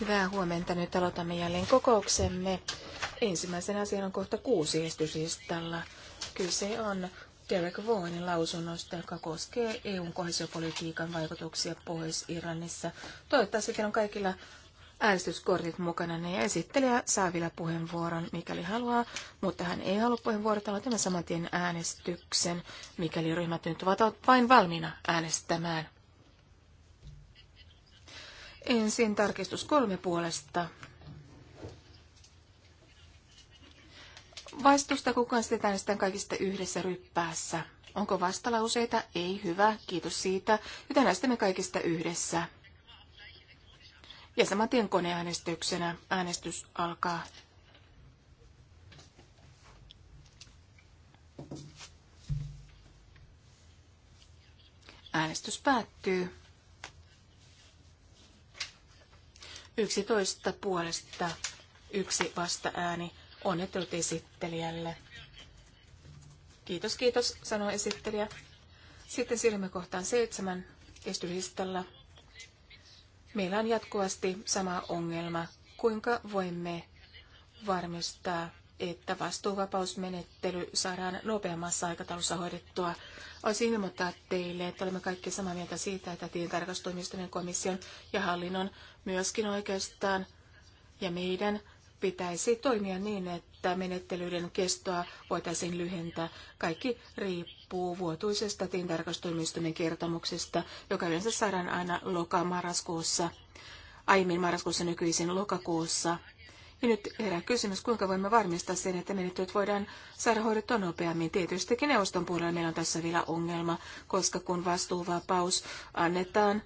Hyvää huomenta. Nyt aloitamme jälleen kokouksemme. Ensimmäisen asian on kohta kuusi esityslistalla. Kyse on Derek Vaughanin lausunnosta, joka koskee EUn kohesiopolitiikan vaikutuksia Pohjois-Iranissa. Toivottavasti teillä on kaikilla äänestyskortit mukana ne niin ja esittelijä saa vielä puheenvuoron, mikäli haluaa, mutta hän ei halua puheenvuorot, aloitamme saman tien äänestyksen, mikäli ryhmät nyt ovat vain valmiina äänestämään. Ensin tarkistus kolme puolesta. Vastusta kukaan sitä äänestetään kaikista yhdessä ryppäässä. Onko vastalauseita? Ei, hyvä, kiitos siitä. Joten äänestämme kaikista yhdessä. Ja saman tien koneäänestyksenä äänestys alkaa. Äänestys päättyy. 11 puolesta yksi vastaääni ääni. Onnittelut esittelijälle. Kiitos, kiitos, sanoi esittelijä. Sitten siirrymme kohtaan seitsemän kestylistalla. Meillä on jatkuvasti sama ongelma. Kuinka voimme varmistaa että vastuuvapausmenettely saadaan nopeammassa aikataulussa hoidettua. Olisi ilmoittaa teille, että olemme kaikki samaa mieltä siitä, että tilintarkastustoimistojen komission ja hallinnon myöskin oikeastaan ja meidän pitäisi toimia niin, että menettelyiden kestoa voitaisiin lyhentää. Kaikki riippuu vuotuisesta tilintarkastustoimistojen kertomuksesta, joka yleensä saadaan aina loka-marraskuussa, aiemmin marraskuussa nykyisin lokakuussa – ja nyt herää kysymys, kuinka voimme varmistaa sen, että menettelyt voidaan saada hoidettua nopeammin. Tietystikin neuvoston puolella meillä on tässä vielä ongelma, koska kun vastuuvapaus annetaan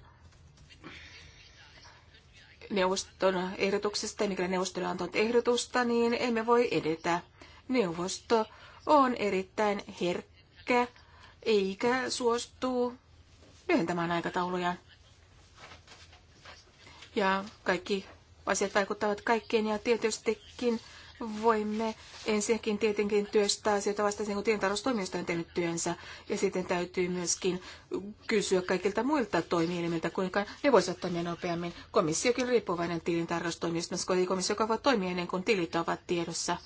neuvoston ehdotuksesta, mikä neuvostolla on ehdotusta, niin emme voi edetä. Neuvosto on erittäin herkkä, eikä suostu lyhentämään aikatauluja. Ja kaikki asiat vaikuttavat kaikkeen ja tietystikin voimme ensinnäkin tietenkin työstää asioita vasta sen, kun tientaloustoimijoista on tehnyt työnsä. Ja sitten täytyy myöskin kysyä kaikilta muilta toimielimiltä, kuinka ne voisivat toimia nopeammin. Komissiokin riippuvainen tilintarkastustoimijoista, koska komissio, joka voi toimia ennen kuin tilit ovat tiedossa.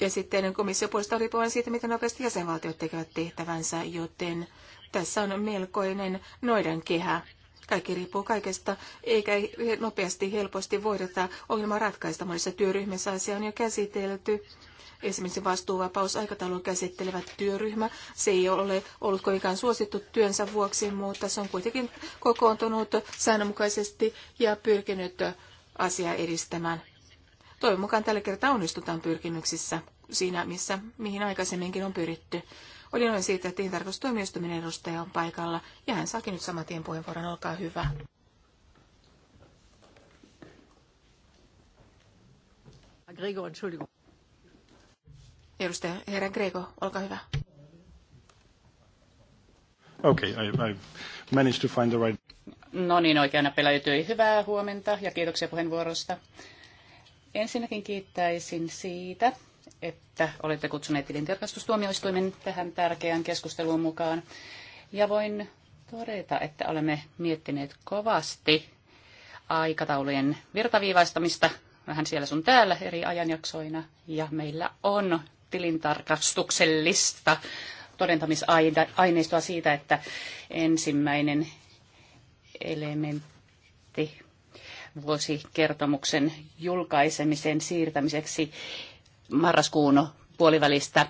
Ja sitten komissio puolestaan riippuvainen siitä, miten nopeasti jäsenvaltiot tekevät tehtävänsä, joten tässä on melkoinen noiden kehä. Kaikki riippuu kaikesta, eikä nopeasti helposti voida tätä ongelmaa ratkaista. Monissa työryhmissä asia on jo käsitelty. Esimerkiksi vastuuvapausaikataulun käsittelevä työryhmä. Se ei ole ollut kovinkaan suosittu työnsä vuoksi, mutta se on kuitenkin kokoontunut säännönmukaisesti ja pyrkinyt asiaa edistämään. Toivon mukaan tällä kertaa onnistutaan pyrkimyksissä siinä, missä, mihin aikaisemminkin on pyritty. Oli noin siitä, että tilintarkastustoimistomin edustaja on paikalla ja hän saakin nyt saman tien puheenvuoron. Olkaa hyvä. Gregor, Edustaja herra Grego, olkaa hyvä. Okay, I, I managed to find the right... No niin, oikeana peläytyi. Hyvää huomenta ja kiitoksia puheenvuorosta. Ensinnäkin kiittäisin siitä, että olette kutsuneet tilintarkastustuomioistuimen tähän tärkeään keskusteluun mukaan. Ja voin todeta, että olemme miettineet kovasti aikataulujen virtaviivaistamista vähän siellä sun täällä eri ajanjaksoina. Ja meillä on tilintarkastuksellista todentamisaineistoa siitä, että ensimmäinen elementti vuosikertomuksen julkaisemisen siirtämiseksi marraskuun puolivälistä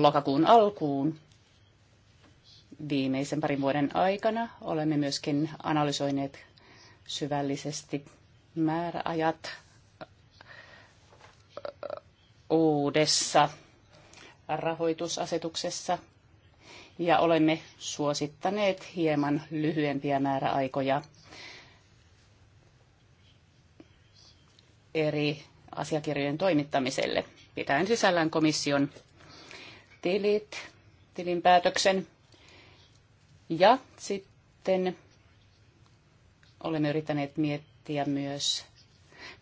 lokakuun alkuun viimeisen parin vuoden aikana olemme myöskin analysoineet syvällisesti määräajat uudessa rahoitusasetuksessa ja olemme suosittaneet hieman lyhyempiä määräaikoja eri asiakirjojen toimittamiselle, pitäen sisällään komission tilit, tilinpäätöksen. Ja sitten olemme yrittäneet miettiä myös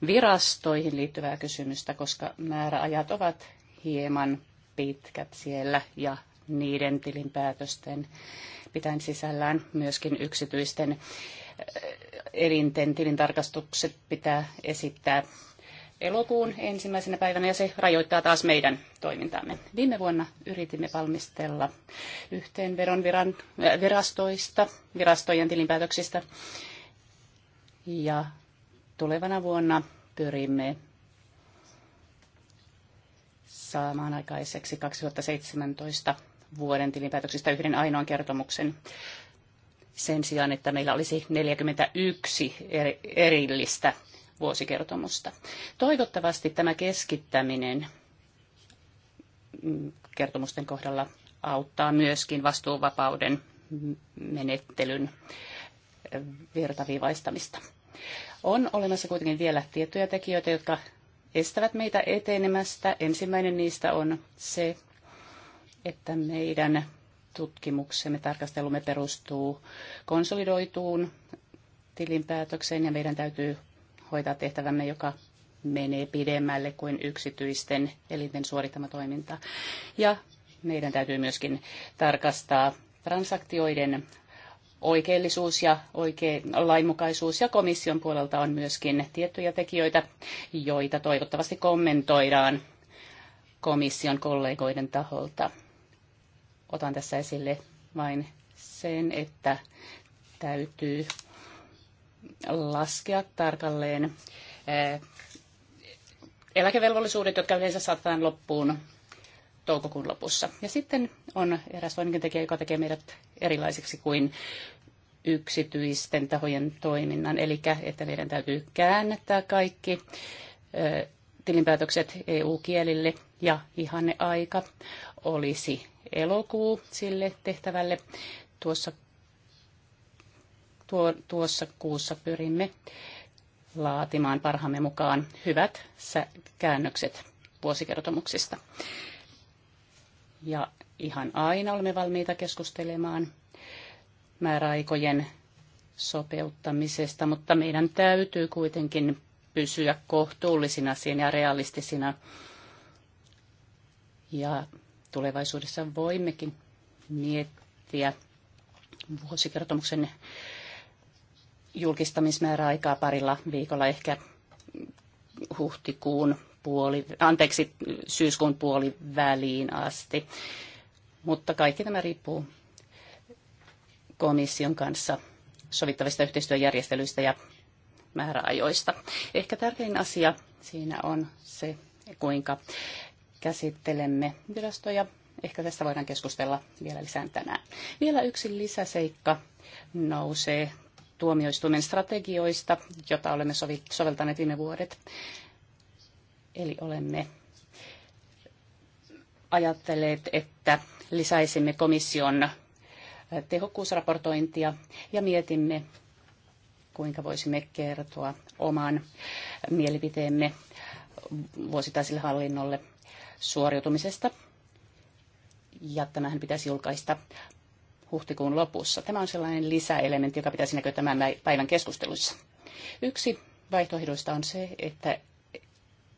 virastoihin liittyvää kysymystä, koska määräajat ovat hieman pitkät siellä ja niiden tilinpäätösten pitäen sisällään myöskin yksityisten eh, elinten tilintarkastukset pitää esittää elokuun ensimmäisenä päivänä ja se rajoittaa taas meidän toimintaamme. Viime vuonna yritimme valmistella yhteenvedon viran, äh, virastoista, virastojen tilinpäätöksistä ja tulevana vuonna pyrimme saamaan aikaiseksi 2017 vuoden tilinpäätöksistä yhden ainoan kertomuksen sen sijaan, että meillä olisi 41 erillistä vuosikertomusta. Toivottavasti tämä keskittäminen mm, kertomusten kohdalla auttaa myöskin vastuuvapauden menettelyn virtaviivaistamista. On olemassa kuitenkin vielä tiettyjä tekijöitä, jotka estävät meitä etenemästä. Ensimmäinen niistä on se, että meidän tutkimuksemme, tarkastelumme perustuu konsolidoituun tilinpäätökseen ja meidän täytyy hoitaa tehtävämme, joka menee pidemmälle kuin yksityisten elinten suorittama toiminta. Ja meidän täytyy myöskin tarkastaa transaktioiden oikeellisuus ja oikein, lainmukaisuus ja komission puolelta on myöskin tiettyjä tekijöitä, joita toivottavasti kommentoidaan komission kollegoiden taholta. Otan tässä esille vain sen, että täytyy laskea tarkalleen eh, eläkevelvollisuudet, jotka yleensä saatetaan loppuun toukokuun lopussa. Ja sitten on eräs toinenkin tekijä, joka tekee meidät erilaisiksi kuin yksityisten tahojen toiminnan, eli että meidän täytyy käännettää kaikki eh, tilinpäätökset EU-kielille ja ihanne aika olisi elokuu sille tehtävälle tuossa tuo, tuossa kuussa pyrimme laatimaan parhaamme mukaan hyvät käännökset vuosikertomuksista. Ja ihan aina olemme valmiita keskustelemaan määräaikojen sopeuttamisesta, mutta meidän täytyy kuitenkin pysyä kohtuullisina siinä ja realistisina. Ja tulevaisuudessa voimmekin miettiä vuosikertomuksen julkistamismääräaikaa parilla viikolla, ehkä huhtikuun puoli, anteeksi, syyskuun puoliväliin asti. Mutta kaikki tämä riippuu komission kanssa sovittavista yhteistyöjärjestelyistä ja määräajoista. Ehkä tärkein asia siinä on se, kuinka käsittelemme virastoja. Ehkä tästä voidaan keskustella vielä lisää tänään. Vielä yksi lisäseikka nousee tuomioistuimen strategioista, jota olemme soveltaneet viime vuodet. Eli olemme ajatelleet, että lisäisimme komission tehokkuusraportointia ja mietimme, kuinka voisimme kertoa oman mielipiteemme vuosittaiselle hallinnolle suoriutumisesta. Ja tämähän pitäisi julkaista huhtikuun lopussa. Tämä on sellainen lisäelementti, joka pitäisi näkyä tämän päivän keskusteluissa. Yksi vaihtoehdoista on se, että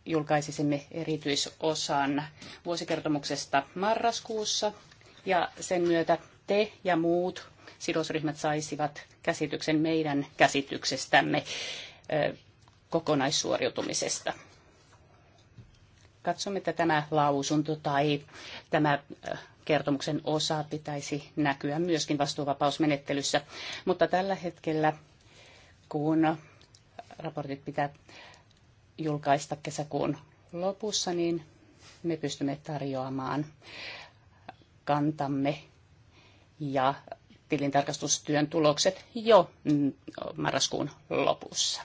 julkaisisimme erityisosan vuosikertomuksesta marraskuussa ja sen myötä te ja muut sidosryhmät saisivat käsityksen meidän käsityksestämme kokonaissuoriutumisesta. Katsomme, että tämä lausunto tai tämä kertomuksen osa pitäisi näkyä myöskin vastuuvapausmenettelyssä. Mutta tällä hetkellä, kun raportit pitää julkaista kesäkuun lopussa, niin me pystymme tarjoamaan kantamme ja tilintarkastustyön tulokset jo mm, marraskuun lopussa.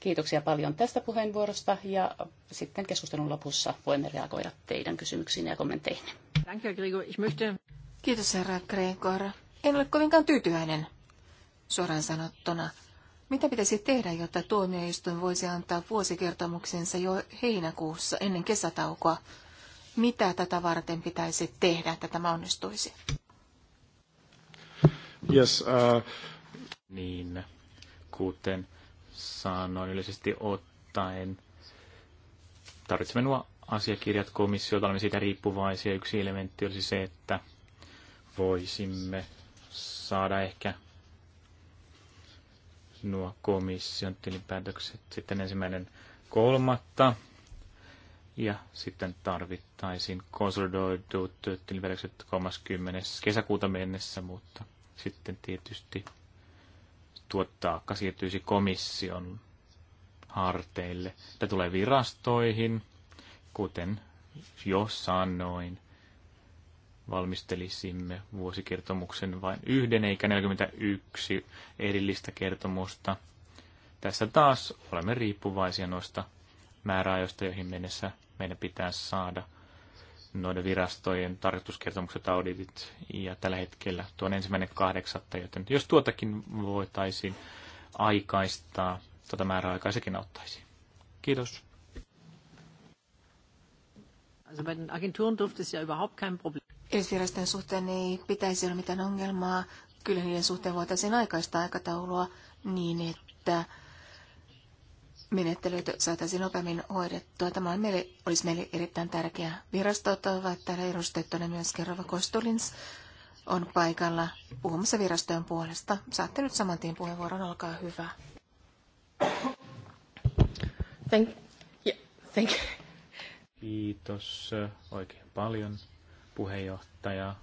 Kiitoksia paljon tästä puheenvuorosta ja sitten keskustelun lopussa voimme reagoida teidän kysymyksiin ja kommentteihin. Kiitos herra Gregor. En ole kovinkaan tyytyväinen, suoraan sanottuna. Mitä pitäisi tehdä, jotta tuomioistuin voisi antaa vuosikertomuksensa jo heinäkuussa ennen kesätaukoa? Mitä tätä varten pitäisi tehdä, että tämä onnistuisi? Yes, uh... Niin, kuten säännöllisesti yleisesti ottaen. Tarvitsemme nuo asiakirjat komissiolta, olemme siitä riippuvaisia. Yksi elementti olisi se, että voisimme saada ehkä nuo komission tilinpäätökset sitten ensimmäinen kolmatta. Ja sitten tarvittaisiin konsolidoidut tilinpäätökset 30. kesäkuuta mennessä, mutta sitten tietysti tuottaa siirtyisi komission harteille. Tämä tulee virastoihin, kuten jo sanoin. Valmistelisimme vuosikertomuksen vain yhden eikä 41 erillistä kertomusta. Tässä taas olemme riippuvaisia noista määräajoista, joihin mennessä meidän pitää saada – noiden virastojen tarkastuskertomukset, auditit, ja tällä hetkellä tuo on ensimmäinen kahdeksatta, joten jos tuotakin voitaisiin aikaistaa, tuota määräaikaa sekin auttaisi. Kiitos. Also bei den Agenturen dürfte es ja überhaupt kein Problem. suhteen ei pitäisi olla mitään ongelmaa. Kyllä niiden suhteen voitaisiin aikaistaa aikataulua niin, että menettelyt saataisiin nopeammin hoidettua. Tämä on meille, olisi meille erittäin tärkeää. virasto, ovat täällä edustettuna myös kerrova Kostulins on paikalla puhumassa virastojen puolesta. Saatte nyt saman tien puheenvuoron, olkaa hyvä. Thank, yeah, thank. Kiitos äh, oikein paljon puheenjohtaja.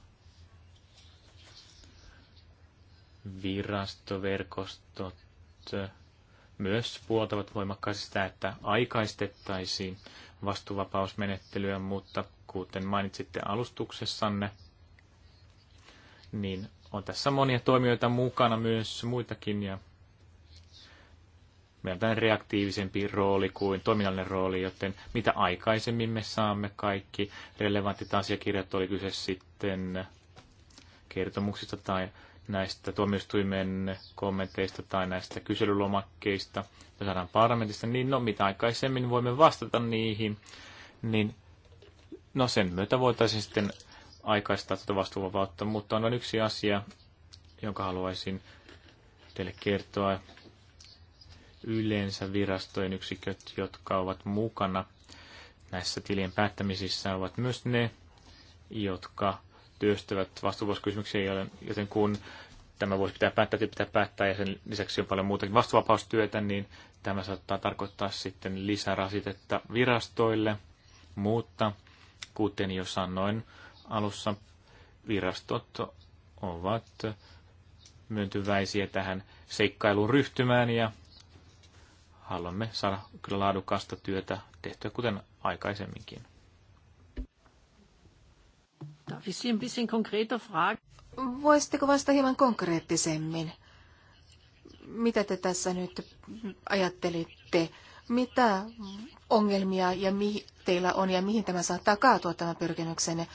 Virastoverkostot äh, myös puoltavat voimakkaasti sitä, että aikaistettaisiin vastuvapausmenettelyä, mutta kuten mainitsitte alustuksessanne, niin on tässä monia toimijoita mukana myös muitakin ja meillä on reaktiivisempi rooli kuin toiminnallinen rooli, joten mitä aikaisemmin me saamme kaikki relevantit asiakirjat, oli kyse sitten kertomuksista tai näistä tuomioistuimen kommenteista tai näistä kyselylomakkeista, joita saadaan parlamentista, niin no mitä aikaisemmin voimme vastata niihin, niin no sen myötä voitaisiin sitten aikaistaa tätä vastuuvapautta, mutta on vain yksi asia, jonka haluaisin teille kertoa. Yleensä virastojen yksiköt, jotka ovat mukana näissä tilien päättämisissä, ovat myös ne, jotka työstävät vastuuvuoskysymyksiä, joten kun tämä voisi pitää päättää, pitää päättää ja sen lisäksi on paljon muutakin vastuuvapaustyötä, niin tämä saattaa tarkoittaa sitten lisärasitetta virastoille, mutta kuten jo sanoin alussa, virastot ovat myöntyväisiä tähän seikkailuun ryhtymään ja haluamme saada kyllä laadukasta työtä tehtyä kuten aikaisemminkin. Voisitteko vastata hieman konkreettisemmin? Mitä te tässä nyt ajattelitte? Mitä ongelmia ja mihin teillä on ja mihin tämä saattaa kaatua tämä pyrkimyksenne?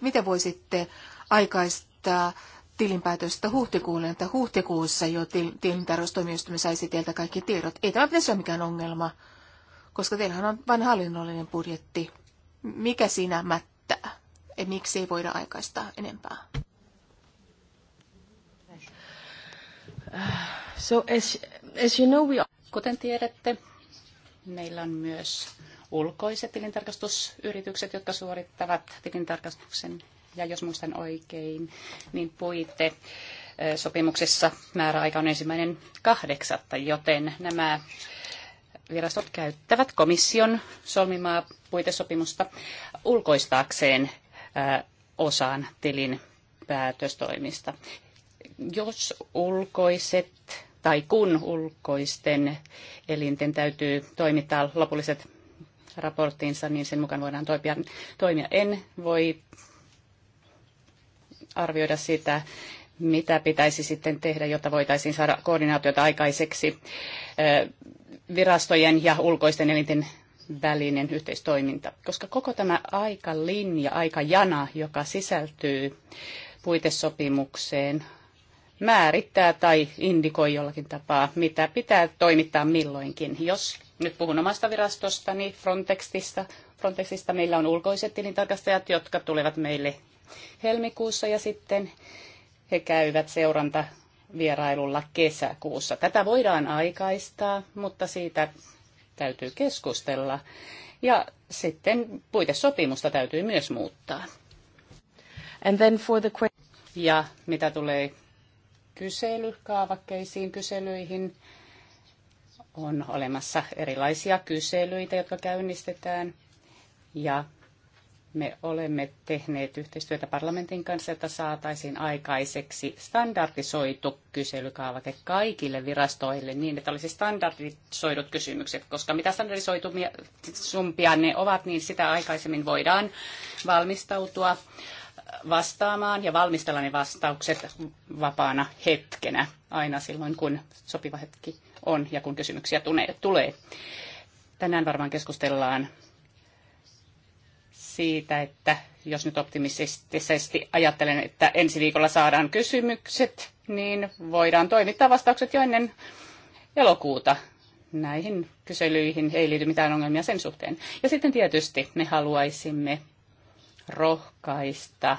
Miten voisitte aikaistaa tilinpäätöstä huhtikuulle, että huhtikuussa jo til- saisi teiltä kaikki tiedot. Ei tämä pitäisi ole mikään ongelma, koska teillähän on vain hallinnollinen budjetti. Mikä siinä mättää? ja miksi ei voida aikaistaa enempää. So as, as you know, we... Kuten tiedätte, meillä on myös ulkoiset tilintarkastusyritykset, jotka suorittavat tilintarkastuksen. Ja jos muistan oikein, niin puitte sopimuksessa määräaika on ensimmäinen kahdeksatta, joten nämä virastot käyttävät komission solmimaa puitesopimusta ulkoistaakseen osaan tilin päätöstoimista. Jos ulkoiset tai kun ulkoisten elinten täytyy toimittaa lopulliset raporttiinsa, niin sen mukaan voidaan toimia. toimia. En voi arvioida sitä, mitä pitäisi sitten tehdä, jotta voitaisiin saada koordinaatiota aikaiseksi virastojen ja ulkoisten elinten välinen yhteistoiminta, koska koko tämä aikalinja, aikajana, joka sisältyy puitesopimukseen, määrittää tai indikoi jollakin tapaa, mitä pitää toimittaa milloinkin. Jos nyt puhun omasta virastostani, niin Frontexista, Frontexista meillä on ulkoiset tilintarkastajat, jotka tulevat meille helmikuussa ja sitten he käyvät seuranta vierailulla kesäkuussa. Tätä voidaan aikaistaa, mutta siitä täytyy keskustella. Ja sitten puitesopimusta täytyy myös muuttaa. And then for the... Ja mitä tulee kyselykaavakkeisiin, kyselyihin, on olemassa erilaisia kyselyitä, jotka käynnistetään. Ja me olemme tehneet yhteistyötä parlamentin kanssa, että saataisiin aikaiseksi standardisoitu kyselykaavake kaikille virastoille niin, että olisi standardisoidut kysymykset, koska mitä standardisoitumpia ne ovat, niin sitä aikaisemmin voidaan valmistautua vastaamaan ja valmistella ne vastaukset vapaana hetkenä, aina silloin kun sopiva hetki on ja kun kysymyksiä tulee. Tänään varmaan keskustellaan siitä, että jos nyt optimistisesti ajattelen, että ensi viikolla saadaan kysymykset, niin voidaan toimittaa vastaukset jo ennen elokuuta. Näihin kyselyihin ei liity mitään ongelmia sen suhteen. Ja sitten tietysti me haluaisimme rohkaista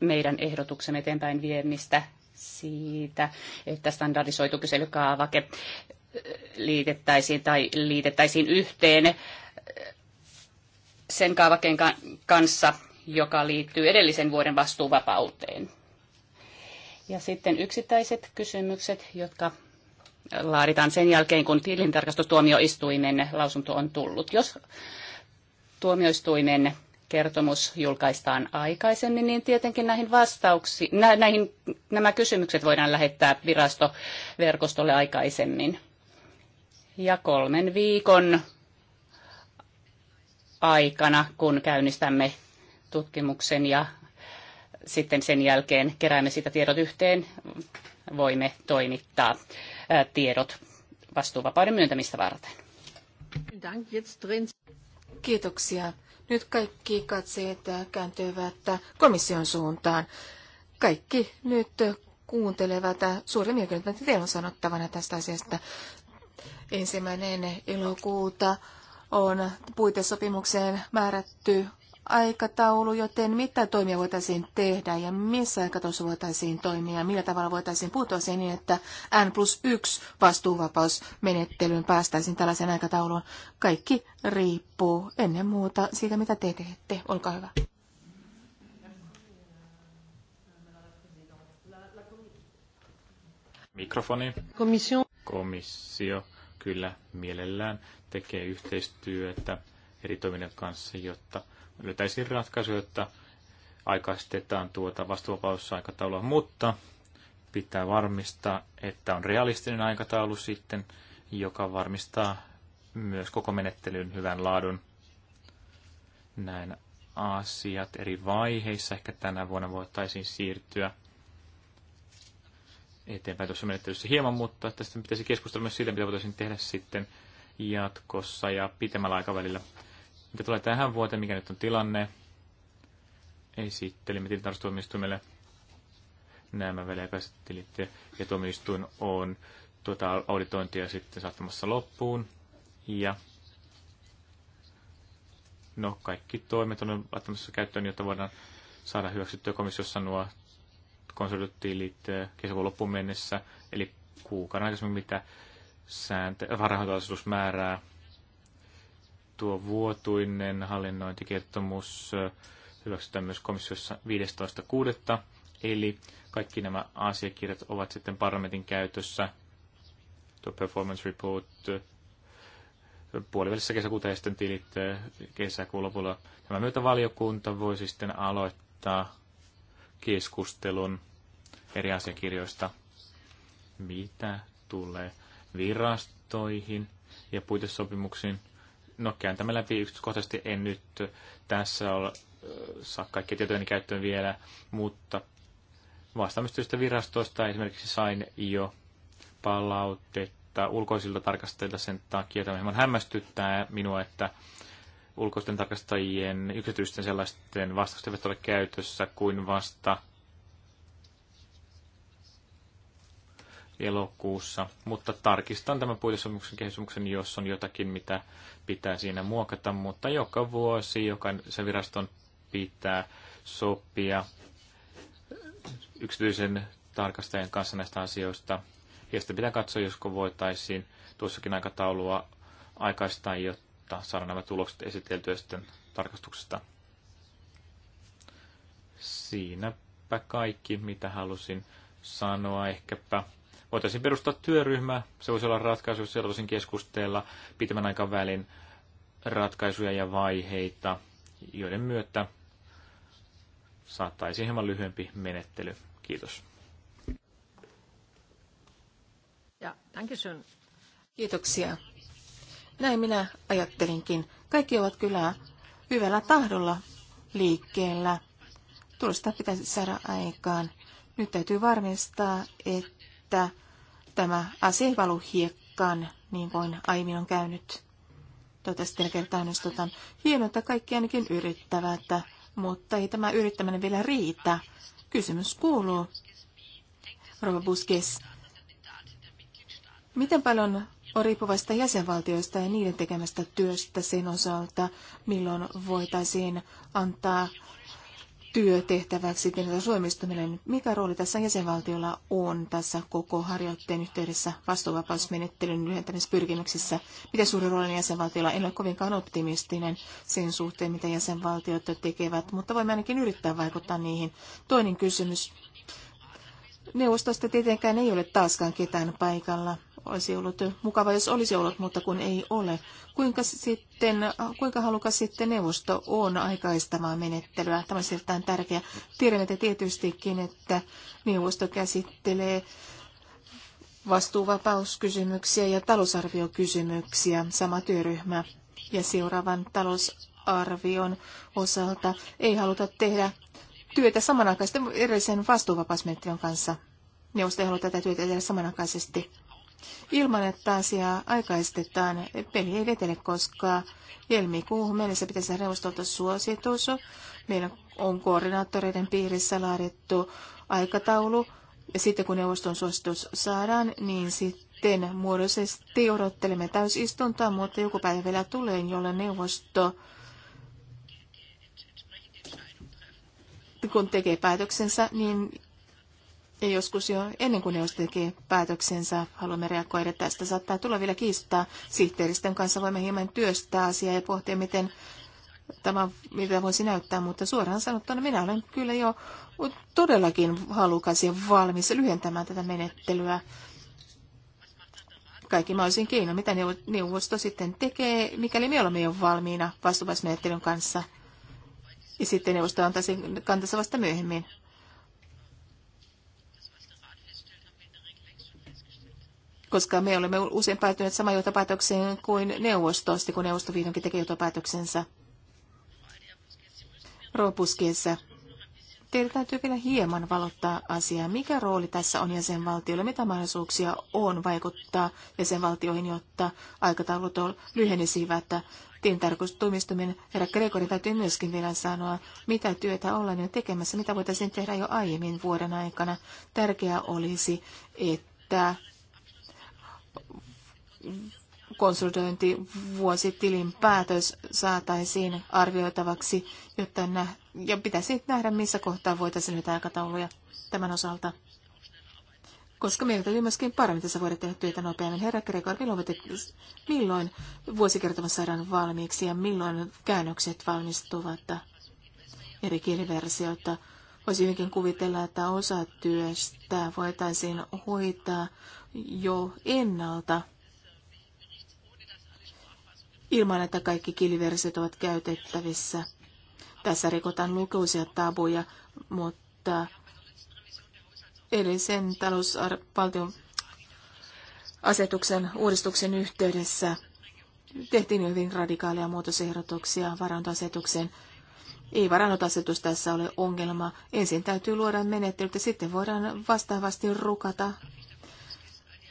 meidän ehdotuksemme eteenpäin viemistä siitä, että standardisoitu kyselykaavake liitettäisiin tai liitettäisiin yhteen sen kaavakkeen kanssa, joka liittyy edellisen vuoden vastuuvapauteen. Ja sitten yksittäiset kysymykset, jotka laaditaan sen jälkeen, kun tilintarkastustuomioistuimen lausunto on tullut. Jos tuomioistuimen kertomus julkaistaan aikaisemmin, niin tietenkin näihin vastauksiin, nä, näihin, nämä kysymykset voidaan lähettää virastoverkostolle aikaisemmin. Ja kolmen viikon aikana, kun käynnistämme tutkimuksen ja sitten sen jälkeen keräämme sitä tiedot yhteen, voimme toimittaa tiedot vastuuvapauden myöntämistä varten. Kiitoksia. Nyt kaikki katseet kääntyvät komission suuntaan. Kaikki nyt kuuntelevat suurin mielenkiintoinen teillä on sanottavana tästä asiasta. Ensimmäinen elokuuta on puitesopimukseen määrätty aikataulu, joten mitä toimia voitaisiin tehdä ja missä aikataulussa voitaisiin toimia ja millä tavalla voitaisiin puuttua siihen niin, että N plus 1 vastuuvapausmenettelyyn päästäisiin tällaisen aikatauluun. Kaikki riippuu ennen muuta siitä, mitä te teette. Olkaa hyvä. Mikrofoni. Komissio. Komissio, kyllä, mielellään tekee yhteistyötä eri toiminnan kanssa, jotta löytäisiin ratkaisuja, jotta aikaistetaan tuota vastuuvapausaikataulua, mutta pitää varmistaa, että on realistinen aikataulu sitten, joka varmistaa myös koko menettelyn hyvän laadun. Näin asiat eri vaiheissa ehkä tänä vuonna voitaisiin siirtyä eteenpäin tuossa menettelyssä hieman, mutta tästä pitäisi keskustella myös siitä, mitä voitaisiin tehdä sitten jatkossa ja pitemmällä aikavälillä. Mitä tulee tähän vuoteen, mikä nyt on tilanne, esittelimme tilintarkastustuomioistuimelle nämä väliaikaiset tilit ja tuomioistuin on tuota auditointia sitten saattamassa loppuun. Ja no, kaikki toimet on laittamassa käyttöön, jotta voidaan saada hyväksyttyä komissiossa nuo konsolidotilit eh, kesäkuun loppuun mennessä, eli kuukauden aikaisemmin mitä sääntö, varainhoitoasetusmäärää. Tuo vuotuinen hallinnointikertomus hyväksytään myös komissiossa 15.6. Eli kaikki nämä asiakirjat ovat sitten parlamentin käytössä. Tuo performance report puolivälissä kesäkuuta ja sitten tilit kesäkuun lopulla. tämä myötä valiokunta voi siis sitten aloittaa keskustelun eri asiakirjoista, mitä tulee virastoihin ja puitesopimuksiin. No käyn tämän läpi yksityiskohtaisesti, en nyt tässä ole, saa kaikkia tietoja käyttöön vielä, mutta vastaamistyöstä virastoista esimerkiksi sain jo palautetta ulkoisilta tarkastajilta sen takia, että hieman hämmästyttää minua, että ulkoisten tarkastajien yksityisten sellaisten vastaukset eivät ole käytössä kuin vasta elokuussa, mutta tarkistan tämän puitesopimuksen kehityssopimuksen, jos on jotakin, mitä pitää siinä muokata, mutta joka vuosi jokaisen viraston pitää sopia yksityisen tarkastajan kanssa näistä asioista. Ja sitten pitää katsoa, josko voitaisiin tuossakin aikataulua aikaistaa, jotta saadaan nämä tulokset esiteltyä sitten tarkastuksesta. Siinäpä kaikki, mitä halusin sanoa ehkäpä Voitaisiin perustaa työryhmä, se voisi olla ratkaisu, jos siellä voisin keskustella pitemmän aikavälin ratkaisuja ja vaiheita, joiden myötä saattaisi hieman lyhyempi menettely. Kiitos. Ja, Kiitoksia. Näin minä ajattelinkin. Kaikki ovat kyllä hyvällä tahdolla liikkeellä. Tulosta pitäisi saada aikaan. Nyt täytyy varmistaa, että tämä ase ei valu hiekkaan, niin kuin aiemmin on käynyt. Toivottavasti tällä kertaa onnistutaan. Hienoa, että kaikki ainakin yrittävät, mutta ei tämä yrittäminen vielä riitä. Kysymys kuuluu, Rova Buskes, miten paljon on riippuvaista jäsenvaltioista ja niiden tekemästä työstä sen osalta, milloin voitaisiin antaa työtehtäväksi pienellä suomistuminen. Niin mikä rooli tässä jäsenvaltiolla on tässä koko harjoitteen yhteydessä vastuuvapausmenettelyn lyhentämispyrkimyksissä? Miten suuri rooli jäsenvaltiolla? En ole kovinkaan optimistinen sen suhteen, mitä jäsenvaltiot tekevät, mutta voimme ainakin yrittää vaikuttaa niihin. Toinen kysymys. Neuvostosta tietenkään ei ole taaskaan ketään paikalla olisi ollut mukava, jos olisi ollut, mutta kun ei ole. Kuinka, sitten, kuinka halukas sitten neuvosto on aikaistamaan menettelyä? Tämä on erittäin tärkeä. Tiedämme tietystikin, että neuvosto käsittelee vastuuvapauskysymyksiä ja talousarviokysymyksiä, sama työryhmä. Ja seuraavan talousarvion osalta ei haluta tehdä työtä samanaikaisesti erillisen vastuuvapausmenettelyn kanssa neuvosto ei halua tätä työtä tehdä samanaikaisesti. Ilman, että asiaa aikaistetaan, peli ei vetele, koska helmikuuhun mennessä pitäisi saada neuvostolta suositus. Meillä on koordinaattoreiden piirissä laadittu aikataulu. Ja sitten kun neuvoston suositus saadaan, niin sitten muodollisesti odottelemme täysistuntoa, mutta joku päivä vielä tulee, jolle neuvosto kun tekee päätöksensä, niin ja joskus jo ennen kuin neuvosto tekee päätöksensä, haluamme reagoida tästä. Saattaa tulla vielä kiistaa sihteeristön kanssa. Voimme hieman työstää asiaa ja pohtia, miten tämä, mitä voisi näyttää, mutta suoraan sanottuna minä olen kyllä jo todellakin halukas ja valmis lyhentämään tätä menettelyä. Kaikki mahdollisin keino, mitä neuvosto sitten tekee, mikäli me olemme jo valmiina vastuvaismenettelyn kanssa. Ja sitten neuvosto antaisi kantansa vasta myöhemmin. koska me olemme usein päätyneet samaan johtopäätökseen kuin neuvosto, sitten kun neuvosto vihdoinkin tekee johtopäätöksensä. Roopuskeessa. Teidän täytyy vielä hieman valottaa asiaa. Mikä rooli tässä on jäsenvaltioille? Mitä mahdollisuuksia on vaikuttaa jäsenvaltioihin, jotta aikataulut lyhenisivät? Tilintarkastustoimistomen herra Gregori, täytyy myöskin vielä sanoa, mitä työtä ollaan jo tekemässä, mitä voitaisiin tehdä jo aiemmin vuoden aikana. Tärkeää olisi, että konsultointi tilin päätös saataisiin arvioitavaksi, jotta nä- ja pitäisi nähdä, missä kohtaa voitaisiin nyt aikatauluja tämän osalta. Koska meillä täytyy myöskin parlamentissa voida tehdä työtä nopeammin. Herra Gregor, milloin, milloin vuosikertomus saadaan valmiiksi ja milloin käännökset valmistuvat eri kieliversioita? Voisi hyvinkin kuvitella, että osa työstä voitaisiin hoitaa jo ennalta – ilman, että kaikki kiliverset ovat käytettävissä. Tässä rikotaan lukuisia tabuja, mutta edellisen talousvaltion asetuksen uudistuksen yhteydessä tehtiin hyvin radikaaleja muutosehdotuksia varantoasetukseen. Ei varannotasetus tässä ole ongelma. Ensin täytyy luoda menettelyt ja sitten voidaan vastaavasti rukata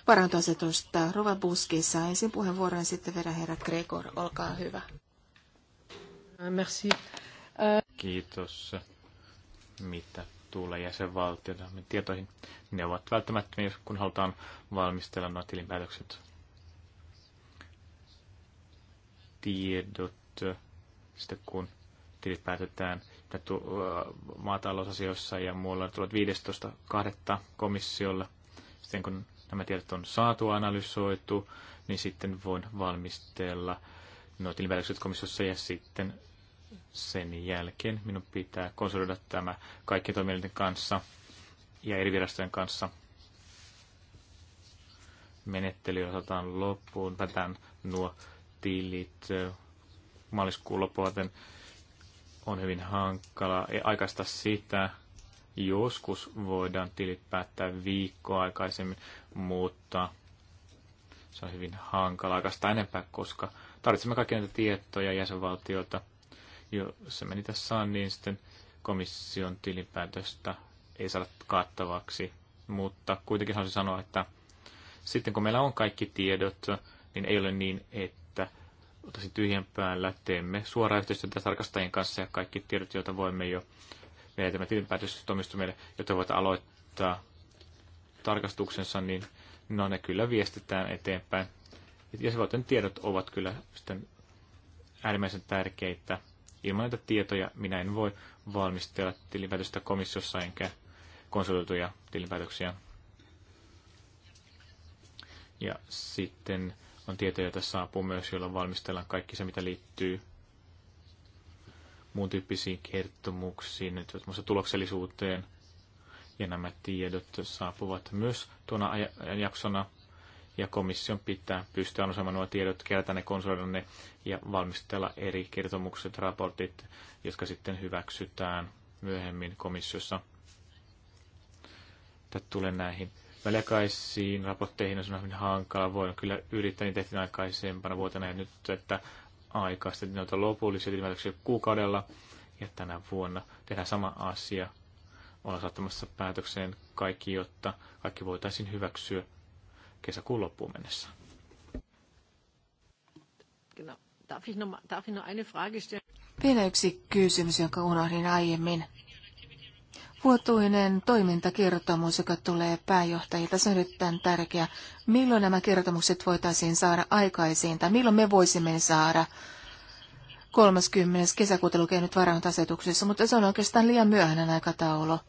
varantoasetusta. Rova Buski saa ensin puheenvuoron ja sitten vedä herra Gregor. Olkaa hyvä. Ah, merci. Eh, Kiitos. Mitä tulee jäsenvaltioiden tietoihin? Ne ovat välttämättömiä, kun halutaan valmistella nuo tilinpäätökset. Tiedot sitten kun tilit päätetään eh, maatalousasioissa ja muualla tulevat 15.2. komissiolle. Sitten kun nämä tiedot on saatu, analysoitu, niin sitten voin valmistella nuo tilinpäätökset komissiossa ja sitten sen jälkeen minun pitää konsolidoida tämä kaikkien toimijoiden kanssa ja eri virastojen kanssa. Menettely osataan loppuun, päätään nuo tilit maaliskuun loppuun, on hyvin hankala e- aikaista sitä, Joskus voidaan tilit päättää viikkoa aikaisemmin, mutta se on hyvin hankalaa aikasta enempää, koska tarvitsemme kaikkia näitä tietoja jäsenvaltiota. Jos se meni tässä niin sitten komission tilinpäätöstä ei saada kattavaksi. Mutta kuitenkin haluaisin sanoa, että sitten kun meillä on kaikki tiedot, niin ei ole niin, että ottaisin tyhjän päällä, teemme suoraan yhteistyötä tarkastajien kanssa ja kaikki tiedot, joita voimme jo meidän tämä tilinpäätös meille, jotta voit aloittaa tarkastuksensa, niin no ne kyllä viestitään eteenpäin. Ja se tiedot ovat kyllä sitten äärimmäisen tärkeitä. Ilman näitä tietoja minä en voi valmistella tilinpäätöstä komissiossa enkä konsultoituja tilinpäätöksiä. Ja sitten on tietoja, joita saapuu myös, jolla valmistellaan kaikki se, mitä liittyy muun tyyppisiin kertomuksiin, nyt tuloksellisuuteen. Ja nämä tiedot saapuvat myös tuona jaksona Ja komission pitää pystyä analysoimaan nuo tiedot, kerätä ne, konsoloida ne ja valmistella eri kertomukset, raportit, jotka sitten hyväksytään myöhemmin komissiossa. Tätä tulee näihin väliaikaisiin raportteihin on hyvin hankalaa. Voin kyllä yrittää niitä aikaisempana vuotena ja nyt, että aikaista noita lopullisia tilinpäätöksiä kuukaudella, ja tänä vuonna tehdään sama asia. Ollaan saattamassa päätökseen kaikki, jotta kaikki voitaisiin hyväksyä kesäkuun loppuun mennessä. Genau. Darf ich noch, darf ich noch eine Frage stellen? Vielä yksi kysymys, jonka unohdin aiemmin vuotuinen toimintakertomus, joka tulee pääjohtajilta, se on erittäin tärkeä. Milloin nämä kertomukset voitaisiin saada aikaisiin, tai milloin me voisimme saada 30. kesäkuuta lukee nyt varantasetuksessa, mutta se on oikeastaan liian myöhäinen aikataulu.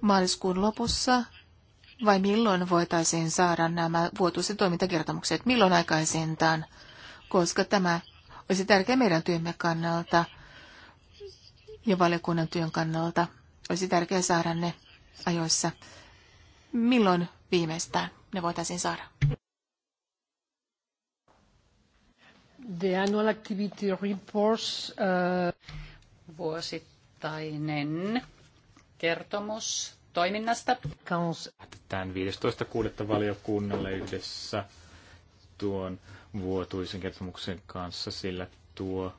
Maaliskuun lopussa vai milloin voitaisiin saada nämä vuotuiset toimintakertomukset, milloin aikaisintaan, koska tämä olisi tärkeä meidän työmme kannalta ja valiokunnan työn kannalta. Olisi tärkeää saada ne ajoissa. Milloin viimeistään ne voitaisiin saada? The annual activity reports, uh... vuosittainen kertomus toiminnasta. Tämän 15.6. valiokunnalle yhdessä tuon vuotuisen kertomuksen kanssa, sillä tuo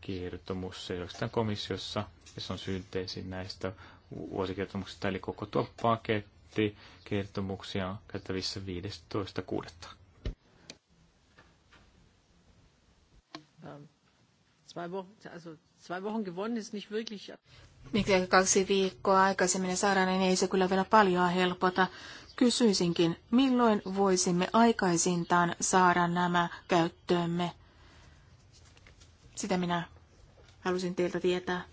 kertomus ole komissiossa se on synteesi näistä vuosikertomuksista, eli koko tuo paketti kertomuksia on käyttävissä 15.6. Mikä ähm, niin, kaksi viikkoa aikaisemmin saadaan, niin ei se kyllä vielä paljon helpota. Kysyisinkin, milloin voisimme aikaisintaan saada nämä käyttöömme? Sitä minä halusin teiltä tietää.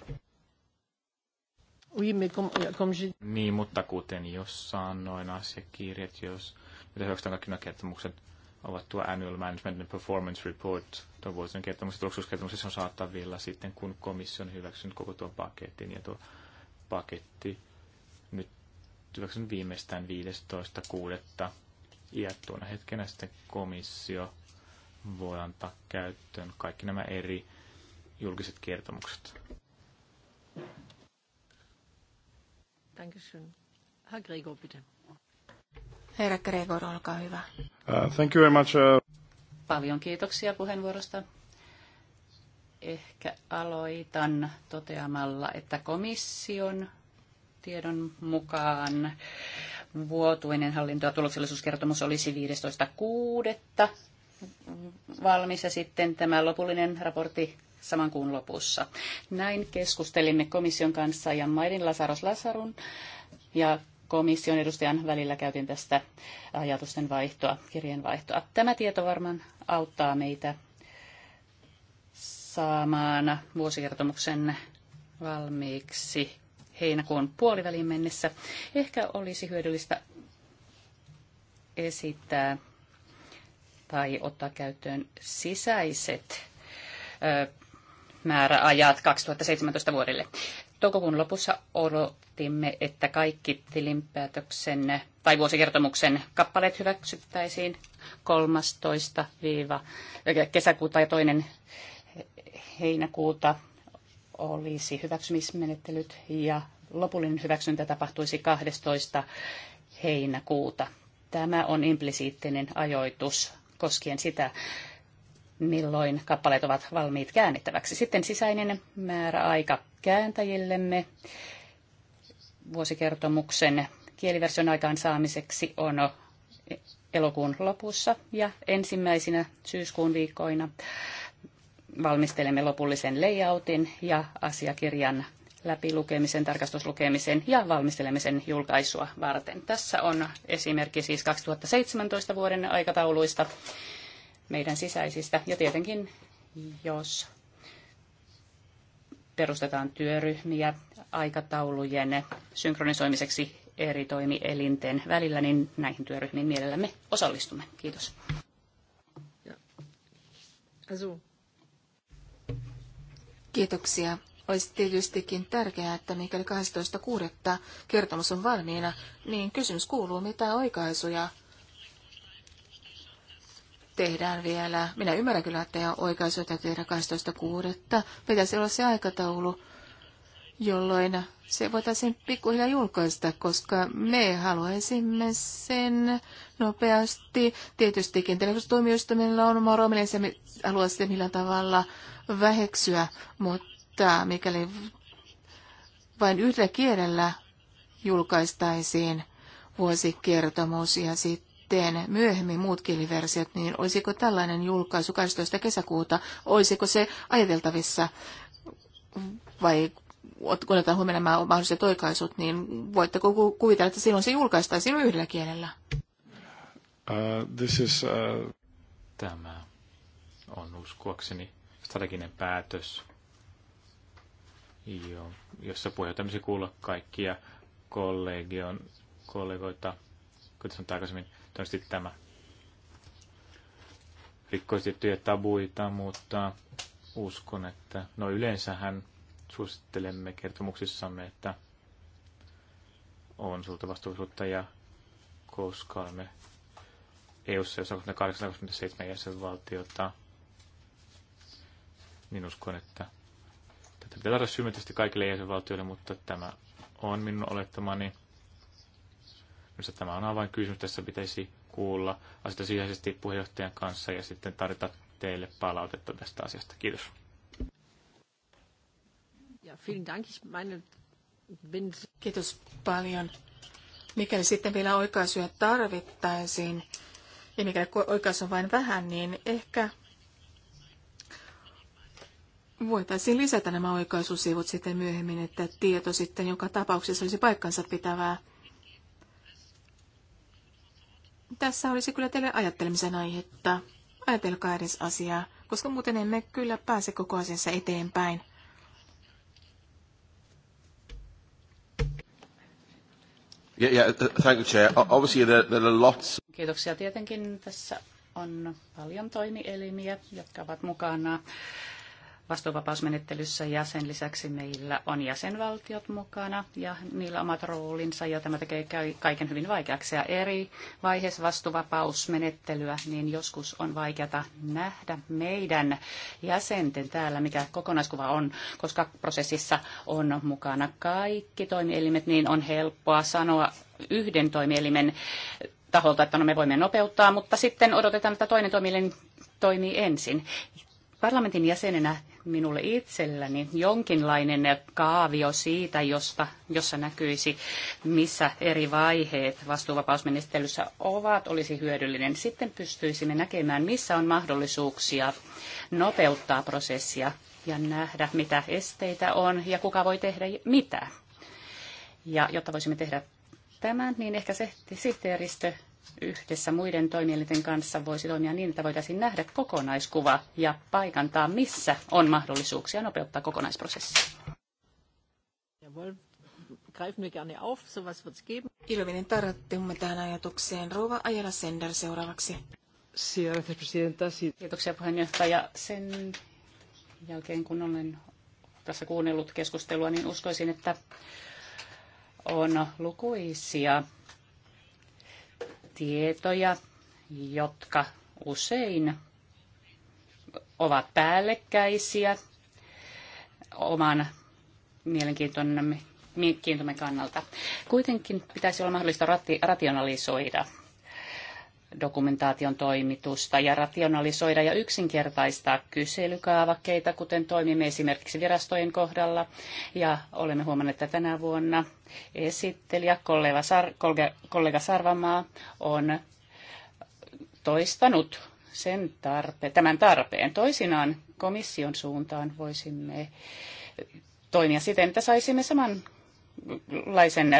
Niin, mutta kuten jos noin asiakirjat, jos mitä kaikki nämä kertomukset, ovat tuo Annual Management and Performance Report, tuon vuosien kertomukset, tuloksuuskertomukset on saatavilla sitten, kun komissio on hyväksynyt koko tuon paketin ja tuo paketti nyt hyväksynyt viimeistään 15.6. Ja tuona hetkenä sitten komissio voi antaa käyttöön kaikki nämä eri julkiset kertomukset. Dankeschön. Herr Gregor, bitte. Herra Gregor, olkaa hyvä. Uh, thank you very much. Uh... Paljon kiitoksia puheenvuorosta. Ehkä aloitan toteamalla, että komission tiedon mukaan vuotuinen hallinto- ja tuloksellisuuskertomus olisi 15.6. valmis ja sitten tämä lopullinen raportti saman kuun lopussa. Näin keskustelimme komission kanssa ja Maidin Lasaros Lasarun ja komission edustajan välillä käytin tästä ajatusten vaihtoa, kirjeenvaihtoa. Tämä tieto varmaan auttaa meitä saamaan vuosikertomuksen valmiiksi heinäkuun puoliväliin mennessä. Ehkä olisi hyödyllistä esittää tai ottaa käyttöön sisäiset ö, määräajat 2017 vuodelle. Toukokuun lopussa odotimme, että kaikki tilinpäätöksen tai vuosikertomuksen kappaleet hyväksyttäisiin 13. kesäkuuta ja toinen heinäkuuta olisi hyväksymismenettelyt ja lopullinen hyväksyntä tapahtuisi 12. heinäkuuta. Tämä on implisiittinen ajoitus koskien sitä, milloin kappaleet ovat valmiit käännettäväksi. Sitten sisäinen määräaika kääntäjillemme vuosikertomuksen kieliversion aikaan saamiseksi on elokuun lopussa ja ensimmäisinä syyskuun viikkoina valmistelemme lopullisen layoutin ja asiakirjan läpilukemisen, tarkastuslukemisen ja valmistelemme sen julkaisua varten. Tässä on esimerkki siis 2017 vuoden aikatauluista meidän sisäisistä. Ja tietenkin, jos perustetaan työryhmiä aikataulujen synkronisoimiseksi eri toimielinten välillä, niin näihin työryhmiin mielellämme osallistumme. Kiitos. Kiitoksia. Olisi tietystikin tärkeää, että mikäli 12.6. kertomus on valmiina, niin kysymys kuuluu, mitä oikaisuja tehdään vielä. Minä ymmärrän kyllä, että teidän oikaisuja tehdä 12.6. Pitäisi olla se aikataulu, jolloin se voitaisiin pikkuhiljaa julkaista, koska me haluaisimme sen nopeasti. Tietystikin televisiotoimijoistumilla on oma rooli, ja niin me halua sitä millään tavalla väheksyä, mutta mikäli vain yhdellä kielellä julkaistaisiin vuosikertomus ja sitten sitten myöhemmin muut kieliversiot, niin olisiko tällainen julkaisu 12. kesäkuuta, olisiko se ajateltavissa vai kun otetaan huomioon nämä mahdolliset oikaisut, niin voitteko kuvitella, että silloin se julkaistaisiin yhdellä kielellä? Uh, this is, uh... Tämä on uskoakseni strateginen päätös, jo, jossa puheenjohtamisen kuulla kaikkia kollegion, kollegoita, kuten sanotaan aikaisemmin, välttämättä tämä rikkoi tiettyjä tabuita, mutta uskon, että no yleensähän suosittelemme kertomuksissamme, että on suurta vastuullisuutta ja koska olemme EU-ssa, jossa on 87 jäsenvaltiota, niin uskon, että tätä pitää tarjota kaikille jäsenvaltioille, mutta tämä on minun olettamani. Minusta tämä on kysymys, Tässä pitäisi kuulla asioita sisäisesti puheenjohtajan kanssa ja sitten tarjota teille palautetta tästä asiasta. Kiitos. Ja, vielen Dank. Ich meine, bin... Kiitos paljon. Mikäli sitten vielä oikaisuja tarvittaisiin, ja mikäli oikaisu on vain vähän, niin ehkä voitaisiin lisätä nämä oikaisusivut sitten myöhemmin, että tieto sitten joka tapauksessa olisi paikkansa pitävää. Tässä olisi kyllä teille ajattelemisen aihetta. Ajatelkaa edes asiaa, koska muuten emme kyllä pääse koko asiassa eteenpäin. Yeah, yeah, thank you, Chair. Obviously, there, there are lots... Kiitoksia. Tietenkin tässä on paljon toimielimiä, jotka ovat mukana vastuuvapausmenettelyssä ja sen lisäksi meillä on jäsenvaltiot mukana ja niillä omat roolinsa ja tämä tekee kaiken hyvin vaikeaksi. Ja eri vaiheessa vastuuvapausmenettelyä, niin joskus on vaikeata nähdä meidän jäsenten täällä, mikä kokonaiskuva on, koska prosessissa on mukana kaikki toimielimet, niin on helppoa sanoa yhden toimielimen taholta, että no me voimme nopeuttaa, mutta sitten odotetaan, että toinen toimielin toimii ensin. Parlamentin jäsenenä minulle itselläni jonkinlainen kaavio siitä, josta, jossa näkyisi, missä eri vaiheet vastuuvapausmenestelyssä ovat, olisi hyödyllinen. Sitten pystyisimme näkemään, missä on mahdollisuuksia nopeuttaa prosessia ja nähdä, mitä esteitä on ja kuka voi tehdä mitä. Ja jotta voisimme tehdä tämän, niin ehkä se sihteeristö yhdessä muiden toimielinten kanssa voisi toimia niin, että voitaisiin nähdä kokonaiskuva ja paikantaa, missä on mahdollisuuksia nopeuttaa kokonaisprosessia. Ilvinen tarjottimme tähän ajatukseen. Rova Ajala Sender seuraavaksi. Kiitoksia puheenjohtaja. Sen jälkeen kun olen tässä kuunnellut keskustelua, niin uskoisin, että on lukuisia tietoja, jotka usein ovat päällekkäisiä oman mielenkiintomme kannalta. Kuitenkin pitäisi olla mahdollista rationalisoida dokumentaation toimitusta ja rationalisoida ja yksinkertaistaa kyselykaavakkeita, kuten toimimme esimerkiksi virastojen kohdalla. Ja olemme huomanneet, että tänä vuonna esittelijä kollega, Sar- kollega, Sarvamaa on toistanut sen tarpe- tämän tarpeen. Toisinaan komission suuntaan voisimme toimia siten, että saisimme saman jonkunlaisen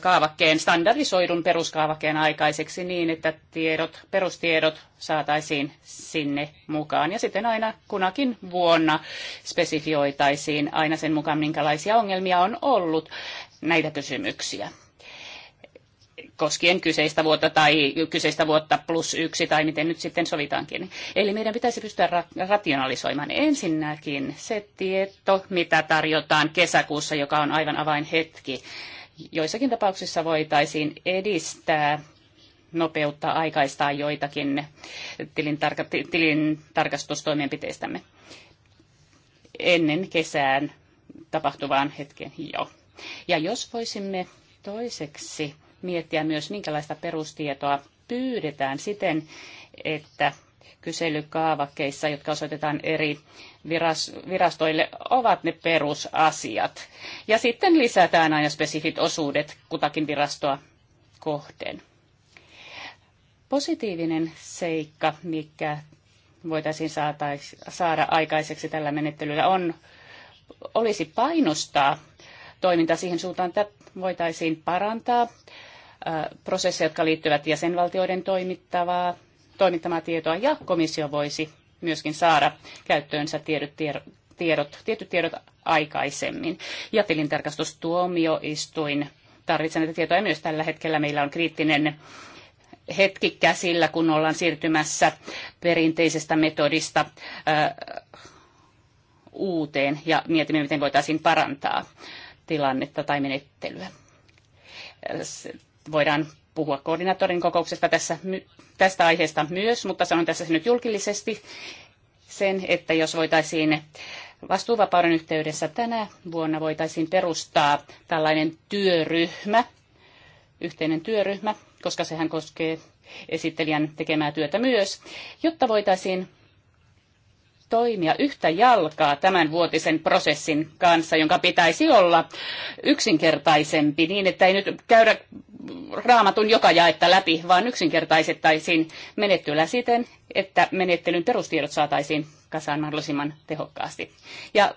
kaavakkeen, standardisoidun peruskaavakkeen aikaiseksi niin, että tiedot, perustiedot saataisiin sinne mukaan. Ja sitten aina kunakin vuonna spesifioitaisiin aina sen mukaan, minkälaisia ongelmia on ollut näitä kysymyksiä koskien kyseistä vuotta tai kyseistä vuotta plus yksi tai miten nyt sitten sovitaankin. Eli meidän pitäisi pystyä ra- rationalisoimaan ensinnäkin se tieto, mitä tarjotaan kesäkuussa, joka on aivan avainhetki. Joissakin tapauksissa voitaisiin edistää nopeuttaa, aikaistaa joitakin tilintarka- tilintarkastustoimenpiteistämme ennen kesään tapahtuvaan hetkeen jo. Ja jos voisimme toiseksi miettiä myös, minkälaista perustietoa pyydetään siten, että kyselykaavakkeissa, jotka osoitetaan eri virastoille, ovat ne perusasiat. Ja sitten lisätään aina spesifit osuudet kutakin virastoa kohden. Positiivinen seikka, mikä voitaisiin saada aikaiseksi tällä menettelyllä, on, olisi painostaa toimintaa siihen suuntaan, että voitaisiin parantaa prosesseja, jotka liittyvät jäsenvaltioiden toimittavaa, toimittamaa tietoa, ja komissio voisi myöskin saada käyttöönsä tiedot, tiedot, tietyt tiedot aikaisemmin. Ja tilintarkastustuomioistuin tarvitsee näitä tietoja myös tällä hetkellä. Meillä on kriittinen hetki käsillä, kun ollaan siirtymässä perinteisestä metodista uuteen ja mietimme, miten voitaisiin parantaa tilannetta tai menettelyä voidaan puhua koordinaattorin kokouksesta tässä, tästä aiheesta myös, mutta sanon tässä nyt julkisesti sen, että jos voitaisiin vastuuvapauden yhteydessä tänä vuonna voitaisiin perustaa tällainen työryhmä, yhteinen työryhmä, koska sehän koskee esittelijän tekemää työtä myös, jotta voitaisiin toimia yhtä jalkaa tämän vuotisen prosessin kanssa, jonka pitäisi olla yksinkertaisempi niin, että ei nyt käydä raamatun joka jaetta läpi, vaan yksinkertaisettaisiin menettelyä siten, että menettelyn perustiedot saataisiin kasaan mahdollisimman tehokkaasti. Ja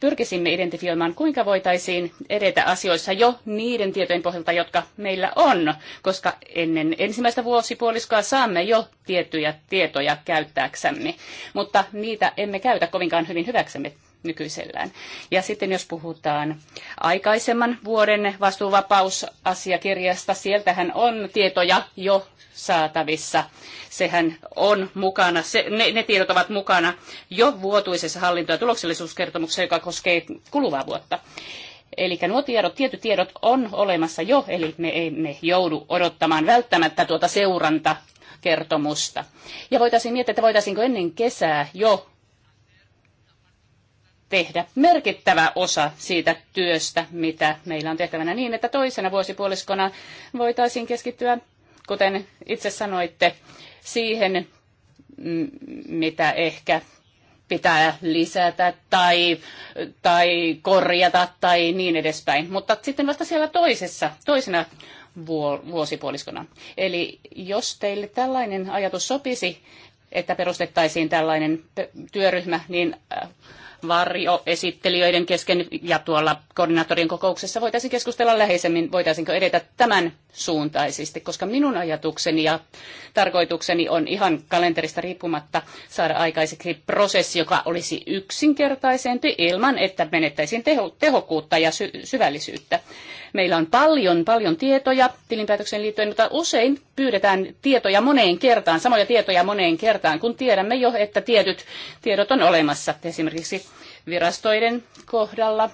pyrkisimme identifioimaan, kuinka voitaisiin edetä asioissa jo niiden tietojen pohjalta, jotka meillä on, koska ennen ensimmäistä vuosipuoliskoa saamme jo tiettyjä tietoja käyttääksemme, mutta niitä emme käytä kovinkaan hyvin hyväksemme nykyisellään. Ja sitten jos puhutaan aikaisemman vuoden vastuuvapausasiakirjasta, sieltähän on tietoja jo saatavissa. Sehän on mukana, se, ne, ne tiedot ovat mukana jo vuotuisessa hallinto- ja tuloksellisuuskertomuksessa, joka koskee kuluvaa vuotta. Eli nuo tiedot, tietyt tiedot on olemassa jo, eli me emme joudu odottamaan välttämättä tuota seuranta kertomusta. Ja voitaisiin miettiä, että voitaisiinko ennen kesää jo tehdä merkittävä osa siitä työstä, mitä meillä on tehtävänä niin, että toisena vuosipuoliskona voitaisiin keskittyä, kuten itse sanoitte, siihen, mm, mitä ehkä pitää lisätä tai, tai korjata tai niin edespäin. Mutta sitten vasta siellä toisessa, toisena vuosipuoliskona. Eli jos teille tällainen ajatus sopisi, että perustettaisiin tällainen työryhmä, niin äh, varjoesittelijöiden kesken ja tuolla koordinaattorien kokouksessa voitaisiin keskustella läheisemmin, voitaisiinko edetä tämän suuntaisesti, koska minun ajatukseni ja tarkoitukseni on ihan kalenterista riippumatta saada aikaiseksi prosessi, joka olisi yksinkertaisempi ilman, että menettäisiin teho- tehokkuutta ja sy- syvällisyyttä. Meillä on paljon, paljon tietoja tilinpäätökseen liittyen, mutta usein pyydetään tietoja moneen kertaan, samoja tietoja moneen kertaan, kun tiedämme jo, että tietyt tiedot on olemassa. Esimerkiksi virastoiden kohdalla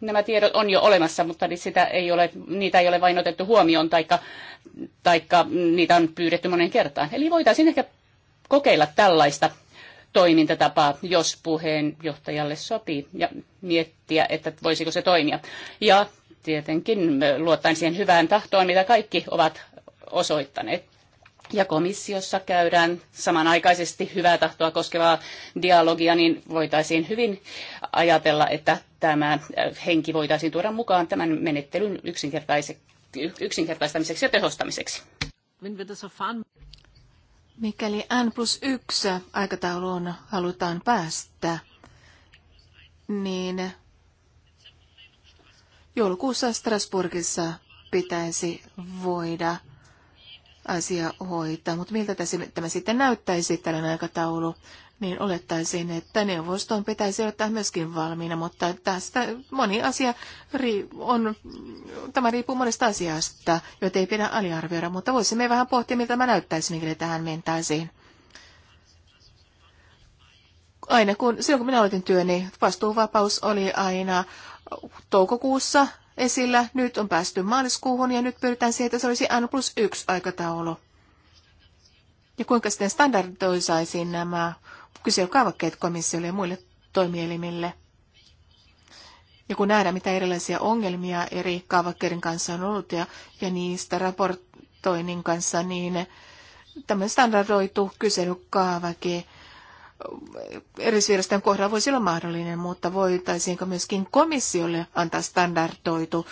nämä tiedot on jo olemassa, mutta sitä ei ole, niitä ei ole vain otettu huomioon, taikka, taikka niitä on pyydetty monen kertaan. Eli voitaisiin ehkä kokeilla tällaista toimintatapaa, jos puheenjohtajalle sopii, ja miettiä, että voisiko se toimia. Ja tietenkin luottaen siihen hyvään tahtoon, mitä kaikki ovat osoittaneet. Ja komissiossa käydään samanaikaisesti hyvää tahtoa koskevaa dialogia, niin voitaisiin hyvin ajatella, että tämä henki voitaisiin tuoda mukaan tämän menettelyn yksinkertaistamiseksi ja tehostamiseksi. Mikäli N plus 1 aikatauluun halutaan päästä, niin Joulukuussa Strasburgissa pitäisi voida asia hoitaa, mutta miltä tämä sitten näyttäisi tällainen aikataulu, niin olettaisin, että neuvoston pitäisi olla myöskin valmiina, mutta tästä moni asia on, tämä riippuu monesta asiasta, joita ei pidä aliarvioida, mutta voisimme vähän pohtia, miltä tämä näyttäisi, mikäli tähän mentäisiin. Aina kun, silloin kun minä aloitin työni, niin vastuuvapaus oli aina toukokuussa esillä. Nyt on päästy maaliskuuhun ja nyt pyritään siihen, että se olisi N plus 1 aikataulu. Ja kuinka sitten standardoisaisiin nämä kyselykaavakkeet komissiolle ja muille toimielimille. Ja kun nähdään, mitä erilaisia ongelmia eri kaavakkeiden kanssa on ollut ja, ja niistä raportoinnin kanssa, niin tämä standardoitu kyselykaavake erisviraston kohdalla voisi olla mahdollinen, mutta voitaisiinko myöskin komissiolle antaa standardoitu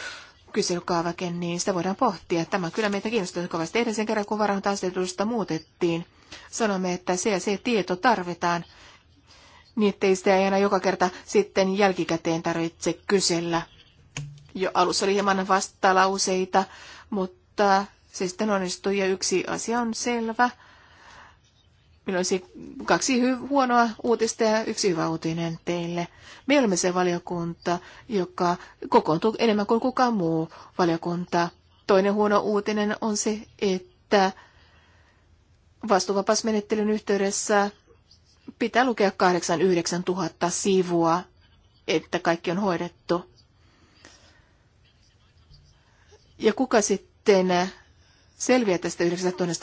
kyselykaavake, niin sitä voidaan pohtia. Tämä kyllä meitä kiinnostaa kovasti. Edellisen kerran, kun varhaisasetusta muutettiin, sanomme, että se ja se tieto tarvitaan, niin ettei sitä ei aina joka kerta sitten jälkikäteen tarvitse kysellä. Jo alussa oli hieman vastalauseita, mutta se sitten onnistui ja yksi asia on selvä – Minulla olisi kaksi hy- huonoa uutista ja yksi hyvä uutinen teille. Me olemme se valiokunta, joka kokoontuu enemmän kuin kukaan muu valiokunta. Toinen huono uutinen on se, että vastuuvapausmenettelyn yhteydessä pitää lukea 8-9 sivua, että kaikki on hoidettu. Ja kuka sitten selviää tästä 000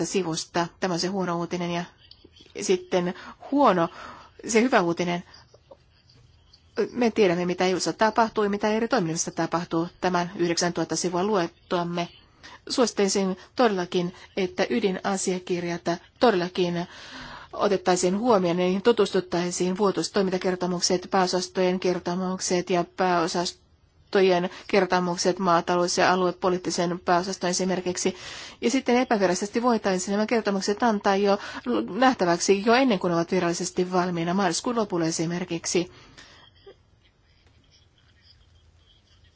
sivusta? Tämä on se huono uutinen ja sitten huono, se hyvä uutinen, me tiedämme, mitä EUssa tapahtuu ja mitä eri toiminnassa tapahtuu tämän 9000 sivua luettuamme. Suosittaisin todellakin, että ydinasiakirjat todellakin otettaisiin huomioon, niihin tutustuttaisiin vuotuiset toimintakertomukset, pääosastojen kertomukset ja pääosastojen kattojen kertomukset maatalous- ja aluepoliittisen pääosaston esimerkiksi. Ja sitten epävirallisesti voitaisiin nämä kertomukset antaa jo nähtäväksi jo ennen kuin ovat virallisesti valmiina maaliskuun lopulla esimerkiksi.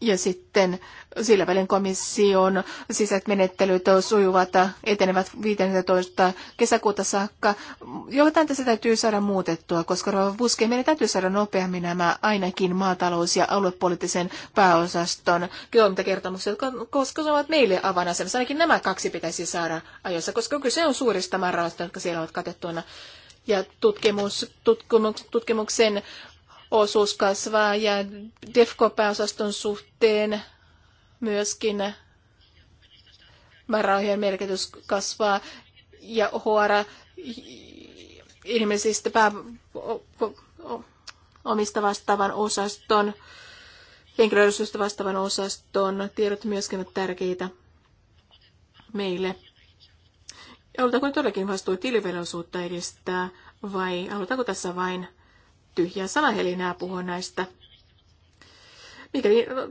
ja sitten sillä välin komission sisäiset menettelyt sujuvat, etenevät 15. kesäkuuta saakka. Jotain tässä täytyy saada muutettua, koska Buske, meidän täytyy saada nopeammin nämä ainakin maatalous- ja aluepoliittisen pääosaston geomintakertomukset, koska koska ovat meille avainasemassa. Ainakin nämä kaksi pitäisi saada ajoissa, koska kyse on suurista määrärahoista, jotka siellä ovat katettuina ja tutkimus, tutkimus, tutkimuksen osuus kasvaa ja DEFCO-pääosaston suhteen myöskin määrärahojen merkitys kasvaa ja HR ilmeisesti pää, omista vastaavan osaston, henkilöllisyystä vastaavan osaston tiedot myöskin ovat tärkeitä meille. Halutaanko todellakin vastuu tilivelvollisuutta edistää vai halutaanko tässä vain tyhjää sanahelinää puhua näistä. Mikäli, no,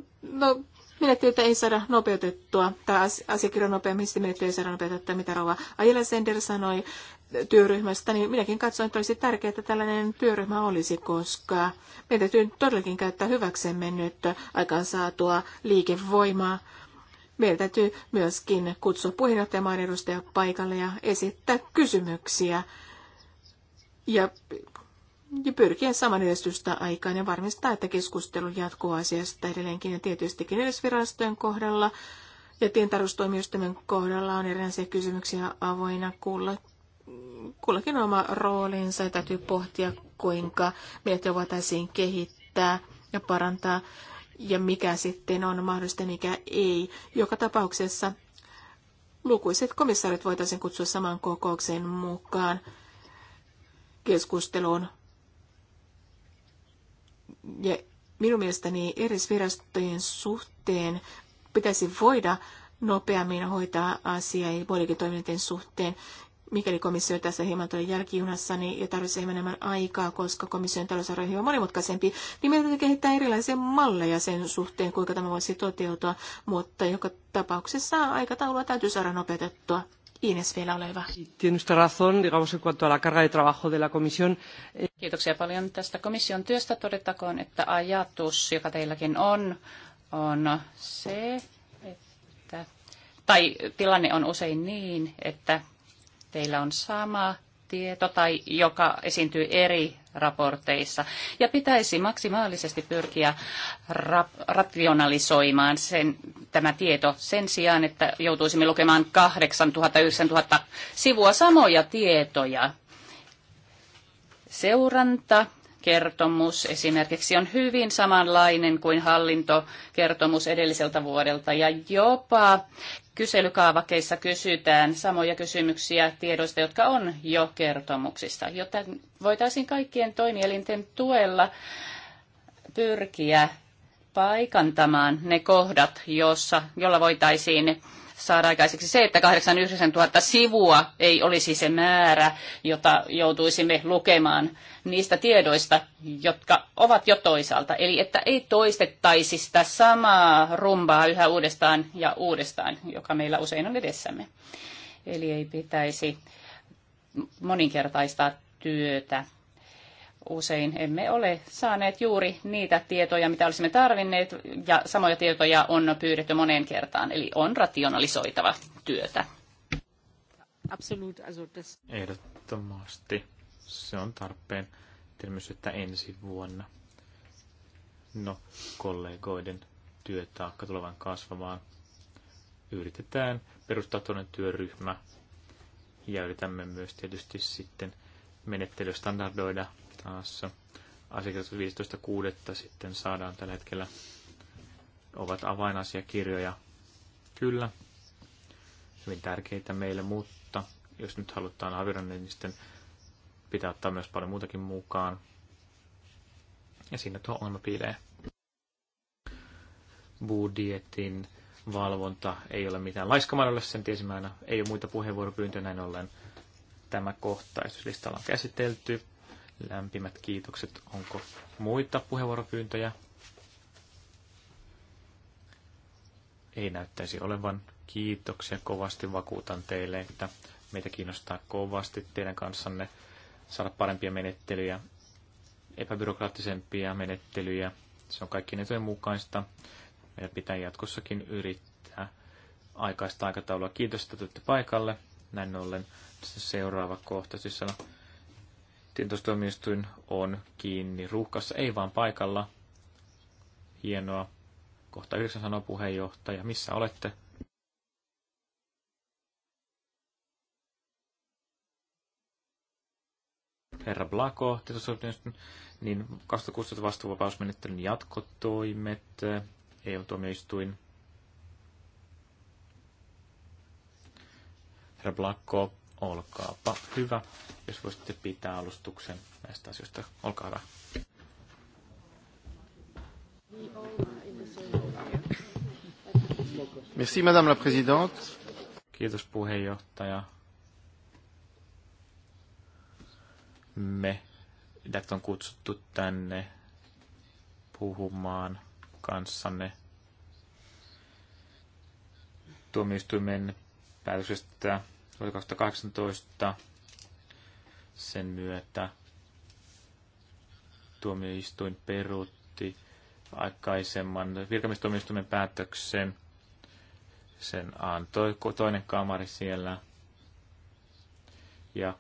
no menettelytä ei saada nopeutettua, tai asiakirjan nopeammin menettely ei saada nopeutettua, mitä Rova Ajela Sender sanoi työryhmästä, niin minäkin katsoin, että olisi tärkeää, että tällainen työryhmä olisi, koska meidän täytyy todellakin käyttää hyväksemme nyt aikaansaatua liikevoimaa. Meidän täytyy myöskin kutsua puheenjohtajamaan edustajat paikalle ja esittää kysymyksiä ja ja pyrkiä saman edistystä aikaan ja varmistaa, että keskustelu jatkuu asiasta edelleenkin ja tietystikin edesvirastojen kohdalla ja tientarustoimijoistamien kohdalla on erilaisia kysymyksiä avoinna kuulla kullakin oma roolinsa ja täytyy pohtia, kuinka meitä voitaisiin kehittää ja parantaa ja mikä sitten on mahdollista, mikä ei. Joka tapauksessa lukuiset komissaarit voitaisiin kutsua saman kokoukseen mukaan keskusteluun ja minun mielestäni virastojen suhteen pitäisi voida nopeammin hoitaa asiaa ja poilikitoimintojen suhteen. Mikäli komissio tässä hieman tulee jälkijunassa niin, ja tarvitsee hieman enemmän aikaa, koska komission talousarvio on hieman monimutkaisempi, niin meidän täytyy kehittää erilaisia malleja sen suhteen, kuinka tämä voisi toteutua, mutta joka tapauksessa aikataulua täytyy saada nopeutettua. Ines vielä, ole hyvä. Tiene usted razón, en cuanto a la carga de trabajo de la comisión. Eh, Kiitoksia paljon tästä komission työstä. Todettakoon, että ajatus, joka teilläkin on, on se, että, tai tilanne on usein niin, että teillä on sama tieto tai joka esiintyy eri raporteissa. Ja pitäisi maksimaalisesti pyrkiä rap- rationalisoimaan sen, tämä tieto sen sijaan, että joutuisimme lukemaan 8000-9000 sivua samoja tietoja. Seuranta kertomus esimerkiksi on hyvin samanlainen kuin hallintokertomus edelliseltä vuodelta ja jopa kyselykaavakeissa kysytään samoja kysymyksiä tiedoista, jotka on jo kertomuksissa, jotta voitaisiin kaikkien toimielinten tuella pyrkiä paikantamaan ne kohdat, jossa, jolla voitaisiin saada aikaiseksi se, että 89 000 sivua ei olisi se määrä, jota joutuisimme lukemaan niistä tiedoista, jotka ovat jo toisaalta. Eli että ei toistettaisi sitä samaa rumbaa yhä uudestaan ja uudestaan, joka meillä usein on edessämme. Eli ei pitäisi moninkertaistaa työtä usein emme ole saaneet juuri niitä tietoja, mitä olisimme tarvinneet, ja samoja tietoja on pyydetty moneen kertaan, eli on rationalisoitava työtä. Absolut, Ehdottomasti. Se on tarpeen. Tiedämme, että ensi vuonna no, kollegoiden työtaakka tulevan kasvamaan. Yritetään perustaa toinen työryhmä ja yritämme myös tietysti sitten menettelystandardoida – taassa asiakirjoitus 15.6. sitten saadaan tällä hetkellä ovat avainasiakirjoja. Kyllä, hyvin tärkeitä meille, mutta jos nyt halutaan avioida, niin sitten pitää ottaa myös paljon muutakin mukaan. Ja siinä tuo ongelma piilee. Budjetin valvonta ei ole mitään laiskamadolle sen tiesimmäänä. Ei ole muita puheenvuoropyyntöjä näin ollen. Tämä kohta on käsitelty. Lämpimät kiitokset. Onko muita puheenvuoropyyntöjä? Ei näyttäisi olevan. Kiitoksia kovasti. Vakuutan teille, että meitä kiinnostaa kovasti teidän kanssanne saada parempia menettelyjä, epäbyrokraattisempia menettelyjä. Se on kaikkien etujen mukaista. Meidän pitää jatkossakin yrittää aikaista aikataulua. Kiitos, että tulitte paikalle. Näin ollen seuraava kohta, siis sano Tietoistuomioistuin on kiinni ruuhkassa, ei vaan paikalla. Hienoa. Kohta yhdeksän sanoo puheenjohtaja. Missä olette? herra Blako, niin 2016 vastuuvapausmenettelyn jatkotoimet, EU-tuomioistuin. Herra Blakko olkaapa hyvä, jos voisitte pitää alustuksen näistä asioista. Olkaa hyvä. Merci, Madame la Présidente. Kiitos puheenjohtaja. Me, teidät on kutsuttu tänne puhumaan kanssanne tuomioistuimen päätöksestä vuotta 2018 sen myötä tuomioistuin perutti aikaisemman virkamistuomioistuimen päätöksen. Sen antoi toinen kamari siellä ja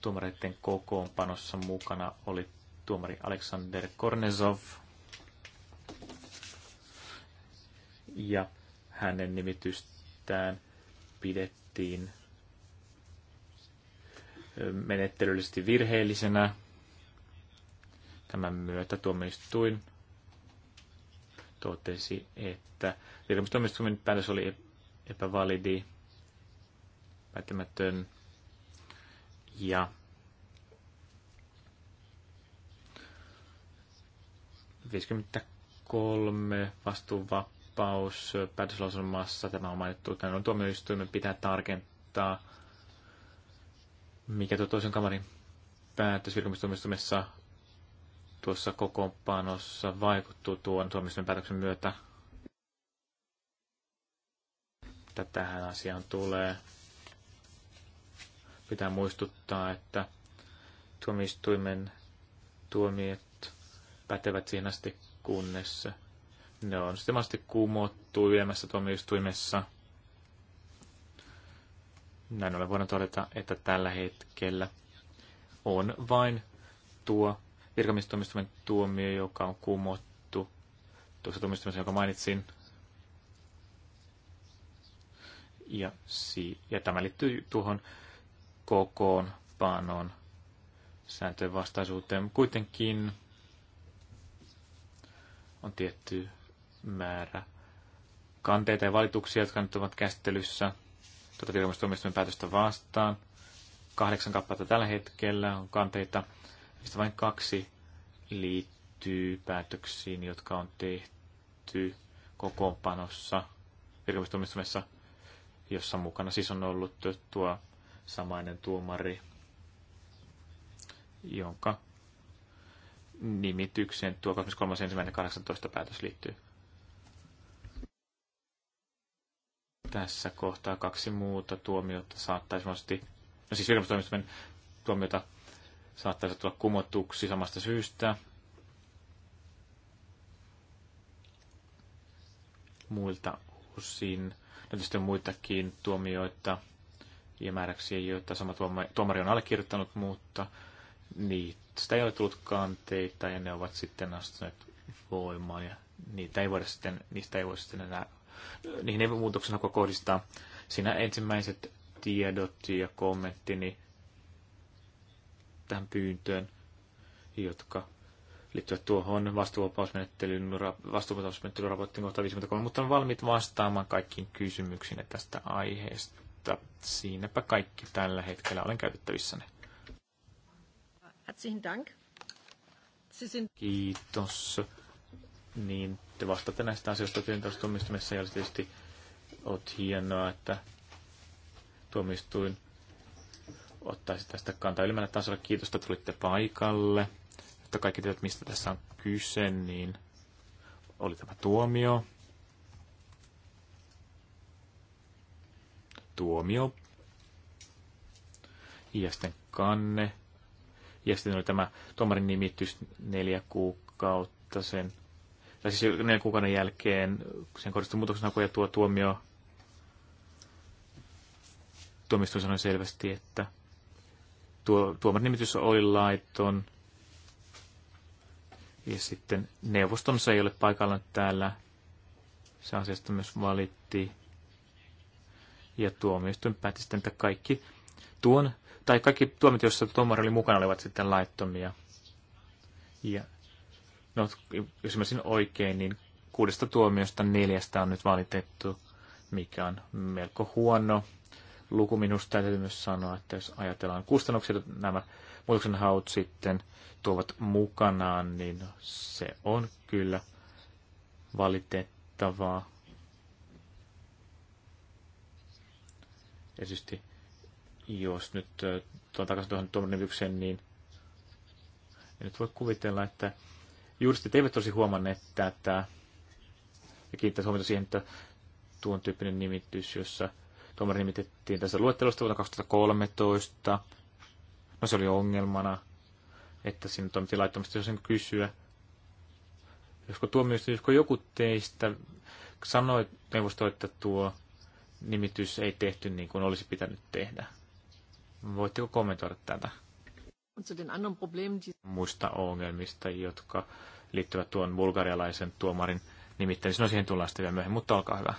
tuomareiden kokoonpanossa mukana oli tuomari Aleksander Kornezov ja hänen nimitystään pidettiin nähtiin menettelyllisesti virheellisenä. Tämän myötä tuomioistuin totesi, että virkamiestuomioistuimen päätös oli epävalidi, päättämätön ja kolme vastuunvapaus tapaus päätöslauselmassa, tämä on mainittu, että on tuomioistuimen pitää tarkentaa, mikä tuo toisen kamarin päätös virkamistuomioistuimessa tuossa kokoonpanossa vaikuttuu tuon tuomioistuimen päätöksen myötä. Tätähän asiaan tulee. Pitää muistuttaa, että tuomioistuimen tuomiot pätevät siihen asti, kunnes ne on sitten mahdollisesti kuumottu ylemmässä tuomioistuimessa. Näin ollen voidaan todeta, että tällä hetkellä on vain tuo virkamistuomioistuimen tuomio, joka on kuumottu tuossa tuomioistuimessa, jonka mainitsin. Ja, si- ja tämä liittyy tuohon kokoon panon sääntöjen vastaisuuteen. Kuitenkin on tietty määrä kanteita ja valituksia, jotka nyt ovat käsittelyssä tuota tilintarkastustuomioistuimen päätöstä vastaan. Kahdeksan kappaletta tällä hetkellä on kanteita, mistä vain kaksi liittyy päätöksiin, jotka on tehty kokoonpanossa virkamiestuomioistuimessa, jossa mukana siis on ollut tuo samainen tuomari, jonka nimitykseen tuo 23.1.18 päätös liittyy. tässä kohtaa kaksi muuta tuomiota saattaisi mahdollisesti, no siis virkapustoimistomen tuomiota saattaisi tulla kumotuksi samasta syystä. Muilta osin, no tietysti on muitakin tuomioita ja määräyksiä, joita sama tuomari on allekirjoittanut, mutta niistä ei ole tullut kanteita ja ne ovat sitten astuneet voimaan ja niitä ei voida sitten, niistä ei voi sitten enää niihin ei muutoksena kun kohdistaa. Siinä ensimmäiset tiedot ja kommenttini tähän pyyntöön, jotka liittyvät tuohon vastuuvapausmenettelyn, vastuuvapausmenettelyn raportin kohta 53, mutta on valmiit vastaamaan kaikkiin kysymyksiin tästä aiheesta. Siinäpä kaikki tällä hetkellä olen käytettävissäne. Kiitos. Niin sitten vastaatte näistä asioista tilintarkastustuomioistuimessa. Ja olisi tietysti ollut hienoa, että tuomioistuin ottaisi tästä kantaa ylimmällä tasolla. Kiitos, että tulitte paikalle. Jotta kaikki tiedät, mistä tässä on kyse, niin oli tämä tuomio. Tuomio. Ja sitten kanne. Ja sitten oli tämä tuomarin nimitys neljä kuukautta sen tai siis neljän kuukauden jälkeen sen muutoksen ja tuo tuomio, tuomistuin sanoi selvästi, että tuo, tuomarin nimitys oli laiton, ja sitten neuvostonsa ei ole paikalla täällä. Se asiasta myös valitti. Ja tuomioistuin päätti sitten, että kaikki tuon, tai kaikki tuomit, joissa tuomari oli mukana, olivat sitten laittomia. Ja No, jos mä oikein, niin kuudesta tuomiosta neljästä on nyt valitettu, mikä on melko huono luku minusta. Täytyy myös sanoa, että jos ajatellaan kustannuksia, nämä muutoksen haut sitten tuovat mukanaan, niin se on kyllä valitettavaa. Ja tietysti, jos nyt äh, tuon takaisin tuohon tuomioon niin en nyt voi kuvitella, että juristit eivät tosi huomanneet tätä ja kiinnittää huomiota siihen, että tuon tyyppinen nimitys, jossa tuomari nimitettiin tässä luettelosta vuonna 2013. No se oli ongelmana, että siinä toimittiin laittomasti, jos sen kysyä. Josko tuomioista, josko joku teistä sanoi neuvosto, että tuo nimitys ei tehty niin kuin olisi pitänyt tehdä. Voitteko kommentoida tätä? Muista ongelmista, jotka liittyvät tuon bulgarialaisen tuomarin nimittäin. No siihen tullaan sitten vielä myöhemmin, mutta olkaa hyvä.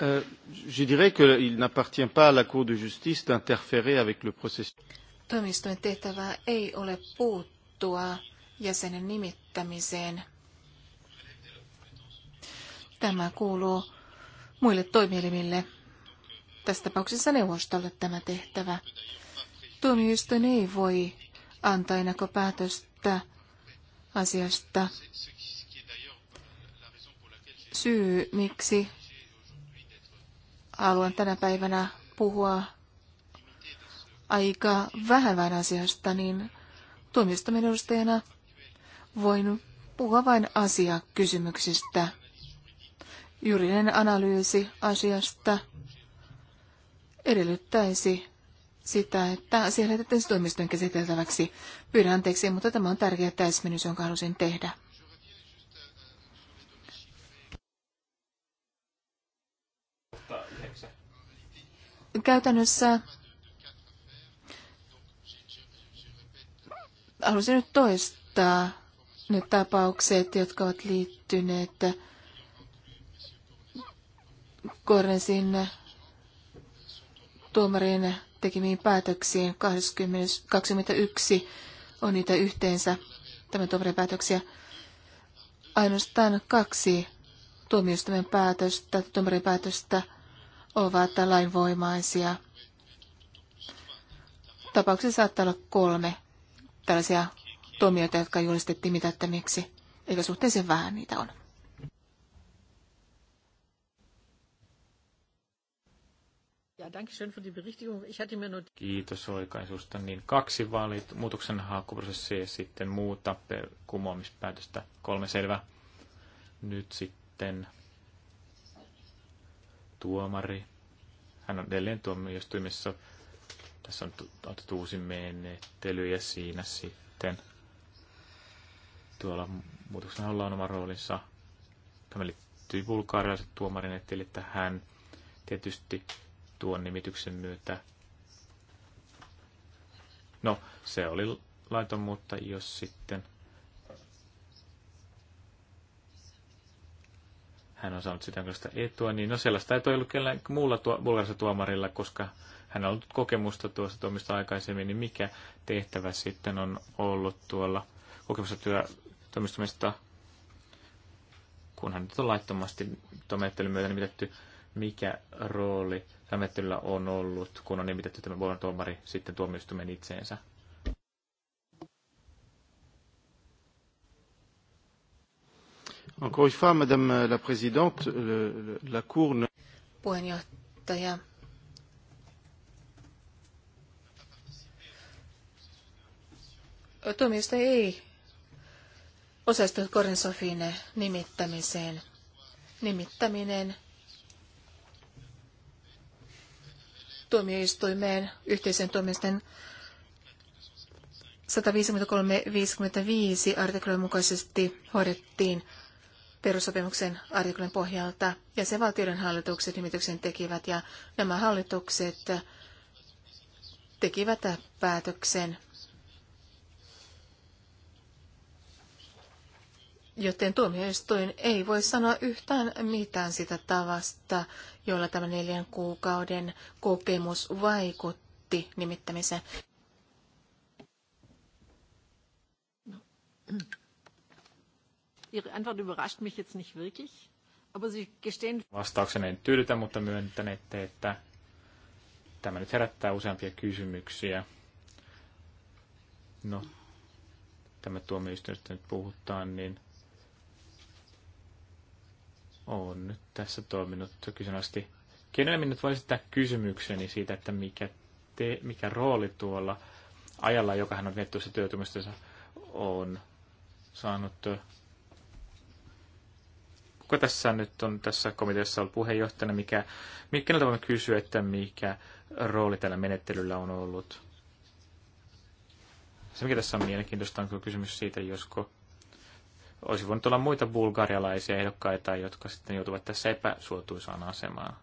Euh, je dirais qu'il n'appartient pas à la Cour de justice d'interférer avec le processus. Toimistojen tehtävää ei ole puuttua jäsenen nimittämiseen. Tämä kuuluu muille toimielimille tässä tapauksessa neuvostolle tämä tehtävä. Tuomioistuin ei voi antaa ennakkopäätöstä asiasta. Syy, miksi haluan tänä päivänä puhua aika vähävän asiasta, niin tuomioistuimen edustajana voin puhua vain asiakysymyksistä. Juridinen analyysi asiasta – edellyttäisi sitä, että asia lähetettäisiin toimiston käsiteltäväksi. Pyydän anteeksi, mutta tämä on tärkeä täsmennys, jonka halusin tehdä. Käytännössä halusin nyt toistaa ne tapaukset, jotka ovat liittyneet Kornesin tuomarin tekemiin päätöksiin. 20, 21 on niitä yhteensä tämän tuomarin päätöksiä. Ainoastaan kaksi tuomioistuimen päätöstä, tuomarin päätöstä ovat lainvoimaisia. Tapauksessa saattaa olla kolme tällaisia tuomioita, jotka julistettiin mitättömiksi, eikä suhteellisen vähän niitä on. Kiitos oikaisusta. Niin kaksi valit, muutoksen hakuprosessi ja sitten muuta kumoamispäätöstä. Kolme selvä. Nyt sitten tuomari. Hän on edelleen tuomioistuimessa. Tässä on otettu uusi menettely ja siinä sitten tuolla muutoksen on oma roolinsa. Tämä liittyy bulgaarilaisen tuomarin, että hän tietysti tuon nimityksen myötä. No, se oli laiton, mutta jos sitten hän on saanut sitä jonkinlaista etua, niin no sellaista ei ollut kellään muulla tuo, bulgarissa tuomarilla, koska hän on ollut kokemusta tuosta tuomista aikaisemmin, niin mikä tehtävä sitten on ollut tuolla kokemusta työ, tuomistumista, kun hän nyt on laittomasti tuon myötä nimitetty, mikä rooli menettelyllä on ollut, kun on nimitetty tämä vuoden tuomari sitten tuomioistuimen itseensä? Encore une fois, Madame la Présidente, le, la Cour ne... Puheenjohtaja. Tuomioista ei osallistunut Korin nimittämiseen. Nimittäminen tuomioistuimeen yhteisen tuomioisten 153-55 artiklojen mukaisesti hoidettiin perussopimuksen artiklan pohjalta. Ja se valtioiden hallitukset nimityksen tekivät ja nämä hallitukset tekivät päätöksen. Joten tuomioistuin ei voi sanoa yhtään mitään sitä tavasta, jolla tämä neljän kuukauden kokemus vaikutti nimittämiseen? Ihre Antwort überrascht mich jetzt nicht wirklich, aber Sie gestehen... ei tyydytä, mutta myöntänette, että tämä nyt herättää useampia kysymyksiä. No, tämä tuomioistuin, nyt puhutaan, niin on nyt tässä toiminut kyseenalaisesti. Kenelle minä voisi esittää kysymykseni siitä, että mikä, te, mikä rooli tuolla ajalla, joka hän on viettänyt työtymistänsä, on saanut. Kuka tässä nyt on tässä komiteassa ollut puheenjohtajana? Mikä, keneltä voimme kysyä, että mikä rooli tällä menettelyllä on ollut? Se, mikä tässä on mielenkiintoista, on kysymys siitä, josko olisi voinut olla muita bulgarialaisia ehdokkaita, jotka sitten joutuvat tässä epäsuotuisaan asemaan.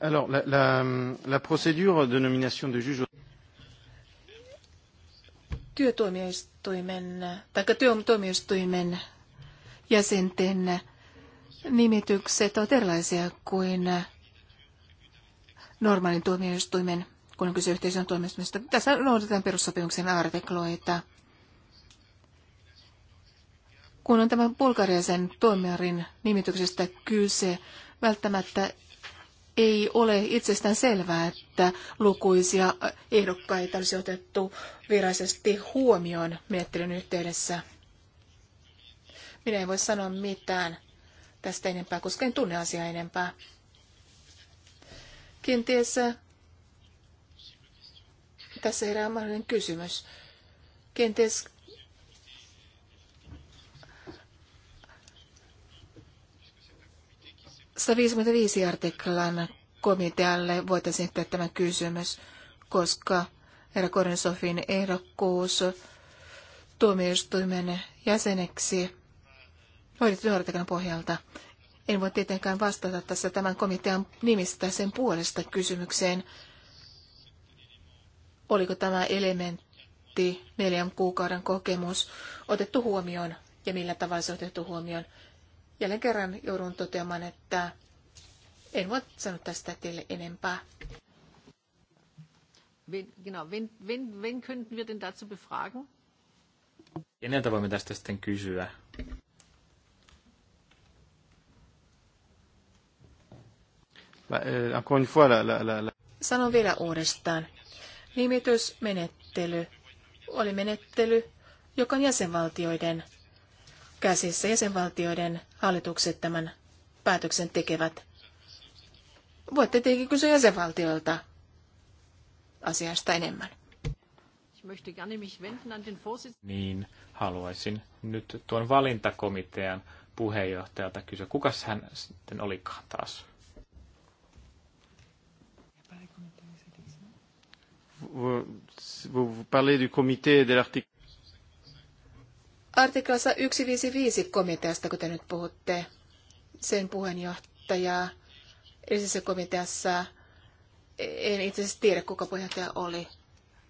Alors, la, la, la procédure de nomination de juge... Työtuomioistuimen, tai työtuomioistuimen jäsenten nimitykset ovat erilaisia kuin normaalin tuomioistuimen, kun on kyse yhteisön tuomioistuimesta. Tässä noudatetaan perussopimuksen artikloita. Kun on tämän bulgariaisen tuomarin nimityksestä kyse, välttämättä ei ole itsestään selvää, että lukuisia ehdokkaita olisi otettu virallisesti huomioon miettelyn yhteydessä. Minä en voi sanoa mitään tästä enempää, koska en tunne asiaa enempää. Kenties äh, tässä herää mahdollinen kysymys. Kenties viisi artiklan komitealle voitaisiin tehdä tämä kysymys, koska herra Korinsofin ehdokkuus tuomioistuimen jäseneksi hoidettu artiklan pohjalta en voi tietenkään vastata tässä tämän komitean nimistä sen puolesta kysymykseen, oliko tämä elementti neljän kuukauden kokemus otettu huomioon ja millä tavalla se otettu huomioon. Jälleen kerran joudun toteamaan, että en voi sanoa tästä teille enempää. genau, wen, wen, wen könnten wir dazu befragen? Keneltä voimme tästä sitten kysyä? Eh, Sanon vielä uudestaan. Nimitysmenettely oli menettely, joka on jäsenvaltioiden käsissä. Jäsenvaltioiden hallitukset tämän päätöksen tekevät. Voitte tietenkin kysyä jäsenvaltioilta asiasta enemmän. Niin, haluaisin nyt tuon valintakomitean puheenjohtajalta kysyä, kuka hän sitten olikaan taas? vous, vous, vous parlez du comité de l'article. Artiklassa 155 komiteasta, kun te nyt puhutte, sen puheenjohtajaa edellisessä komiteassa, en itse asiassa tiedä, kuka puheenjohtaja oli.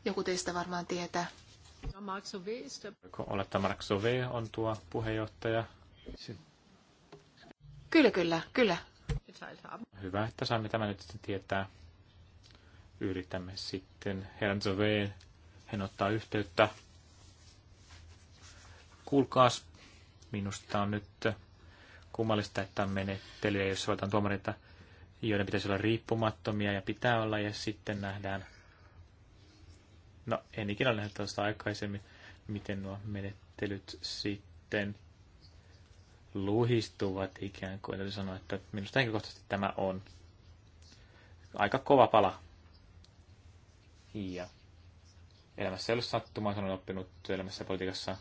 Joku teistä varmaan tietää. Mark Sauvé, Mark Sauvé on tuo puheenjohtaja. Kyllä, kyllä, kyllä. Hyvä, että saamme tämän nyt sitten tietää. Yritämme sitten Herzoveen. Hän ottaa yhteyttä. Kuulkaas, minusta on nyt kummallista, että on menettelyä, jos valitaan tuomareita, joiden pitäisi olla riippumattomia ja pitää olla, ja sitten nähdään, no en ikinä ole nähnyt aikaisemmin, miten nuo menettelyt sitten luhistuvat ikään kuin. Eli sanoa, että minusta henkilökohtaisesti tämä on aika kova pala. Ja elämässä ei ole sattumaa, sanon oppinut työelämässä ja politiikassa.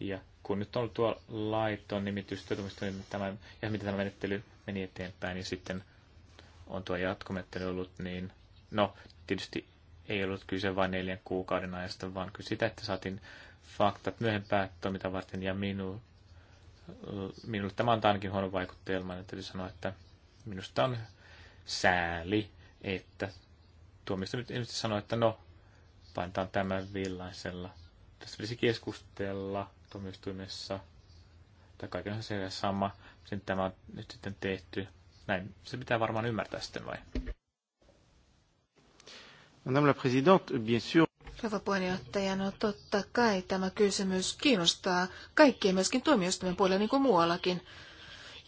Ja kun nyt on ollut tuo laiton nimitys niin tämä, ja miten tämä menettely meni eteenpäin, ja sitten on tuo jatkomenettely ollut, niin no, tietysti ei ollut kyse vain neljän kuukauden ajasta, vaan kyllä sitä, että saatiin faktat myöhempää toimita varten, ja minu, minulle tämä antaa ainakin huono vaikutelma, että niin täytyy sanoa, että minusta on sääli, että tuomista nyt ilmeisesti sanoi, että no, painetaan tämän villaisella. Tästä pitäisi keskustella tuomioistuimessa, tai kaiken se sama, miten tämä on nyt sitten tehty. Näin se pitää varmaan ymmärtää sitten vai? Madame la Présidente, bien sûr. Rouva puheenjohtaja, no totta kai tämä kysymys kiinnostaa kaikkia myöskin tuomioistuimen puolella niin kuin muuallakin.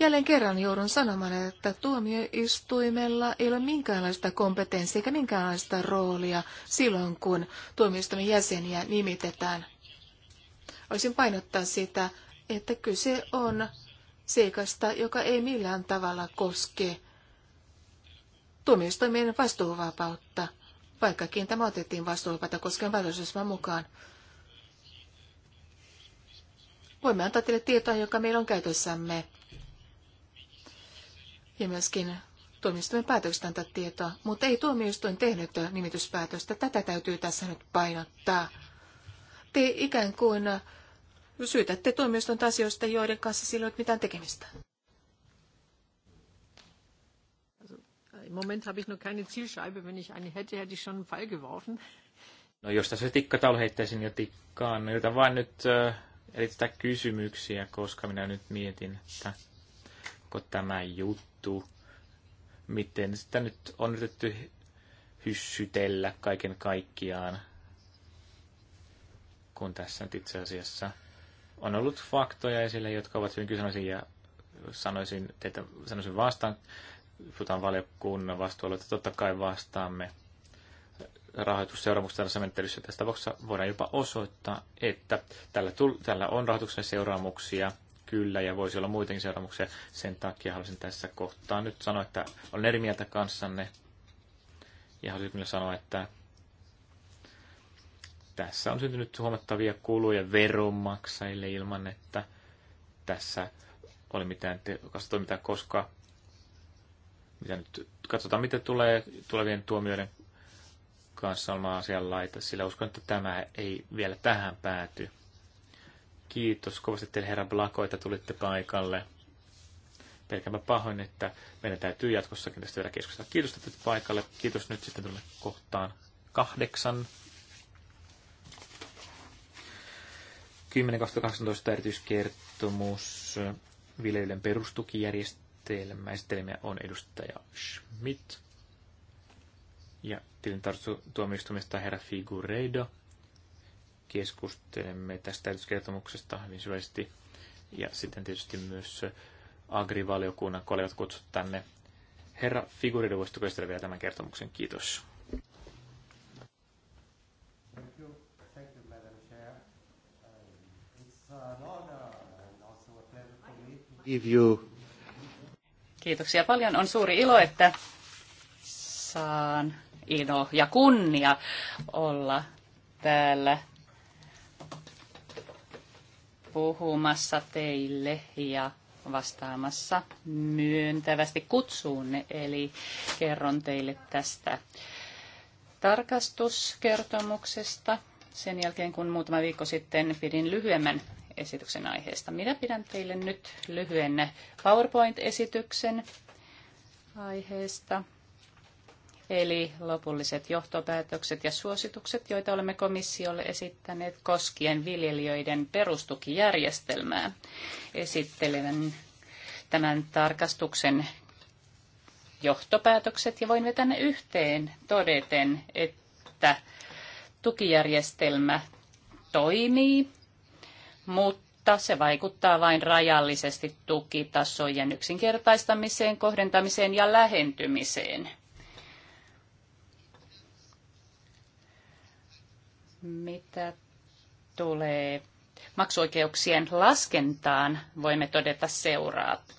Jälleen kerran joudun sanomaan, että tuomioistuimella ei ole minkäänlaista kompetenssia eikä minkäänlaista roolia silloin, kun tuomioistuimen jäseniä nimitetään. Olisin painottaa sitä, että kyse on seikasta, joka ei millään tavalla koske tuomioistuimien vastuuvapautta, vaikkakin tämä otettiin vastuuvapautta koskevan valtuusryhmän mukaan. Voimme antaa teille tietoa, joka meillä on käytössämme ja myöskin tuomioistuimen päätöksestä antaa tietoa, mutta ei tuomioistuin tehnyt nimityspäätöstä. Tätä täytyy tässä nyt painottaa. Te ikään kuin syytätte tuomioistuin asioista, joiden kanssa sillä ei ole mitään tekemistä. Im Moment habe ich noch keine Zielscheibe. Wenn ich eine hätte, hätte ich schon einen Pfeil geworfen. No jos tässä tikkataulu heittäisin jo tikkaan, no niin yritän vaan nyt äh, erittää kysymyksiä, koska minä nyt mietin, että onko tämä juttu mainittu, miten sitä nyt on yritetty hyssytellä kaiken kaikkiaan, kun tässä nyt itse asiassa on ollut faktoja esille, jotka ovat hyvin kysymyksiä ja sanoisin, teitä, sanoisin vastaan, puhutaan valiokunnan vastuulla, että totta kai vastaamme rahoitusseuraamuksessa menettelyssä. Tässä tapauksessa voidaan jopa osoittaa, että tällä, tällä on rahoituksen seuraamuksia – kyllä ja voisi olla muitakin seuraamuksia. Sen takia haluaisin tässä kohtaa nyt sanoa, että olen eri mieltä kanssanne ja haluaisin kyllä sanoa, että tässä on syntynyt huomattavia kuluja veronmaksajille ilman, että tässä oli mitään tehokasta toimintaa, koska mitä nyt, katsotaan, mitä tulee tulevien tuomioiden kanssa olemaan asian laita, sillä uskon, että tämä ei vielä tähän pääty. Kiitos kovasti teille herra Blako, että tulitte paikalle. Pelkäämä pahoin, että meidän täytyy jatkossakin tästä vielä keskustella. Kiitos, että tulitte paikalle. Kiitos nyt sitten tuonne kohtaan kahdeksan. 10.2018 erityiskertomus viljelijöiden perustukijärjestelmä. Esitelmä on edustaja Schmidt ja tilintarkastustuomioistuimesta herra Figureido keskustelemme tästä erityiskertomuksesta hyvin syvällisesti. Ja sitten tietysti myös agrivaliokunnan kollegat kutsut tänne. Herra Figurido, voisitko esitellä vielä tämän kertomuksen? Kiitos. Um, Kiitoksia paljon. On suuri ilo, että saan ilo ja kunnia olla täällä puhumassa teille ja vastaamassa myöntävästi kutsuunne, eli kerron teille tästä tarkastuskertomuksesta sen jälkeen, kun muutama viikko sitten pidin lyhyemmän esityksen aiheesta. Minä pidän teille nyt lyhyen PowerPoint-esityksen aiheesta eli lopulliset johtopäätökset ja suositukset, joita olemme komissiolle esittäneet koskien viljelijöiden perustukijärjestelmää. Esittelen tämän tarkastuksen johtopäätökset ja voin vetää ne yhteen todeten, että tukijärjestelmä toimii, mutta se vaikuttaa vain rajallisesti tukitasojen yksinkertaistamiseen, kohdentamiseen ja lähentymiseen – Mitä tulee maksuoikeuksien laskentaan, voimme todeta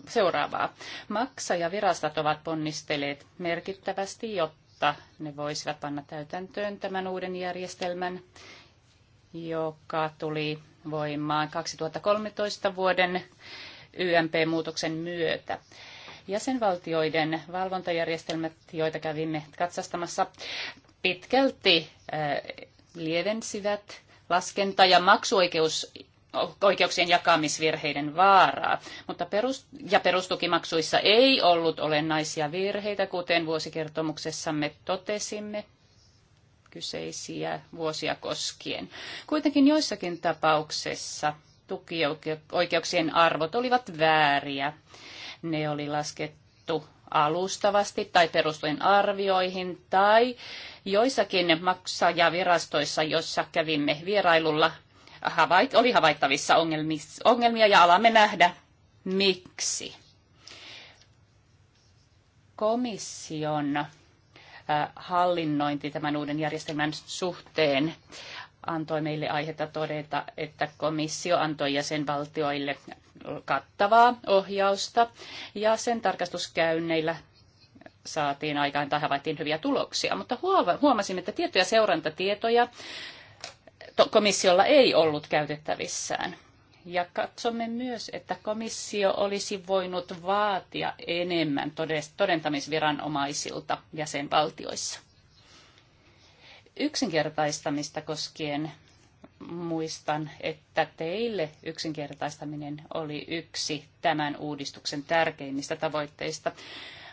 seuraavaa. Maksajavirastot ovat ponnistelleet merkittävästi, jotta ne voisivat panna täytäntöön tämän uuden järjestelmän, joka tuli voimaan 2013 vuoden YMP-muutoksen myötä. Jäsenvaltioiden valvontajärjestelmät, joita kävimme katsastamassa, pitkälti lievensivät laskenta- ja maksuoikeus oikeuksien jakamisvirheiden vaaraa, mutta perus- ja perustukimaksuissa ei ollut olennaisia virheitä, kuten vuosikertomuksessamme totesimme kyseisiä vuosia koskien. Kuitenkin joissakin tapauksessa tukioikeuksien arvot olivat vääriä. Ne oli laskettu alustavasti tai perustuen arvioihin tai joissakin maksajavirastoissa, joissa kävimme vierailulla, havait, oli havaittavissa ongelmia ja alamme nähdä, miksi. Komission äh, hallinnointi tämän uuden järjestelmän suhteen antoi meille aihetta todeta, että komissio antoi jäsenvaltioille kattavaa ohjausta ja sen tarkastuskäynneillä saatiin aikaan tai havaittiin hyviä tuloksia, mutta huomasimme, että tiettyjä seurantatietoja komissiolla ei ollut käytettävissään. Ja katsomme myös, että komissio olisi voinut vaatia enemmän todentamisviranomaisilta jäsenvaltioissa yksinkertaistamista koskien muistan, että teille yksinkertaistaminen oli yksi tämän uudistuksen tärkeimmistä tavoitteista.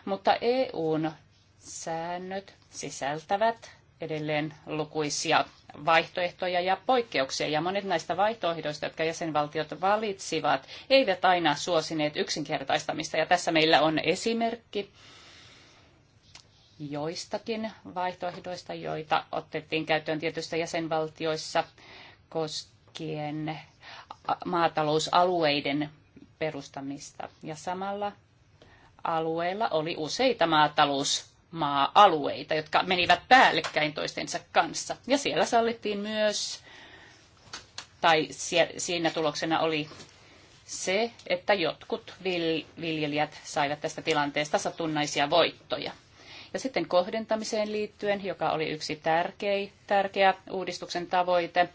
Mutta EUn säännöt sisältävät edelleen lukuisia vaihtoehtoja ja poikkeuksia, ja monet näistä vaihtoehdoista, jotka jäsenvaltiot valitsivat, eivät aina suosineet yksinkertaistamista. Ja tässä meillä on esimerkki joistakin vaihtoehdoista, joita otettiin käyttöön tietyissä jäsenvaltioissa koskien maatalousalueiden perustamista. Ja samalla alueella oli useita maatalousmaa-alueita, jotka menivät päällekkäin toistensa kanssa. Ja siellä sallittiin myös, tai siinä tuloksena oli se, että jotkut viljelijät saivat tästä tilanteesta satunnaisia voittoja. Ja sitten kohdentamiseen liittyen, joka oli yksi tärkeä, tärkeä uudistuksen tavoite,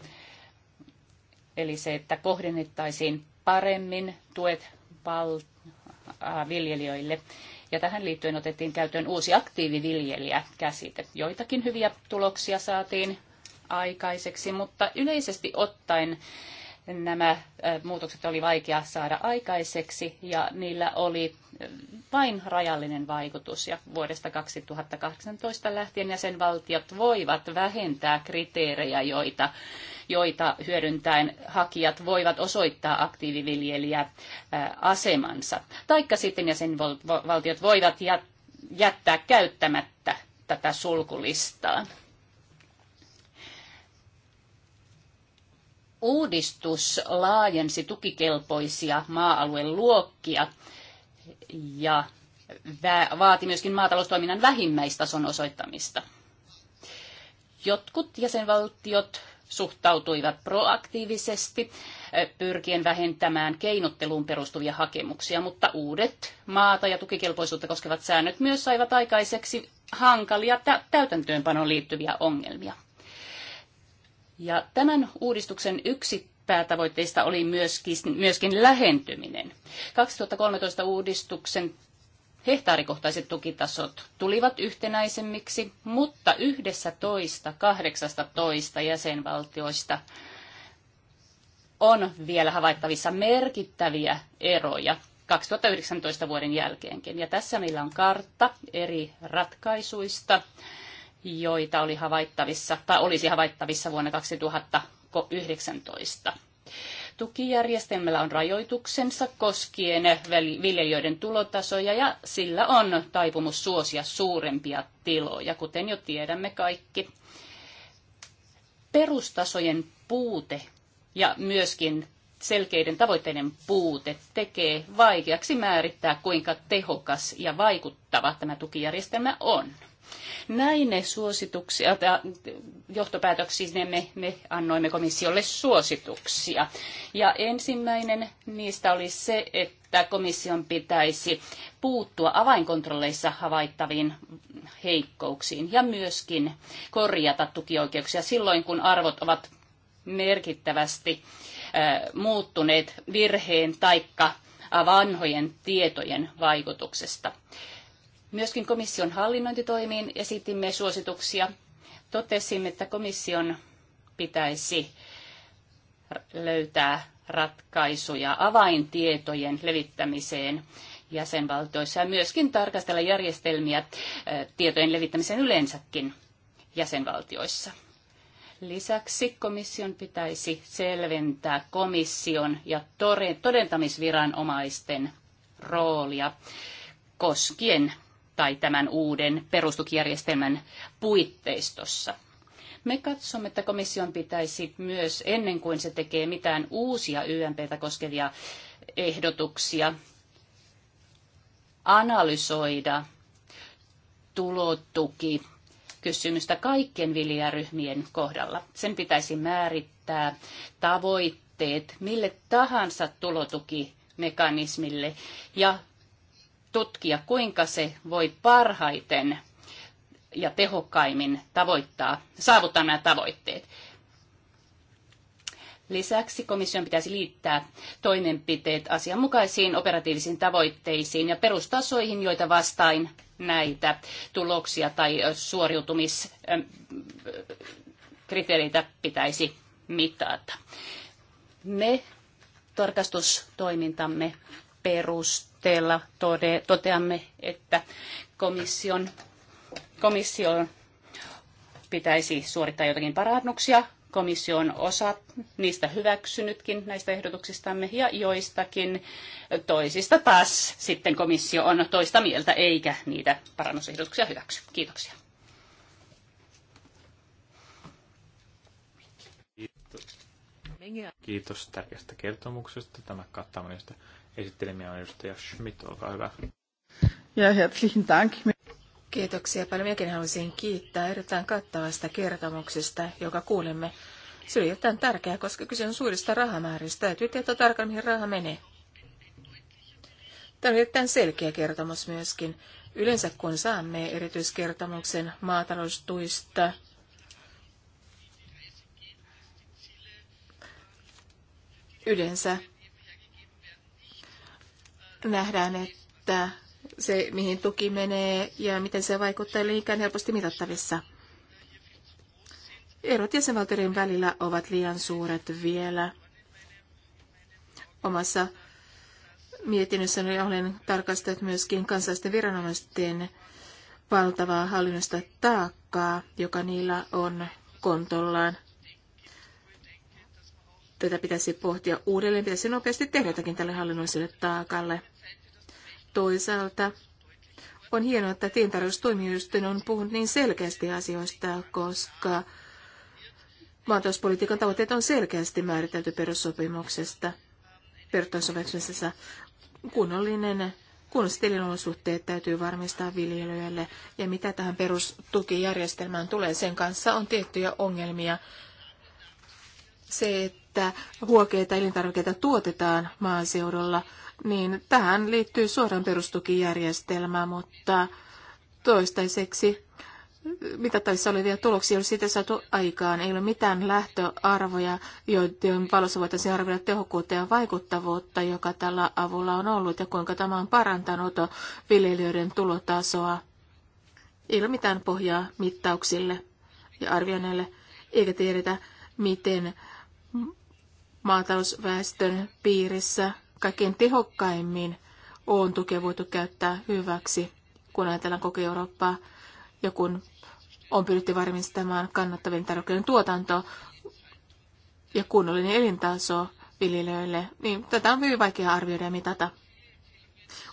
eli se, että kohdennettaisiin paremmin tuet val- viljelijöille. Ja tähän liittyen otettiin käyttöön uusi aktiiviviljelijä-käsite. Joitakin hyviä tuloksia saatiin aikaiseksi, mutta yleisesti ottaen nämä äh, muutokset oli vaikea saada aikaiseksi ja niillä oli äh, vain rajallinen vaikutus. Ja vuodesta 2018 lähtien jäsenvaltiot voivat vähentää kriteerejä, joita, joita hyödyntäen hakijat voivat osoittaa aktiiviviljelijä äh, asemansa. Taikka sitten jäsenvaltiot voivat jättää käyttämättä tätä sulkulistaa. uudistus laajensi tukikelpoisia maa-alueen luokkia ja vaati myöskin maataloustoiminnan vähimmäistason osoittamista. Jotkut jäsenvaltiot suhtautuivat proaktiivisesti pyrkien vähentämään keinotteluun perustuvia hakemuksia, mutta uudet maata ja tukikelpoisuutta koskevat säännöt myös saivat aikaiseksi hankalia täytäntöönpanoon liittyviä ongelmia. Ja tämän uudistuksen yksi päätavoitteista oli myöskin, myöskin lähentyminen. 2013 uudistuksen hehtaarikohtaiset tukitasot tulivat yhtenäisemmiksi, mutta yhdessä toista 18 jäsenvaltioista on vielä havaittavissa merkittäviä eroja 2019 vuoden jälkeenkin. Ja tässä meillä on kartta eri ratkaisuista joita oli havaittavissa, tai olisi havaittavissa vuonna 2019. Tukijärjestelmällä on rajoituksensa koskien viljelijöiden tulotasoja ja sillä on taipumus suosia suurempia tiloja, kuten jo tiedämme kaikki. Perustasojen puute ja myöskin selkeiden tavoitteiden puute tekee vaikeaksi määrittää, kuinka tehokas ja vaikuttava tämä tukijärjestelmä on. Näin ne suosituksia, ne me, me annoimme komissiolle suosituksia. Ja ensimmäinen niistä oli se, että komission pitäisi puuttua avainkontrolleissa havaittaviin heikkouksiin ja myöskin korjata tukioikeuksia silloin, kun arvot ovat merkittävästi muuttuneet virheen taikka vanhojen tietojen vaikutuksesta. Myöskin komission hallinnointitoimiin esitimme suosituksia. Totesimme, että komission pitäisi löytää ratkaisuja avaintietojen levittämiseen jäsenvaltioissa ja myöskin tarkastella järjestelmiä tietojen levittämiseen yleensäkin jäsenvaltioissa. Lisäksi komission pitäisi selventää komission ja todentamisviranomaisten roolia koskien tai tämän uuden perustukijärjestelmän puitteistossa. Me katsomme, että komission pitäisi myös ennen kuin se tekee mitään uusia YMPtä koskevia ehdotuksia, analysoida tulotuki kysymystä kaikkien viljaryhmien kohdalla. Sen pitäisi määrittää tavoitteet mille tahansa tulotukimekanismille ja tutkia, kuinka se voi parhaiten ja tehokkaimmin tavoittaa, saavuttaa nämä tavoitteet. Lisäksi komission pitäisi liittää toimenpiteet asianmukaisiin operatiivisiin tavoitteisiin ja perustasoihin, joita vastain näitä tuloksia tai suoriutumiskriteereitä pitäisi mitata. Me tarkastustoimintamme perustuu perusteella tode, toteamme, että komission, komission pitäisi suorittaa jotakin parannuksia. Komissio on osa niistä hyväksynytkin näistä ehdotuksistamme ja joistakin toisista taas sitten komissio on toista mieltä eikä niitä parannusehdotuksia hyväksy. Kiitoksia. Kiitos tärkeästä kertomuksesta. Tämä kattaa Esittelemiä edustaja Schmidt, olkaa hyvä. Ja herzlichen Dank. Kiitoksia paljon. Minäkin haluaisin kiittää erittäin kattavasta kertomuksesta, joka kuulemme. Se oli erittäin tärkeää, koska kyse on suurista rahamääristä. Täytyy tietää tarkkaan, mihin raha menee. Tämä on erittäin selkeä kertomus myöskin. Yleensä kun saamme erityiskertomuksen maataloustuista, yleensä nähdään, että se, mihin tuki menee ja miten se vaikuttaa, ei helposti mitattavissa. Erot jäsenvaltioiden välillä ovat liian suuret vielä. Omassa mietinnössäni olen tarkastanut myöskin kansallisten viranomaisten valtavaa hallinnosta taakkaa, joka niillä on kontollaan tätä pitäisi pohtia uudelleen, pitäisi nopeasti tehdä jotakin tälle hallinnolliselle taakalle. Toisaalta on hienoa, että tientarjoustoimijoisten on puhunut niin selkeästi asioista, koska maatalouspolitiikan tavoitteet on selkeästi määritelty perussopimuksesta, perussopimuksessa kunnollinen Kunnolliset olosuhteet täytyy varmistaa viljelijöille, ja mitä tähän perustukijärjestelmään tulee, sen kanssa on tiettyjä ongelmia, se, että huokeita elintarvikkeita tuotetaan maaseudulla, niin tähän liittyy suoraan perustukijärjestelmä, mutta toistaiseksi mitattavissa olevia tuloksia ei ole siitä saatu aikaan. Ei ole mitään lähtöarvoja, joiden valossa voitaisiin arvioida tehokkuutta ja vaikuttavuutta, joka tällä avulla on ollut ja kuinka tämä on parantanut viljelijöiden tulotasoa. Ei ole mitään pohjaa mittauksille ja arvioinneille, eikä tiedetä, miten maatalousväestön piirissä kaikkein tehokkaimmin on tukea voitu käyttää hyväksi, kun ajatellaan koko Eurooppaa ja kun on pyritty varmistamaan kannattavien tarjokkeiden tuotanto ja kunnollinen elintaso viljelijöille, niin tätä on hyvin vaikea arvioida ja mitata.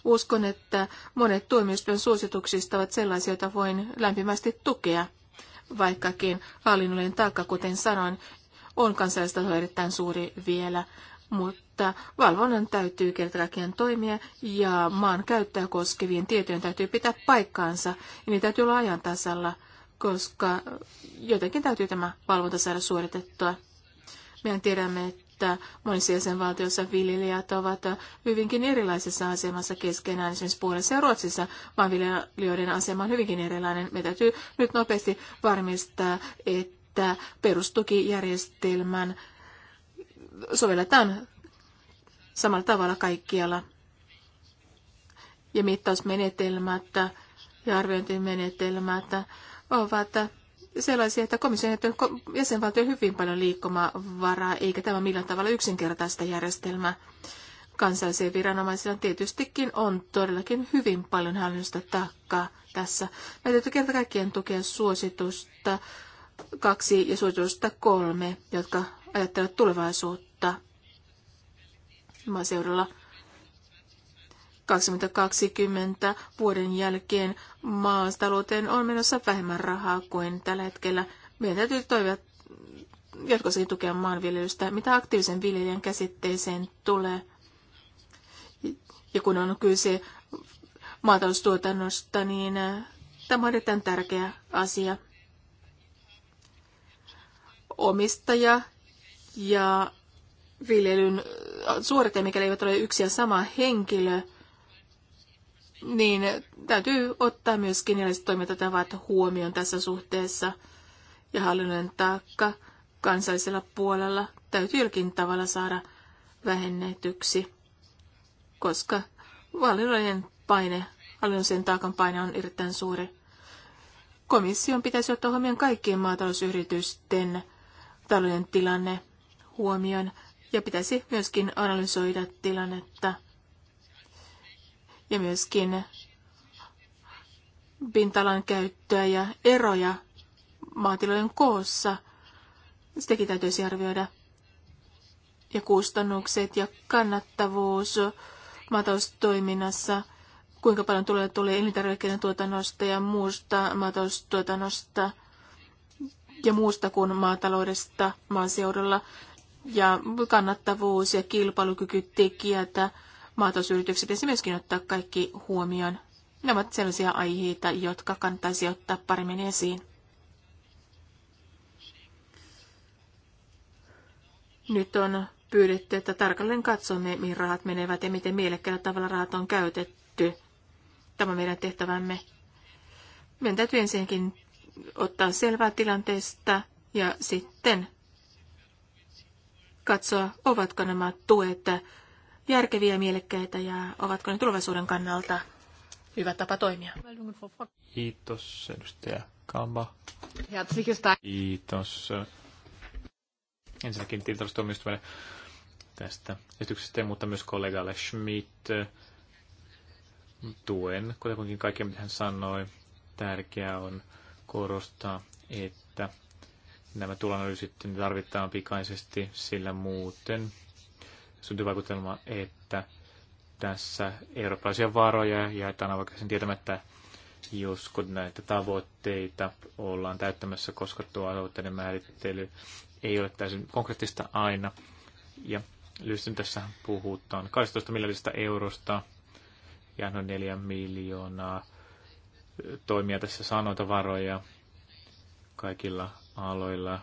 Uskon, että monet tuomioistuimen suosituksista ovat sellaisia, joita voin lämpimästi tukea, vaikkakin hallinnollinen taakka, kuten sanoin, on kansallistasolla erittäin suuri vielä, mutta valvonnan täytyy kertalakian toimia ja maan käyttöä koskevien tietojen täytyy pitää paikkaansa ja niitä täytyy olla ajan tasalla, koska jotenkin täytyy tämä valvonta saada suoritettua. Meidän tiedämme, että monissa jäsenvaltioissa viljelijät ovat hyvinkin erilaisessa asemassa keskenään. Esimerkiksi Puolessa ja Ruotsissa viljelijöiden asema on hyvinkin erilainen. Me täytyy nyt nopeasti varmistaa, että että perustukijärjestelmän sovelletaan samalla tavalla kaikkialla. Ja mittausmenetelmät ja arviointimenetelmät ovat sellaisia, että komission jäsenvaltio on hyvin paljon liikkumavaraa, eikä tämä millään tavalla yksinkertaista järjestelmää. Kansallisilla viranomaisilla tietystikin on todellakin hyvin paljon hallinnosta takkaa tässä. Meidän täytyy kerta kaikkien tukea suositusta kaksi ja suositusta kolme, jotka ajattelevat tulevaisuutta maaseudulla. 2020 vuoden jälkeen maastalouteen on menossa vähemmän rahaa kuin tällä hetkellä. Meidän täytyy toivoa jatkossakin tukea maanviljelystä, mitä aktiivisen viljelijän käsitteeseen tulee. Ja kun on kyse maataloustuotannosta, niin äh, tämä on erittäin tärkeä asia omistaja ja viljelyn suorite, mikäli eivät ole yksi ja sama henkilö, niin täytyy ottaa myöskin erilaiset toimintatavat huomioon tässä suhteessa. Ja hallinnon taakka kansallisella puolella täytyy jollakin tavalla saada vähennetyksi, koska hallinnollinen paine, hallinnollisen taakan paine on erittäin suuri. Komission pitäisi ottaa huomioon kaikkien maatalousyritysten talouden tilanne huomioon ja pitäisi myöskin analysoida tilannetta ja myöskin pintalan käyttöä ja eroja maatilojen koossa. Sitäkin täytyisi arvioida. Ja kustannukset ja kannattavuus maataloustoiminnassa, kuinka paljon tulee, tulee elintarvikkeiden tuotannosta ja muusta maataloustuotannosta – ja muusta kuin maataloudesta maaseudulla. Ja kannattavuus ja kilpailukykytekijät maatalousyritykset esimerkiksi ottaa kaikki huomioon. Ne ovat sellaisia aiheita, jotka kannattaisi ottaa paremmin esiin. Nyt on pyydetty, että tarkalleen katsomme, mihin rahat menevät ja miten mielekkäällä tavalla rahat on käytetty. Tämä on meidän tehtävämme. Meidän täytyy ensinnäkin ottaa selvää tilanteesta ja sitten katsoa, ovatko nämä tuet järkeviä, mielekkäitä ja ovatko ne tulevaisuuden kannalta hyvä tapa toimia. Kiitos, edustaja Kamba. Kiitos. Ensinnäkin tilintarkastustuomioistuimelle tästä esityksestä, mutta myös kollegalle Schmidt. Tuen kuitenkin kaikkea, mitä hän sanoi. Tärkeää on korostaa, että nämä tulonalyysit tarvitaan pikaisesti, sillä muuten syntyy vaikutelma, että tässä eurooppalaisia varoja jaetaan avokäisen tietämättä, josko näitä tavoitteita ollaan täyttämässä, koska tuo tavoitteiden määrittely ei ole täysin konkreettista aina. Ja lyhyesti tässä puhutaan 12 miljardista eurosta ja noin 4 miljoonaa toimia tässä sanoita varoja kaikilla aloilla.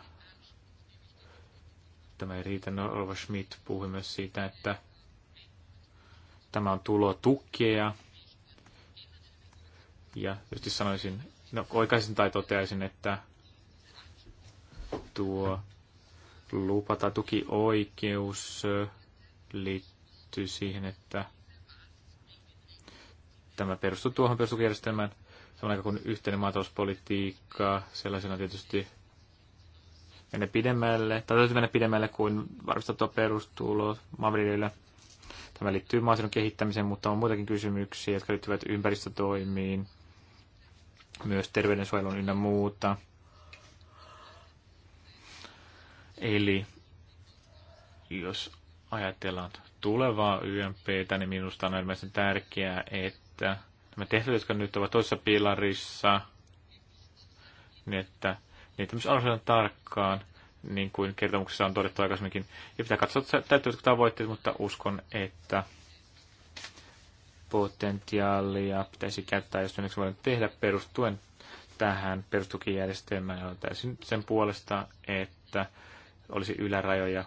Tämä ei riitä. Norva Schmidt puhui myös siitä, että tämä on tulo tukea. Ja just sanoisin, no oikaisin tai toteaisin, että tuo lupa tai tukioikeus liittyy siihen, että tämä perustuu tuohon perustukijärjestelmään, samaan aikaan kuin yhteinen maatalouspolitiikka sellaisena tietysti mennä pidemmälle, tai täytyy mennä pidemmälle kuin varmistettua perustulo maanviljelijöillä. Tämä liittyy maaseudun kehittämiseen, mutta on muitakin kysymyksiä, jotka liittyvät ympäristötoimiin, myös terveydensuojelun ynnä muuta. Eli jos ajatellaan tulevaa YMPtä, niin minusta on äärimmäisen tärkeää, että nämä tehtävät, jotka nyt ovat toisessa pilarissa, niin että niitä myös arvioidaan tarkkaan, niin kuin kertomuksessa on todettu aikaisemminkin. Ja pitää katsoa, täyttyvätkö tavoitteet, mutta uskon, että potentiaalia pitäisi käyttää, jos enneksi voidaan tehdä perustuen tähän perustukijärjestelmään, ja täysin sen puolesta, että olisi ylärajoja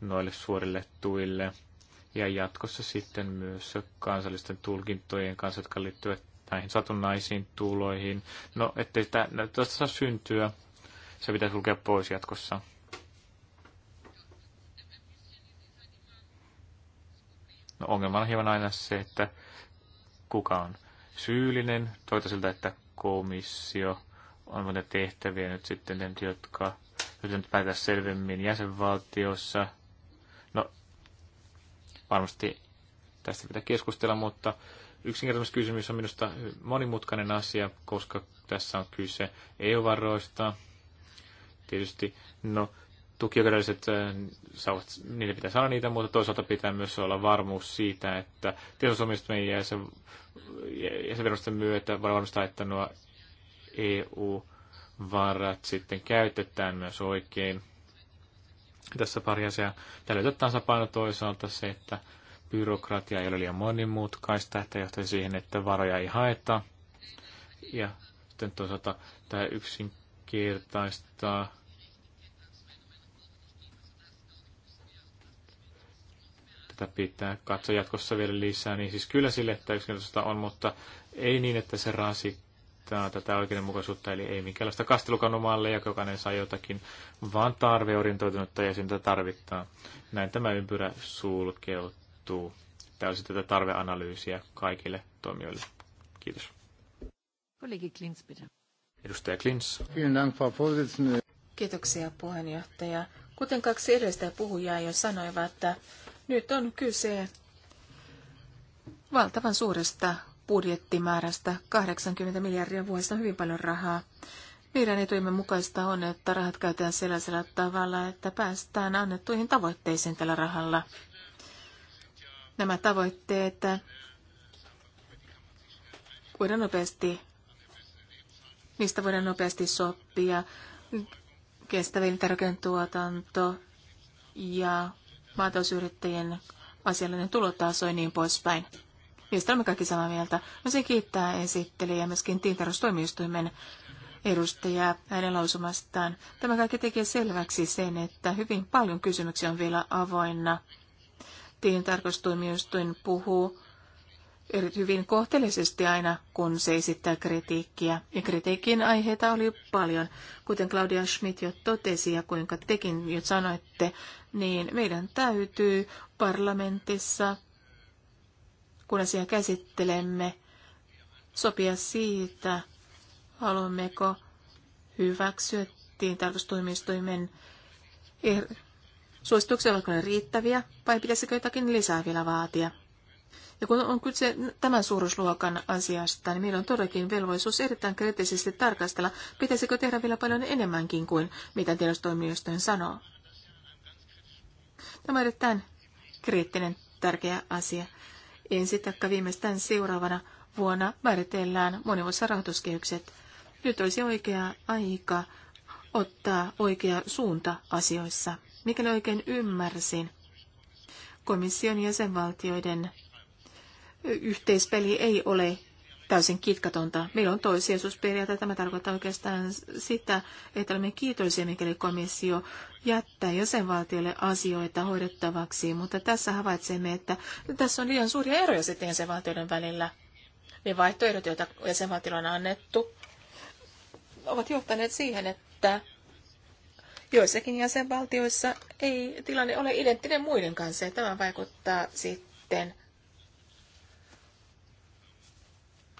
noille suorille tuille ja jatkossa sitten myös kansallisten tulkintojen kanssa, jotka liittyvät näihin satunnaisiin tuloihin. No, ettei sitä no, tästä saa syntyä, se pitää sulkea pois jatkossa. No, ongelma on hieman aina se, että kuka on syyllinen. Toita siltä, että komissio on muita tehtäviä nyt sitten, jotka nyt päätä selvemmin jäsenvaltiossa – Varmasti tästä pitää keskustella, mutta kysymys on minusta monimutkainen asia, koska tässä on kyse EU-varoista. Tietysti no, tukioikeudelliset äh, saavat, niitä pitää saada niitä, mutta toisaalta pitää myös olla varmuus siitä, että tietosuomistuminen ja sen, ja sen myötä voi varmistaa, että nuo EU-varat sitten käytetään myös oikein. Tässä pari Ja Pitää löytää tasapaino toisaalta se, että byrokratia ei ole liian monimutkaista, että johtaa siihen, että varoja ei haeta. Ja sitten toisaalta tämä yksinkertaistaa tätä pitää katsoa jatkossa vielä lisää, niin siis kyllä sille, että yksinkertaista on, mutta ei niin, että se rasittaa noudattaa tätä oikeudenmukaisuutta, eli ei minkäänlaista kastelukanomalleja, jokainen saa jotakin, vaan tarveorientoitunutta sinne tarvittaa. Näin tämä ympyrä sulkeutuu. olisi tätä tarveanalyysiä kaikille toimijoille. Kiitos. Kollegi Klins, bitte. Edustaja Klins. Kiitoksia puheenjohtaja. Kuten kaksi edellistä puhujaa jo sanoivat, että nyt on kyse valtavan suuresta budjettimäärästä 80 miljardia vuodessa hyvin paljon rahaa. Meidän etujemme mukaista on, että rahat käytetään sellaisella tavalla, että päästään annettuihin tavoitteisiin tällä rahalla. Nämä tavoitteet voidaan nopeasti, niistä voidaan nopeasti sopia. Kestävä tuotanto ja maatalousyrittäjien asiallinen tulotaso ja niin poispäin. Niistä olemme kaikki samaa mieltä. No, se kiittää esittelijä myöskin tiintarustoimistuimen edustaja hänen lausumastaan. Tämä kaikki tekee selväksi sen, että hyvin paljon kysymyksiä on vielä avoinna. Tiintarkastuomioistuin puhuu hyvin kohteellisesti aina, kun se esittää kritiikkiä. Ja kritiikin aiheita oli paljon. Kuten Claudia Schmidt jo totesi ja kuinka tekin jo sanoitte, niin meidän täytyy parlamentissa kun asia käsittelemme, sopia siitä, haluammeko hyväksyä er- suosituksia, ovatko ne riittäviä vai pitäisikö jotakin lisää vielä vaatia. Ja kun on kyse tämän suuruusluokan asiasta, niin meillä on todellakin velvollisuus erittäin kriittisesti tarkastella, pitäisikö tehdä vielä paljon enemmänkin kuin mitä tiedostoimijoistojen sanoo. Tämä on erittäin kriittinen, tärkeä asia ensi takka viimeistään seuraavana vuonna määritellään monivuotiset rahoituskehykset. Nyt olisi oikea aika ottaa oikea suunta asioissa. Mikä oikein ymmärsin, komission jäsenvaltioiden yhteispeli ei ole täysin kitkatonta. Meillä on toisiasusperiaate. Tämä tarkoittaa oikeastaan sitä, että olemme kiitollisia, mikäli komissio jättää jäsenvaltiolle asioita hoidettavaksi, mutta tässä havaitsemme, että tässä on liian suuria eroja sitten jäsenvaltioiden välillä. Ne vaihtoehdot, joita jäsenvaltio on annettu, ovat johtaneet siihen, että joissakin jäsenvaltioissa ei tilanne ole identtinen muiden kanssa, ja tämä vaikuttaa sitten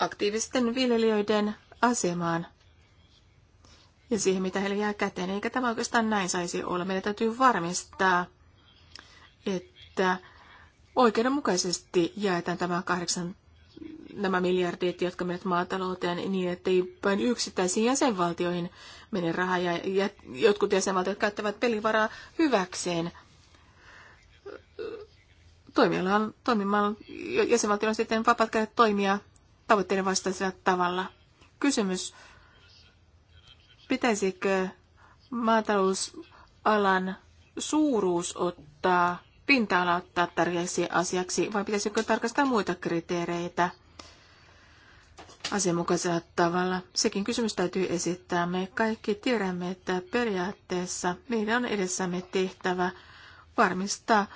aktiivisten viljelijöiden asemaan ja siihen, mitä heille jää käteen. Eikä tämä oikeastaan näin saisi olla. Meidän täytyy varmistaa, että oikeudenmukaisesti jaetaan tämä kahdeksan, nämä miljardit, jotka menet maatalouteen, niin ettei vain yksittäisiin jäsenvaltioihin mene rahaa ja, ja jotkut jäsenvaltiot käyttävät pelivaraa hyväkseen toimialan, toimimaan, jäsenvaltio on sitten vapaat kädet toimia tavoitteiden vastaisella tavalla. Kysymys, pitäisikö maatalousalan suuruus ottaa, pinta-ala ottaa tärkeäksi asiaksi, vai pitäisikö tarkastaa muita kriteereitä asianmukaisella tavalla? Sekin kysymys täytyy esittää. Me kaikki tiedämme, että periaatteessa meidän on edessämme tehtävä varmistaa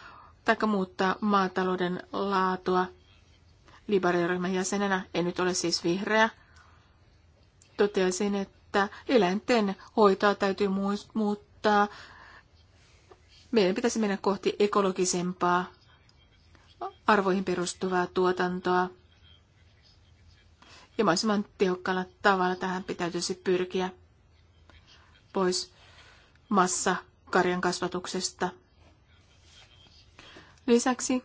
tai muuttaa maatalouden laatua liberaaliryhmän jäsenenä, en nyt ole siis vihreä, totesin, että eläinten hoitoa täytyy muuttaa. Meidän pitäisi mennä kohti ekologisempaa, arvoihin perustuvaa tuotantoa. Ja mahdollisimman tehokkaalla tavalla tähän pitäytyisi pyrkiä pois massa karjan kasvatuksesta. Lisäksi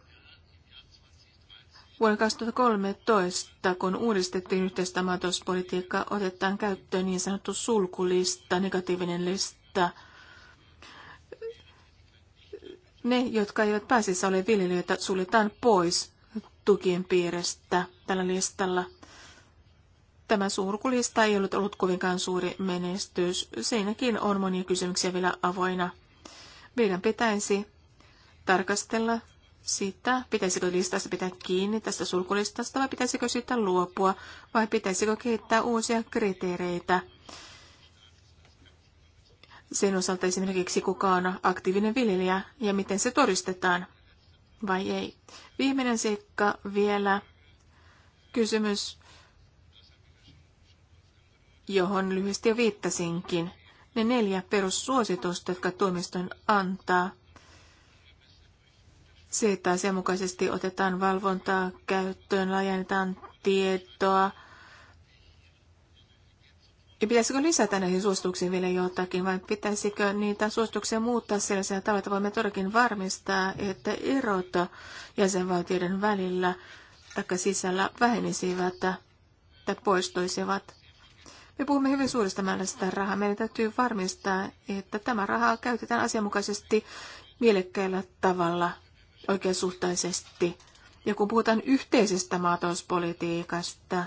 Vuonna 2013, kun uudistettiin yhteistä maatalouspolitiikkaa, otetaan käyttöön niin sanottu sulkulista, negatiivinen lista. Ne, jotka eivät pääsissä ole viljelijöitä, suljetaan pois tukien piiristä tällä listalla. Tämä surkulista ei ollut ollut kovinkaan suuri menestys. Siinäkin on monia kysymyksiä vielä avoina. Meidän pitäisi tarkastella sitä, pitäisikö listasta pitää kiinni tästä sulkulistasta vai pitäisikö siitä luopua vai pitäisikö kehittää uusia kriteereitä. Sen osalta esimerkiksi kuka on aktiivinen viljelijä ja miten se todistetaan vai ei. Viimeinen seikka vielä. Kysymys, johon lyhyesti jo viittasinkin. Ne neljä perussuositusta, jotka tuomiston antaa – se, että asianmukaisesti otetaan valvontaa käyttöön, laajennetaan tietoa. Ja pitäisikö lisätä näihin suosituksiin vielä jotakin, vai pitäisikö niitä suosituksia muuttaa sellaisella tavalla, että voimme todellakin varmistaa, että erot jäsenvaltioiden välillä tai sisällä vähenisivät tai poistuisivat? Me puhumme hyvin suuresta määrästä rahaa. Meidän täytyy varmistaa, että tämä rahaa käytetään asianmukaisesti mielekkäillä tavalla oikeasuhtaisesti. Ja kun puhutaan yhteisestä maatalouspolitiikasta,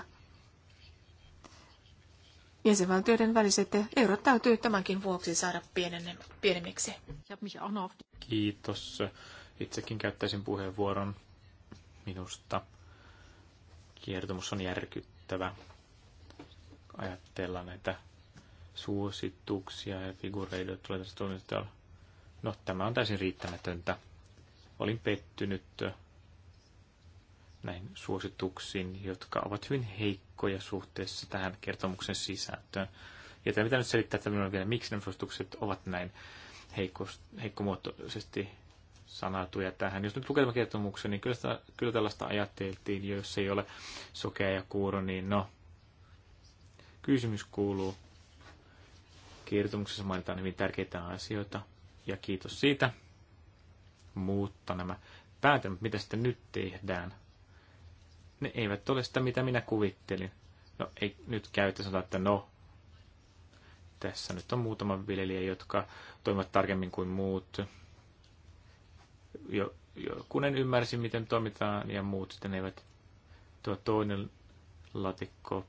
jäsenvaltioiden väliset eurot täytyy tämänkin vuoksi saada pienemmiksi. Kiitos. Itsekin käyttäisin puheenvuoron. Minusta Kiertomus on järkyttävä. Ajatellaan näitä suosituksia ja figureita, jotka tulee tästä No, tämä on täysin riittämätöntä olin pettynyt näihin suosituksiin, jotka ovat hyvin heikkoja suhteessa tähän kertomuksen sisältöön. Ja tämä pitää nyt selittää, että minulla vielä, miksi nämä suositukset ovat näin heikko, heikkomuotoisesti sanatuja tähän. Jos nyt lukee tämän kertomuksen, niin kyllä, sitä, kyllä tällaista ajateltiin, jos ei ole sokea ja kuuro, niin no. Kysymys kuuluu. Kertomuksessa mainitaan hyvin tärkeitä asioita, ja kiitos siitä muuttaa nämä päätelmät, mitä sitten nyt tehdään. Ne eivät ole sitä, mitä minä kuvittelin. No ei nyt käytä sanoa, että no, tässä nyt on muutama viljelijä, jotka toimivat tarkemmin kuin muut. Jo, en ymmärsi, miten toimitaan, ja muut sitten eivät. Tuo toinen latikko,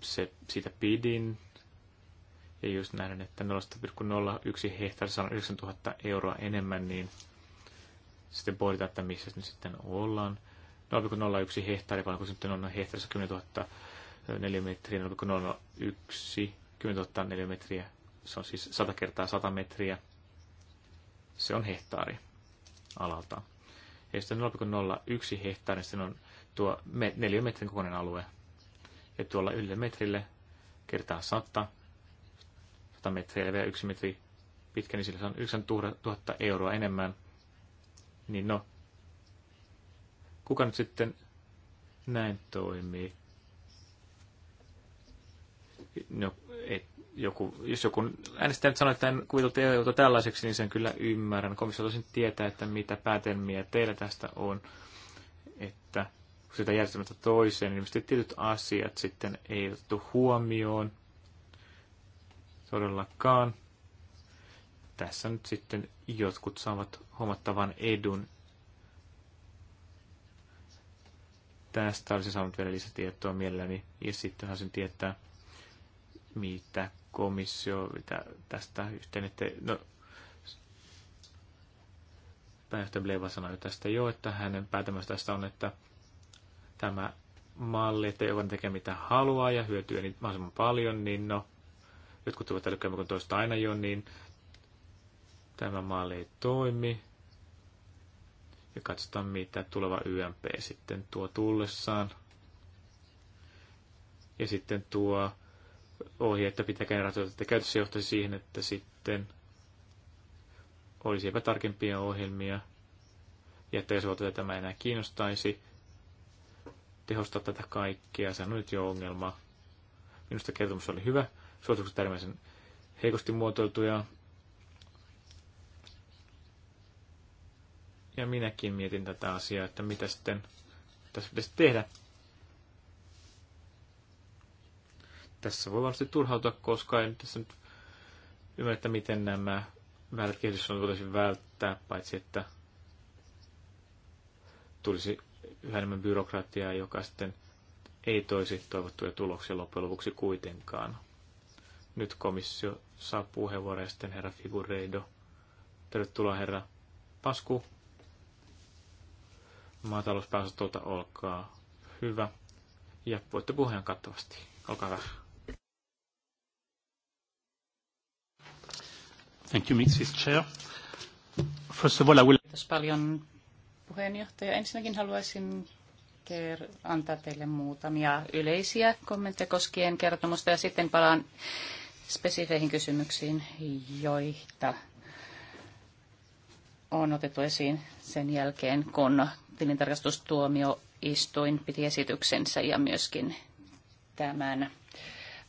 se, siitä pidin, ja just näin, että 0,01 hehtaarissa on 9000 euroa enemmän, niin sitten pohditaan, että missä nyt sitten ollaan. 0,01 hehtaari, vaan kun sitten on hehtaarissa 10 000 neliömetriä, 0,01 10 000 neliömetriä, se on siis 100 kertaa 100 metriä, se on hehtaari alalta. Ja sitten 0,01 hehtaari, niin sitten on tuo neliömetrin kokoinen alue. Ja tuolla yhdelle metrille kertaa 100, 100 metriä ja vielä yksi metri pitkä, niin sillä se on 9000 euroa enemmän. Niin no, kuka nyt sitten näin toimii? No, et, joku, jos joku äänestäjä nyt sanoo, että en kuvitellut EUta tällaiseksi, niin sen kyllä ymmärrän. Komissio tosin tietää, että mitä päätelmiä teillä tästä on, että kun sitä järjestelmästä toiseen, niin tietyt asiat sitten ei otettu huomioon – todellakaan. Tässä nyt sitten jotkut saavat huomattavan edun. Tästä olisi saanut vielä lisätietoa mielelläni ja sitten haluaisin tietää, mitä komissio mitä tästä yhteen. Että, no, pääjohtaja Bleva sanoi tästä jo, että hänen päätämässä tästä on, että tämä malli, että joku tekee mitä haluaa ja hyötyy niin mahdollisimman paljon, niin no, jotkut ovat käymään kuin toista aina jo, niin tämä malli ei toimi. Ja katsotaan, mitä tuleva YMP sitten tuo tullessaan. Ja sitten tuo ohje, että pitää generaatioita käytössä johtaisi siihen, että sitten olisi epätarkempia ohjelmia. Ja että jos valtuutettu tämä enää kiinnostaisi, tehostaa tätä kaikkea, se on nyt jo ongelma. Minusta kertomus oli hyvä, suositukset äärimmäisen heikosti muotoiltuja. Ja minäkin mietin tätä asiaa, että mitä sitten tässä pitäisi tehdä. Tässä voi varmasti turhautua, koska en tässä nyt ymmärrä, että miten nämä väärät kehityssuunnat voitaisiin välttää, paitsi että tulisi yhä enemmän byrokratiaa, joka sitten ei toisi toivottuja tuloksia loppujen lopuksi kuitenkaan. Nyt komissio saa puheenvuoron ja sitten herra Figureido. Tervetuloa herra Pasku. tuolta olkaa hyvä. Ja voitte puheen kattavasti. Olkaa hyvä. Thank you, Mrs. Chair. First of all, I will... Kiitos paljon puheenjohtaja. Ensinnäkin haluaisin antaa teille muutamia yleisiä kommentteja koskien kertomusta ja sitten palaan spesifeihin kysymyksiin, joita on otettu esiin sen jälkeen, kun tilintarkastustuomioistuin piti esityksensä ja myöskin tämän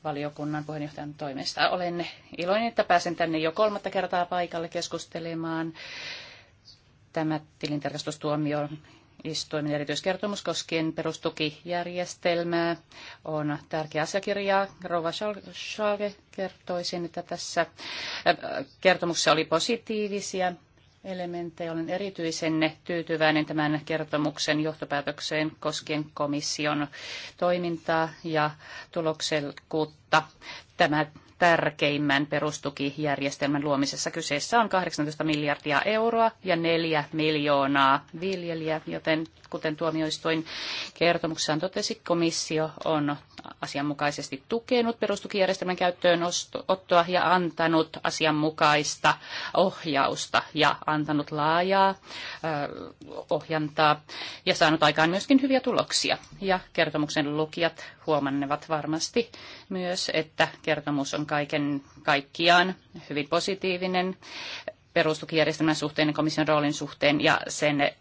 valiokunnan puheenjohtajan toimesta. Olen iloinen, että pääsen tänne jo kolmatta kertaa paikalle keskustelemaan tämä tilintarkastustuomio istuimen erityiskertomus koskien perustukijärjestelmää on tärkeä asiakirja. Rova Schalke sen, että tässä äh, kertomuksessa oli positiivisia elementtejä. Olen erityisen tyytyväinen tämän kertomuksen johtopäätökseen koskien komission toimintaa ja tuloksellisuutta. Tämä tärkeimmän perustukijärjestelmän luomisessa. Kyseessä on 18 miljardia euroa ja 4 miljoonaa viljelijää, joten kuten tuomioistuin kertomuksessaan totesi, komissio on asianmukaisesti tukenut perustukijärjestelmän käyttöönottoa ja antanut asianmukaista ohjausta ja antanut laajaa ohjantaa ja saanut aikaan myöskin hyviä tuloksia. Ja kertomuksen lukijat huomannevat varmasti myös, että kertomus on kaiken kaikkiaan hyvin positiivinen perustukijärjestelmän suhteen, komission roolin suhteen ja sen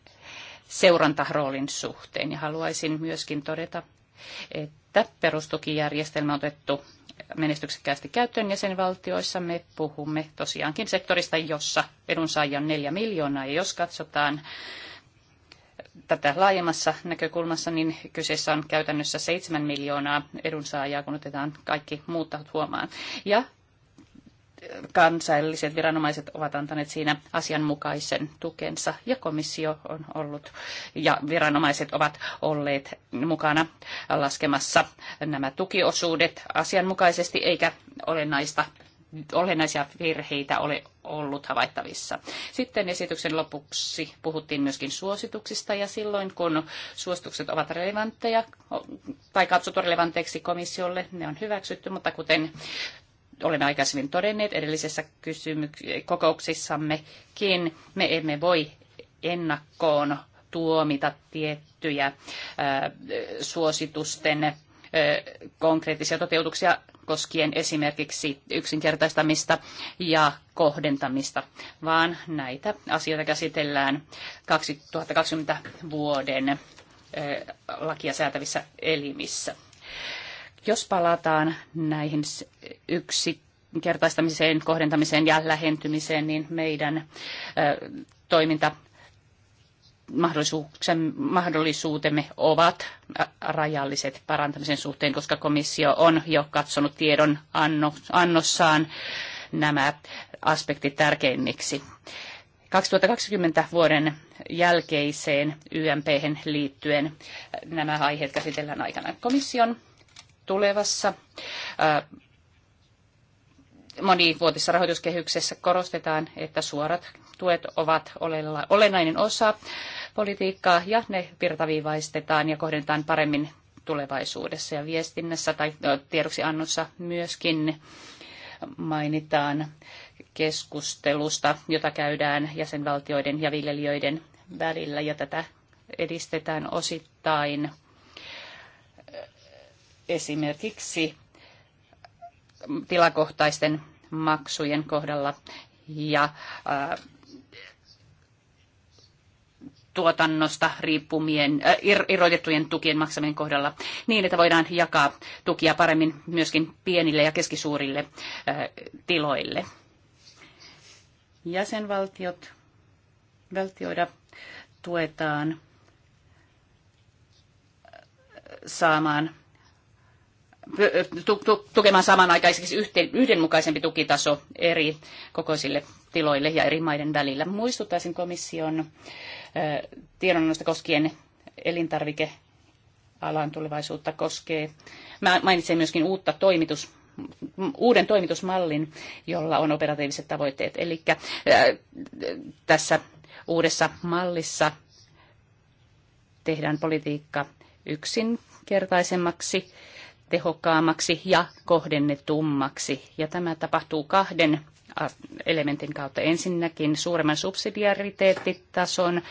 seurantaroolin suhteen. Ja haluaisin myöskin todeta, että perustukijärjestelmä on otettu menestyksekkäästi käyttöön jäsenvaltioissa. Me puhumme tosiaankin sektorista, jossa edunsaajia on neljä miljoonaa. Ja jos katsotaan tätä laajemmassa näkökulmassa, niin kyseessä on käytännössä 7 miljoonaa edunsaajaa, kun otetaan kaikki muut tahot huomaan. Ja kansalliset viranomaiset ovat antaneet siinä asianmukaisen tukensa ja komissio on ollut ja viranomaiset ovat olleet mukana laskemassa nämä tukiosuudet asianmukaisesti eikä olennaista olennaisia virheitä ole ollut havaittavissa. Sitten esityksen lopuksi puhuttiin myöskin suosituksista ja silloin kun suositukset ovat relevantteja tai katsottu relevanteiksi komissiolle, ne on hyväksytty, mutta kuten olemme aikaisemmin todenneet edellisessä kysymyk- kokouksissammekin, me emme voi ennakkoon tuomita tiettyjä ää, suositusten konkreettisia toteutuksia koskien esimerkiksi yksinkertaistamista ja kohdentamista, vaan näitä asioita käsitellään 2020 vuoden lakia säätävissä elimissä. Jos palataan näihin yksinkertaistamiseen, kohdentamiseen ja lähentymiseen, niin meidän toiminta mahdollisuutemme ovat rajalliset parantamisen suhteen, koska komissio on jo katsonut tiedon annossaan nämä aspektit tärkeimmiksi. 2020 vuoden jälkeiseen YMP liittyen nämä aiheet käsitellään aikana komission tulevassa monivuotisessa rahoituskehyksessä korostetaan, että suorat tuet ovat olennainen osa politiikkaa ja ne virtaviivaistetaan ja kohdentaan paremmin tulevaisuudessa. Ja viestinnässä tai tiedoksiannossa myöskin mainitaan keskustelusta, jota käydään jäsenvaltioiden ja viljelijöiden välillä ja tätä edistetään osittain esimerkiksi tilakohtaisten maksujen kohdalla ja tuotannosta riippumien, äh, irrotettujen tukien maksamien kohdalla niin, että voidaan jakaa tukia paremmin myöskin pienille ja keskisuurille äh, tiloille. Jäsenvaltiot valtioida tuetaan äh, saamaan äh, tukemaan samanaikaisesti yhteen, yhdenmukaisempi tukitaso eri kokoisille tiloille ja eri maiden välillä. Muistuttaisin komission tiedonannosta koskien elintarvikealan tulevaisuutta koskee. Mä mainitsen myöskin uutta toimitus, uuden toimitusmallin, jolla on operatiiviset tavoitteet. Eli tässä uudessa mallissa tehdään politiikka yksinkertaisemmaksi tehokkaammaksi ja kohdennetummaksi. Ja tämä tapahtuu kahden elementin kautta. Ensinnäkin suuremman subsidiariteettitason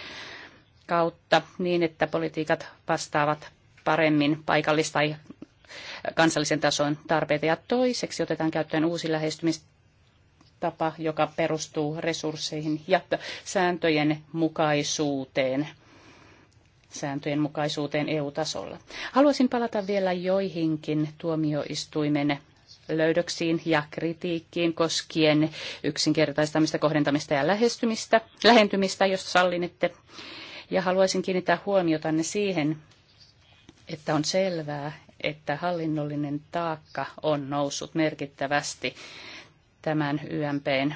kautta niin, että politiikat vastaavat paremmin paikallista tai kansallisen tason tarpeita. Ja toiseksi otetaan käyttöön uusi lähestymistapa, joka perustuu resursseihin ja sääntöjen mukaisuuteen – sääntöjen mukaisuuteen EU-tasolla. Haluaisin palata vielä joihinkin tuomioistuimen löydöksiin ja kritiikkiin koskien yksinkertaistamista, kohdentamista ja lähestymistä, lähentymistä, jos sallinette. Ja haluaisin kiinnittää huomiotanne siihen, että on selvää, että hallinnollinen taakka on noussut merkittävästi tämän YMPn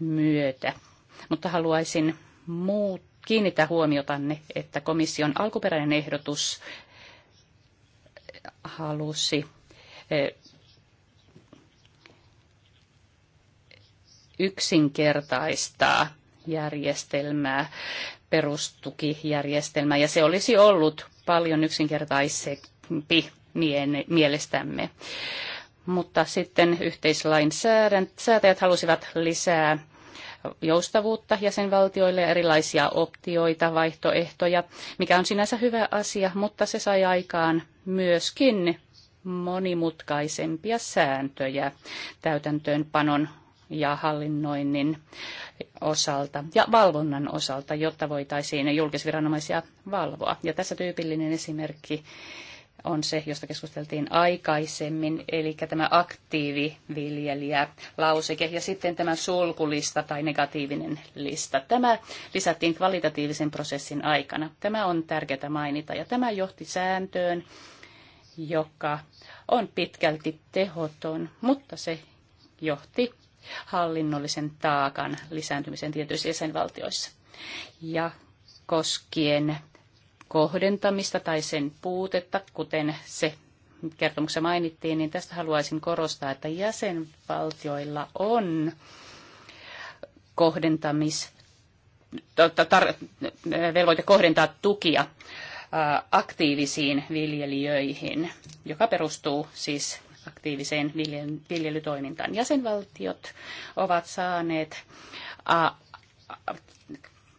myötä. Mutta haluaisin muut kiinnitä huomiotanne, että komission alkuperäinen ehdotus halusi eh, yksinkertaistaa järjestelmää, perustukijärjestelmää, ja se olisi ollut paljon yksinkertaisempi mielestämme. Mutta sitten yhteislainsäätäjät halusivat lisää joustavuutta jäsenvaltioille ja erilaisia optioita, vaihtoehtoja, mikä on sinänsä hyvä asia, mutta se sai aikaan myöskin monimutkaisempia sääntöjä täytäntöönpanon ja hallinnoinnin osalta ja valvonnan osalta, jotta voitaisiin julkisviranomaisia valvoa. Ja tässä tyypillinen esimerkki on se, josta keskusteltiin aikaisemmin, eli tämä aktiiviviljelijä lauseke ja sitten tämä sulkulista tai negatiivinen lista. Tämä lisättiin kvalitatiivisen prosessin aikana. Tämä on tärkeää mainita ja tämä johti sääntöön, joka on pitkälti tehoton, mutta se johti hallinnollisen taakan lisääntymiseen tietyissä jäsenvaltioissa. Ja koskien kohdentamista tai sen puutetta, kuten se kertomuksessa mainittiin, niin tästä haluaisin korostaa, että jäsenvaltioilla on kohdentamis, tota, tar, velvoite kohdentaa tukia aktiivisiin viljelijöihin, joka perustuu siis aktiiviseen viljelytoimintaan. Jäsenvaltiot ovat saaneet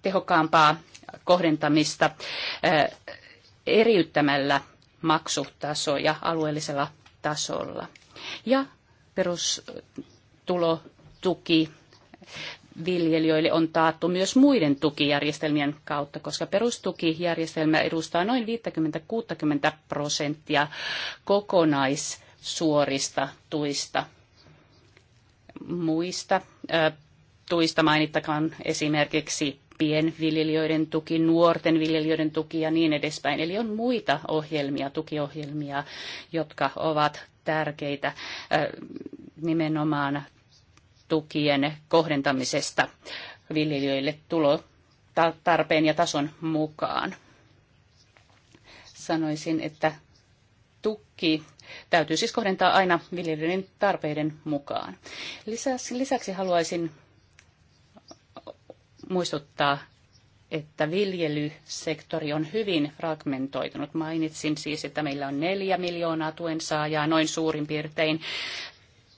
tehokkaampaa kohdentamista eh, eriyttämällä maksutasoja alueellisella tasolla. Ja perustulotuki viljelijöille on taattu myös muiden tukijärjestelmien kautta, koska perustukijärjestelmä edustaa noin 50-60 prosenttia kokonaissuorista tuista. Muista eh, tuista mainittakaan esimerkiksi pienviljelijöiden tuki, nuorten viljelijöiden tuki ja niin edespäin. Eli on muita ohjelmia, tukiohjelmia, jotka ovat tärkeitä nimenomaan tukien kohdentamisesta viljelijöille tulo tarpeen ja tason mukaan. Sanoisin, että tuki täytyy siis kohdentaa aina viljelijöiden tarpeiden mukaan. Lisäksi, lisäksi haluaisin muistuttaa, että viljelysektori on hyvin fragmentoitunut. Mainitsin siis, että meillä on neljä miljoonaa tuen saajaa noin suurin piirtein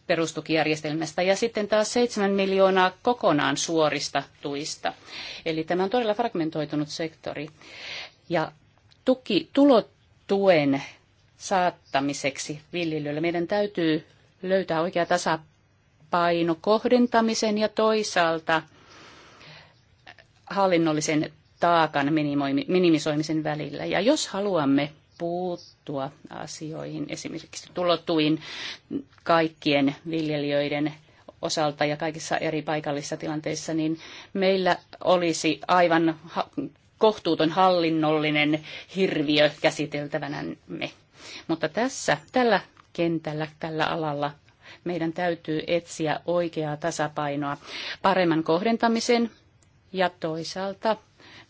perustukijärjestelmästä ja sitten taas seitsemän miljoonaa kokonaan suorista tuista. Eli tämä on todella fragmentoitunut sektori. Ja tuki, tulotuen saattamiseksi viljelijöille meidän täytyy löytää oikea tasapaino kohdentamisen ja toisaalta hallinnollisen taakan minimisoimisen välillä. Ja jos haluamme puuttua asioihin, esimerkiksi tulotuin kaikkien viljelijöiden osalta ja kaikissa eri paikallisissa tilanteissa, niin meillä olisi aivan kohtuuton hallinnollinen hirviö käsiteltävänämme. Mutta tässä, tällä kentällä, tällä alalla meidän täytyy etsiä oikeaa tasapainoa paremman kohdentamisen ja toisaalta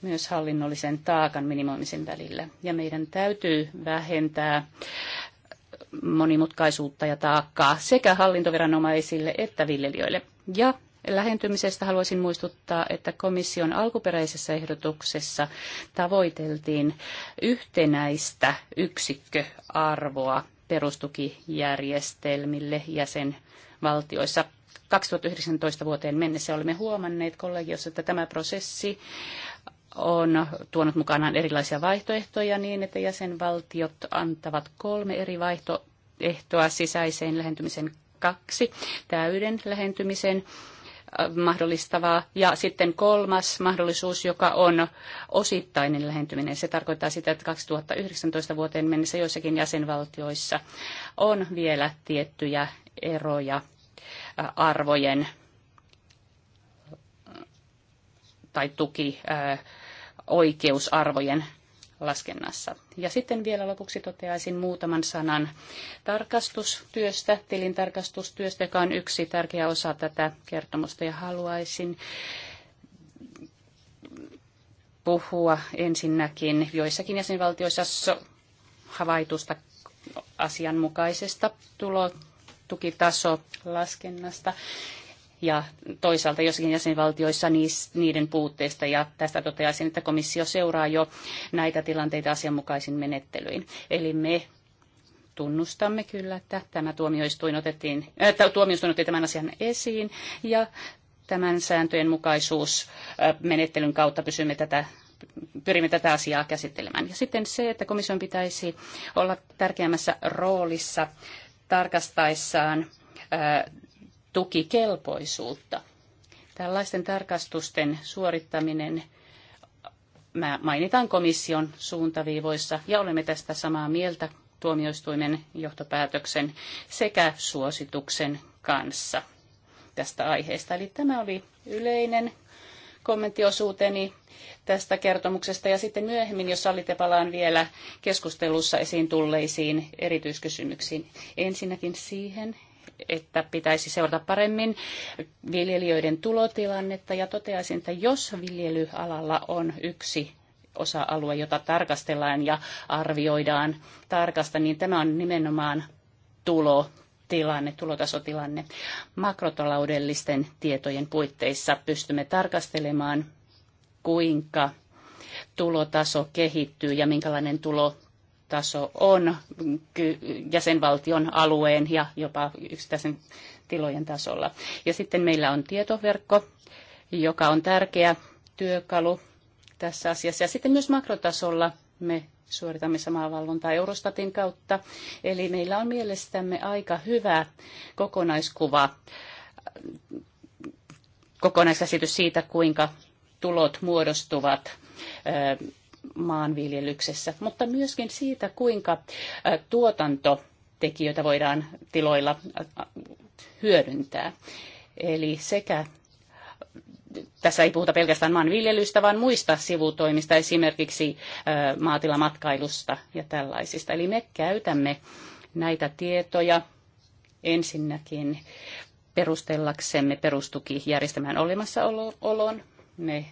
myös hallinnollisen taakan minimoimisen välillä. Ja meidän täytyy vähentää monimutkaisuutta ja taakkaa sekä hallintoviranomaisille että viljelijöille. Ja lähentymisestä haluaisin muistuttaa, että komission alkuperäisessä ehdotuksessa tavoiteltiin yhtenäistä yksikköarvoa perustukijärjestelmille jäsenvaltioissa 2019 vuoteen mennessä olemme huomanneet kollegiossa, että tämä prosessi on tuonut mukanaan erilaisia vaihtoehtoja niin, että jäsenvaltiot antavat kolme eri vaihtoehtoa sisäiseen lähentymisen kaksi, täyden lähentymisen äh, mahdollistavaa. Ja sitten kolmas mahdollisuus, joka on osittainen lähentyminen. Se tarkoittaa sitä, että 2019 vuoteen mennessä joissakin jäsenvaltioissa on vielä tiettyjä eroja arvojen tai tuki oikeusarvojen laskennassa. Ja sitten vielä lopuksi toteaisin muutaman sanan tarkastustyöstä, tilintarkastustyöstä, joka on yksi tärkeä osa tätä kertomusta ja haluaisin puhua ensinnäkin joissakin jäsenvaltioissa havaitusta asianmukaisesta tulo tukitaso laskennasta ja toisaalta jossakin jäsenvaltioissa niiden puutteista. Ja tästä toteaisin, että komissio seuraa jo näitä tilanteita asianmukaisin menettelyin. Eli me tunnustamme kyllä, että tämä tuomioistuin, otettiin, äh, tuomioistuin otti tämän asian esiin ja tämän sääntöjen mukaisuus äh, menettelyn kautta pysymme tätä pyrimme tätä asiaa käsittelemään. Ja sitten se, että komission pitäisi olla tärkeämmässä roolissa tarkastaessaan tukikelpoisuutta. Tällaisten tarkastusten suorittaminen mä mainitaan komission suuntaviivoissa ja olemme tästä samaa mieltä tuomioistuimen johtopäätöksen sekä suosituksen kanssa tästä aiheesta. Eli tämä oli yleinen kommenttiosuuteni tästä kertomuksesta ja sitten myöhemmin, jos sallitte, palaan vielä keskustelussa esiin tulleisiin erityiskysymyksiin. Ensinnäkin siihen, että pitäisi seurata paremmin viljelijöiden tulotilannetta ja toteaisin, että jos viljelyalalla on yksi osa-alue, jota tarkastellaan ja arvioidaan tarkasta, niin tämä on nimenomaan tulo tilanne, tulotasotilanne makrotaloudellisten tietojen puitteissa pystymme tarkastelemaan, kuinka tulotaso kehittyy ja minkälainen tulotaso on jäsenvaltion alueen ja jopa yksittäisen tilojen tasolla. Ja sitten meillä on tietoverkko, joka on tärkeä työkalu tässä asiassa. Ja sitten myös makrotasolla me suoritamme samaa valvontaa Eurostatin kautta. Eli meillä on mielestämme aika hyvä kokonaiskuva, kokonaiskäsitys siitä, kuinka tulot muodostuvat maanviljelyksessä, mutta myöskin siitä, kuinka tuotantotekijöitä voidaan tiloilla hyödyntää. Eli sekä tässä ei puhuta pelkästään maanviljelystä, vaan muista sivutoimista, esimerkiksi maatilamatkailusta ja tällaisista. Eli me käytämme näitä tietoja ensinnäkin perustellaksemme perustukijärjestelmän olemassaolon. Me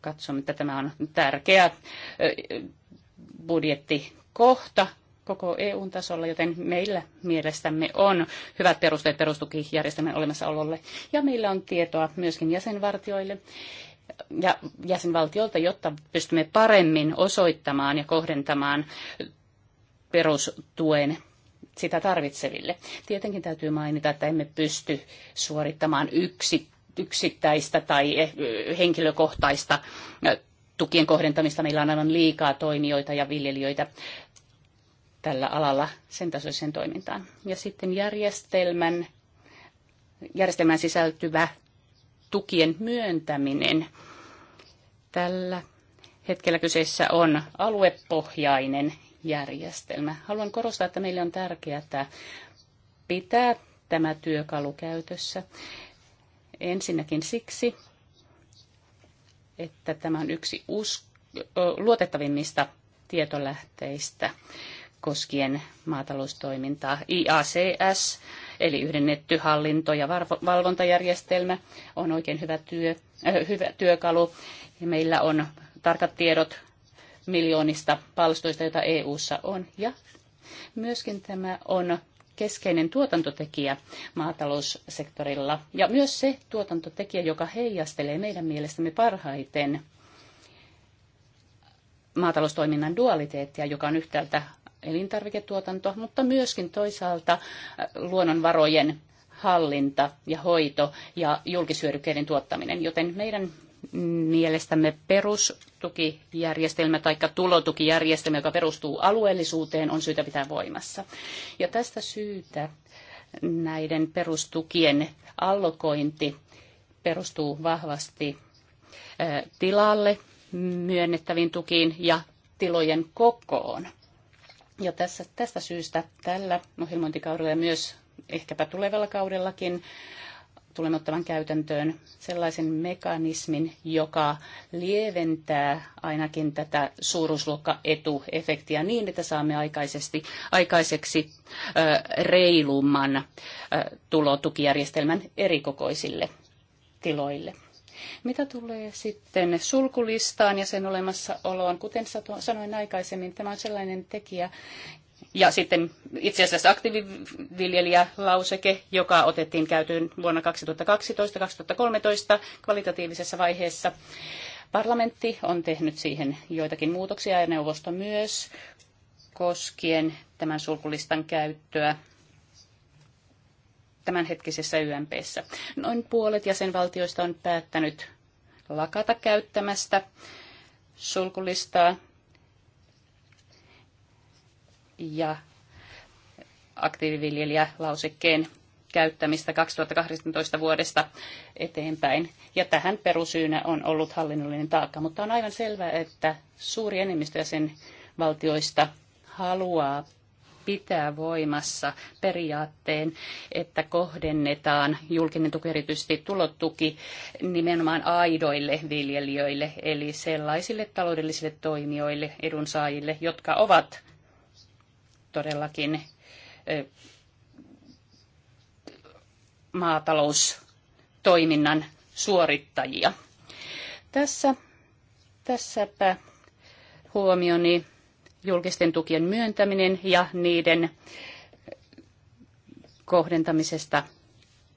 katsomme, että tämä on tärkeä budjettikohta, koko EUn tasolla, joten meillä mielestämme on hyvät perusteet perustukijärjestelmän olemassaololle. Ja meillä on tietoa myöskin jäsenvartioille ja jäsenvaltiolta, jotta pystymme paremmin osoittamaan ja kohdentamaan perustuen sitä tarvitseville. Tietenkin täytyy mainita, että emme pysty suorittamaan yksi, yksittäistä tai eh, henkilökohtaista eh, tukien kohdentamista. Meillä on aivan liikaa toimijoita ja viljelijöitä tällä alalla sen tasoiseen toimintaan. Ja sitten järjestelmän, järjestelmän sisältyvä tukien myöntäminen. Tällä hetkellä kyseessä on aluepohjainen järjestelmä. Haluan korostaa, että meille on tärkeää että pitää tämä työkalu käytössä. Ensinnäkin siksi, että tämä on yksi us- luotettavimmista tietolähteistä koskien maataloustoimintaa. IACS, eli yhdennetty hallinto- ja valvontajärjestelmä, on oikein hyvä, työ, äh, hyvä työkalu. Ja meillä on tarkat tiedot miljoonista palstoista, joita EU:ssa on. Ja myöskin tämä on keskeinen tuotantotekijä maataloussektorilla ja myös se tuotantotekijä, joka heijastelee meidän mielestämme parhaiten maataloustoiminnan dualiteettia, joka on yhtäältä elintarviketuotanto, mutta myöskin toisaalta äh, luonnonvarojen hallinta ja hoito ja julkisyödykkeiden tuottaminen, joten meidän mielestämme perustukijärjestelmä tai tulotukijärjestelmä, joka perustuu alueellisuuteen, on syytä pitää voimassa. Ja tästä syytä näiden perustukien allokointi perustuu vahvasti äh, tilalle myönnettäviin tukiin ja tilojen kokoon. Ja tässä, tästä syystä tällä ohjelmointikaudella ja myös ehkäpä tulevalla kaudellakin tulemme ottamaan käytäntöön sellaisen mekanismin, joka lieventää ainakin tätä suuruusluokkaetuefektiä niin, että saamme aikaisesti, aikaiseksi ö, reilumman ö, tulotukijärjestelmän erikokoisille tiloille. Mitä tulee sitten sulkulistaan ja sen olemassaoloon, kuten sanoin aikaisemmin, tämä on sellainen tekijä, ja sitten itse asiassa aktiiviviljelijälauseke, joka otettiin käytyyn vuonna 2012-2013 kvalitatiivisessa vaiheessa. Parlamentti on tehnyt siihen joitakin muutoksia ja neuvosto myös koskien tämän sulkulistan käyttöä tämänhetkisessä YMPssä. Noin puolet jäsenvaltioista on päättänyt lakata käyttämästä sulkulistaa ja aktiiviviljelijälausekkeen käyttämistä 2018 vuodesta eteenpäin. Ja tähän perusyynä on ollut hallinnollinen taakka, mutta on aivan selvää, että suuri enemmistö sen valtioista haluaa pitää voimassa periaatteen, että kohdennetaan julkinen tuki, erityisesti tulotuki, nimenomaan aidoille viljelijöille, eli sellaisille taloudellisille toimijoille, edunsaajille, jotka ovat todellakin maataloustoiminnan suorittajia. Tässä, tässäpä huomioni julkisten tukien myöntäminen ja niiden kohdentamisesta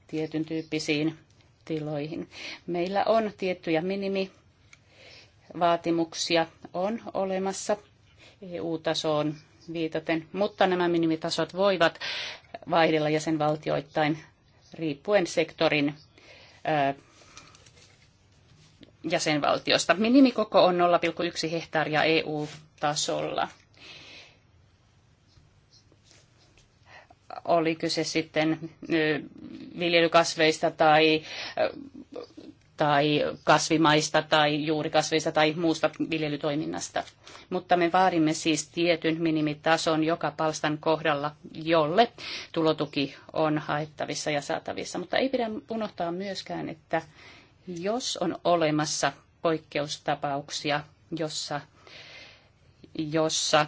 tietyn tyyppisiin tiloihin. Meillä on tiettyjä minimivaatimuksia on olemassa EU-tasoon viitaten, mutta nämä minimitasot voivat vaihdella jäsenvaltioittain riippuen sektorin jäsenvaltiosta. Minimikoko on 0,1 hehtaaria EU tasolla. Oli kyse sitten viljelykasveista tai tai kasvimaista tai juurikasveista tai muusta viljelytoiminnasta. Mutta me vaadimme siis tietyn minimitason joka palstan kohdalla, jolle tulotuki on haettavissa ja saatavissa. Mutta ei pidä unohtaa myöskään, että jos on olemassa poikkeustapauksia, jossa jossa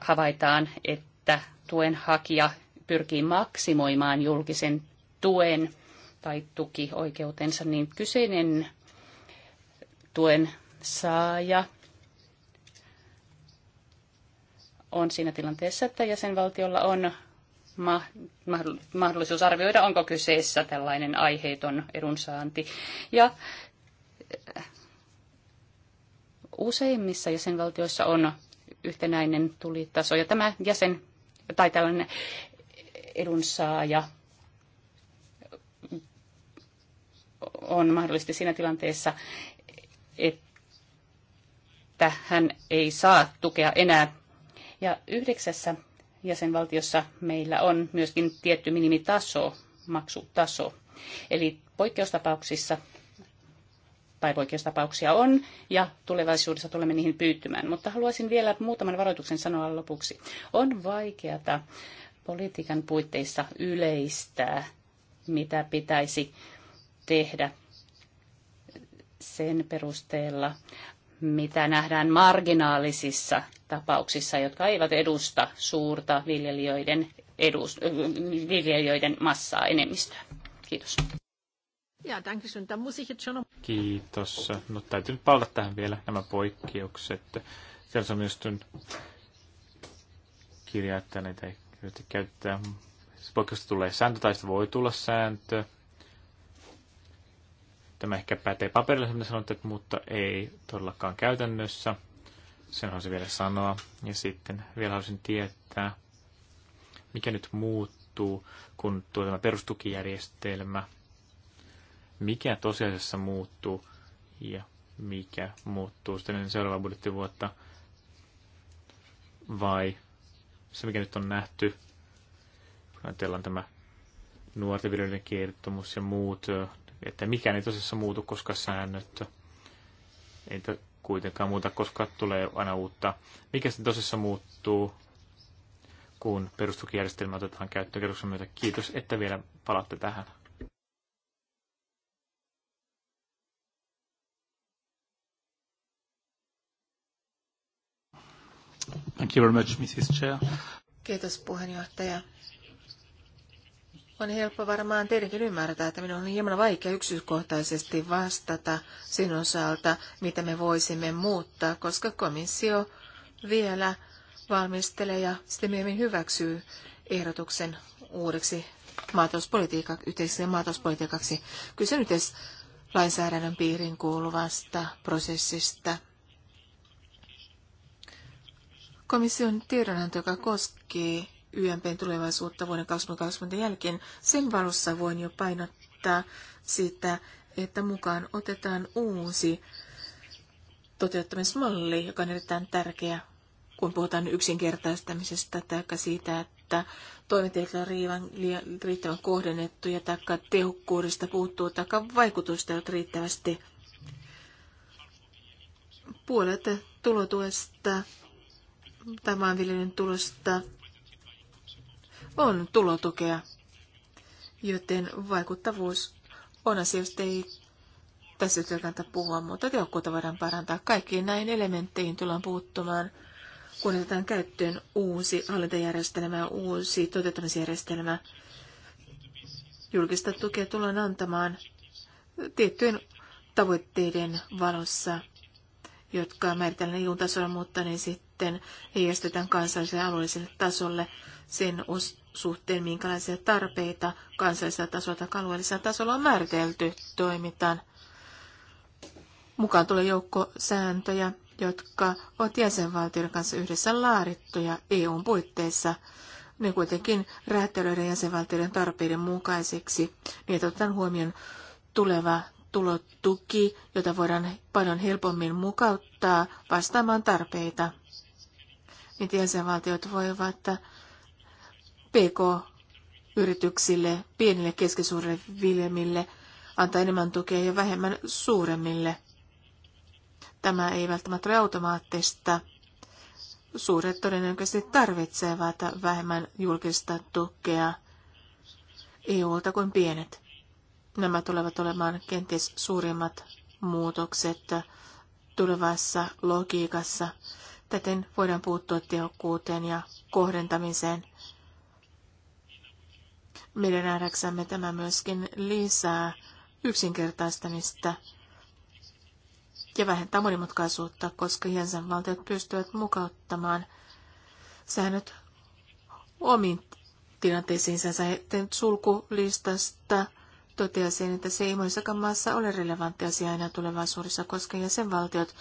havaitaan, että tuen hakija pyrkii maksimoimaan julkisen tuen tai tukioikeutensa, niin kyseinen tuen saaja on siinä tilanteessa, että jäsenvaltiolla on mahdollisuus arvioida, onko kyseessä tällainen aiheeton edunsaanti. Ja Useimmissa jäsenvaltioissa on yhtenäinen tulitaso ja tämä jäsen tai tällainen edunsaaja on mahdollisesti siinä tilanteessa, että hän ei saa tukea enää. Ja yhdeksässä jäsenvaltiossa meillä on myöskin tietty minimitaso, maksutaso. Eli poikkeustapauksissa päivoikeustapauksia on ja tulevaisuudessa tulemme niihin pyytymään. Mutta haluaisin vielä muutaman varoituksen sanoa lopuksi. On vaikeata politiikan puitteissa yleistää, mitä pitäisi tehdä sen perusteella, mitä nähdään marginaalisissa tapauksissa, jotka eivät edusta suurta viljelijöiden, edus, viljelijöiden massaa enemmistöä. Kiitos. Ja, danke schön. Da muss ich jetzt schon noch... Kiitos. No täytyy nyt palata tähän vielä nämä poikkeukset. Siellä on myös kirja, että näitä ei käyttää. Siis poikkeuksesta tulee sääntö tai sitä voi tulla sääntö. Tämä ehkä pätee paperilla, mitä että, mutta ei todellakaan käytännössä. Sen haluaisin vielä sanoa. Ja sitten vielä haluaisin tietää, mikä nyt muuttuu, kun tuo tämä perustukijärjestelmä – mikä tosiasiassa muuttuu ja mikä muuttuu sitten seuraavaa budjettivuotta vai se, mikä nyt on nähty, kun ajatellaan tämä nuorten viljelijöiden kertomus ja muut, että mikään ei tosiasiassa muutu, koska säännöt ei kuitenkaan muuta, koska tulee aina uutta. Mikä sitten tosissaan muuttuu, kun perustukijärjestelmä otetaan käyttöön kerroksen myötä? Kiitos, että vielä palatte tähän. Thank you very much, Mrs. Chair. Kiitos puheenjohtaja. On helppo varmaan teidänkin ymmärtää, että minun on hieman vaikea yksityiskohtaisesti vastata sinun osalta, mitä me voisimme muuttaa, koska komissio vielä valmistelee ja sitten myöhemmin hyväksyy ehdotuksen uudeksi maatalouspolitiikaksi, maatalouspolitiikaksi. Kyse nyt edes lainsäädännön piiriin kuuluvasta prosessista, Komission tiedonanto, joka koskee YMPn tulevaisuutta vuoden 2020 jälkeen, sen valossa voin jo painottaa sitä, että mukaan otetaan uusi toteuttamismalli, joka on erittäin tärkeä, kun puhutaan yksinkertaistamisesta tai siitä, että toimenpiteet on riivan, riittävän kohdennettuja tai tehokkuudesta puuttuu tai vaikutusta ei riittävästi. Puolet tulotuesta tai maanviljelyn tulosta on tulotukea, joten vaikuttavuus on asia, josta ei tässä ei kannata puhua, mutta tehokkuutta voidaan parantaa. Kaikkiin näihin elementteihin tullaan puuttumaan, kun otetaan käyttöön uusi hallintajärjestelmä, uusi toteuttamisjärjestelmä. Julkista tukea tullaan antamaan tiettyjen tavoitteiden valossa, jotka määritellään EU-tasolla, mutta ne sitten sitten heijastetaan kansalliselle alueelliselle tasolle sen suhteen, minkälaisia tarpeita kansallisella tasolla tai alueellisella tasolla on määritelty toimitaan. Mukaan tulee joukko sääntöjä, jotka ovat jäsenvaltioiden kanssa yhdessä laadittuja EUn puitteissa. Ne kuitenkin räätälöidään jäsenvaltioiden tarpeiden mukaiseksi Niitä otetaan huomioon tuleva tulotuki, jota voidaan paljon helpommin mukauttaa vastaamaan tarpeita niin jäsenvaltiot voivat PK-yrityksille, pienille keskisuurille viljelmille antaa enemmän tukea ja vähemmän suuremmille. Tämä ei välttämättä ole automaattista. Suuret todennäköisesti tarvitsevat vähemmän julkista tukea EUlta kuin pienet. Nämä tulevat olemaan kenties suurimmat muutokset tulevassa logiikassa Täten voidaan puuttua tehokkuuteen ja kohdentamiseen. Meidän nähdäksämme tämä myöskin lisää yksinkertaistamista ja vähentää monimutkaisuutta, koska jäsenvaltiot pystyvät mukauttamaan säännöt omiin tilanteisiinsa. Sitten sulkulistasta toteaisin, että se ei monissakaan maassa ole relevantti asia enää tulevaisuudessa, koska jäsenvaltiot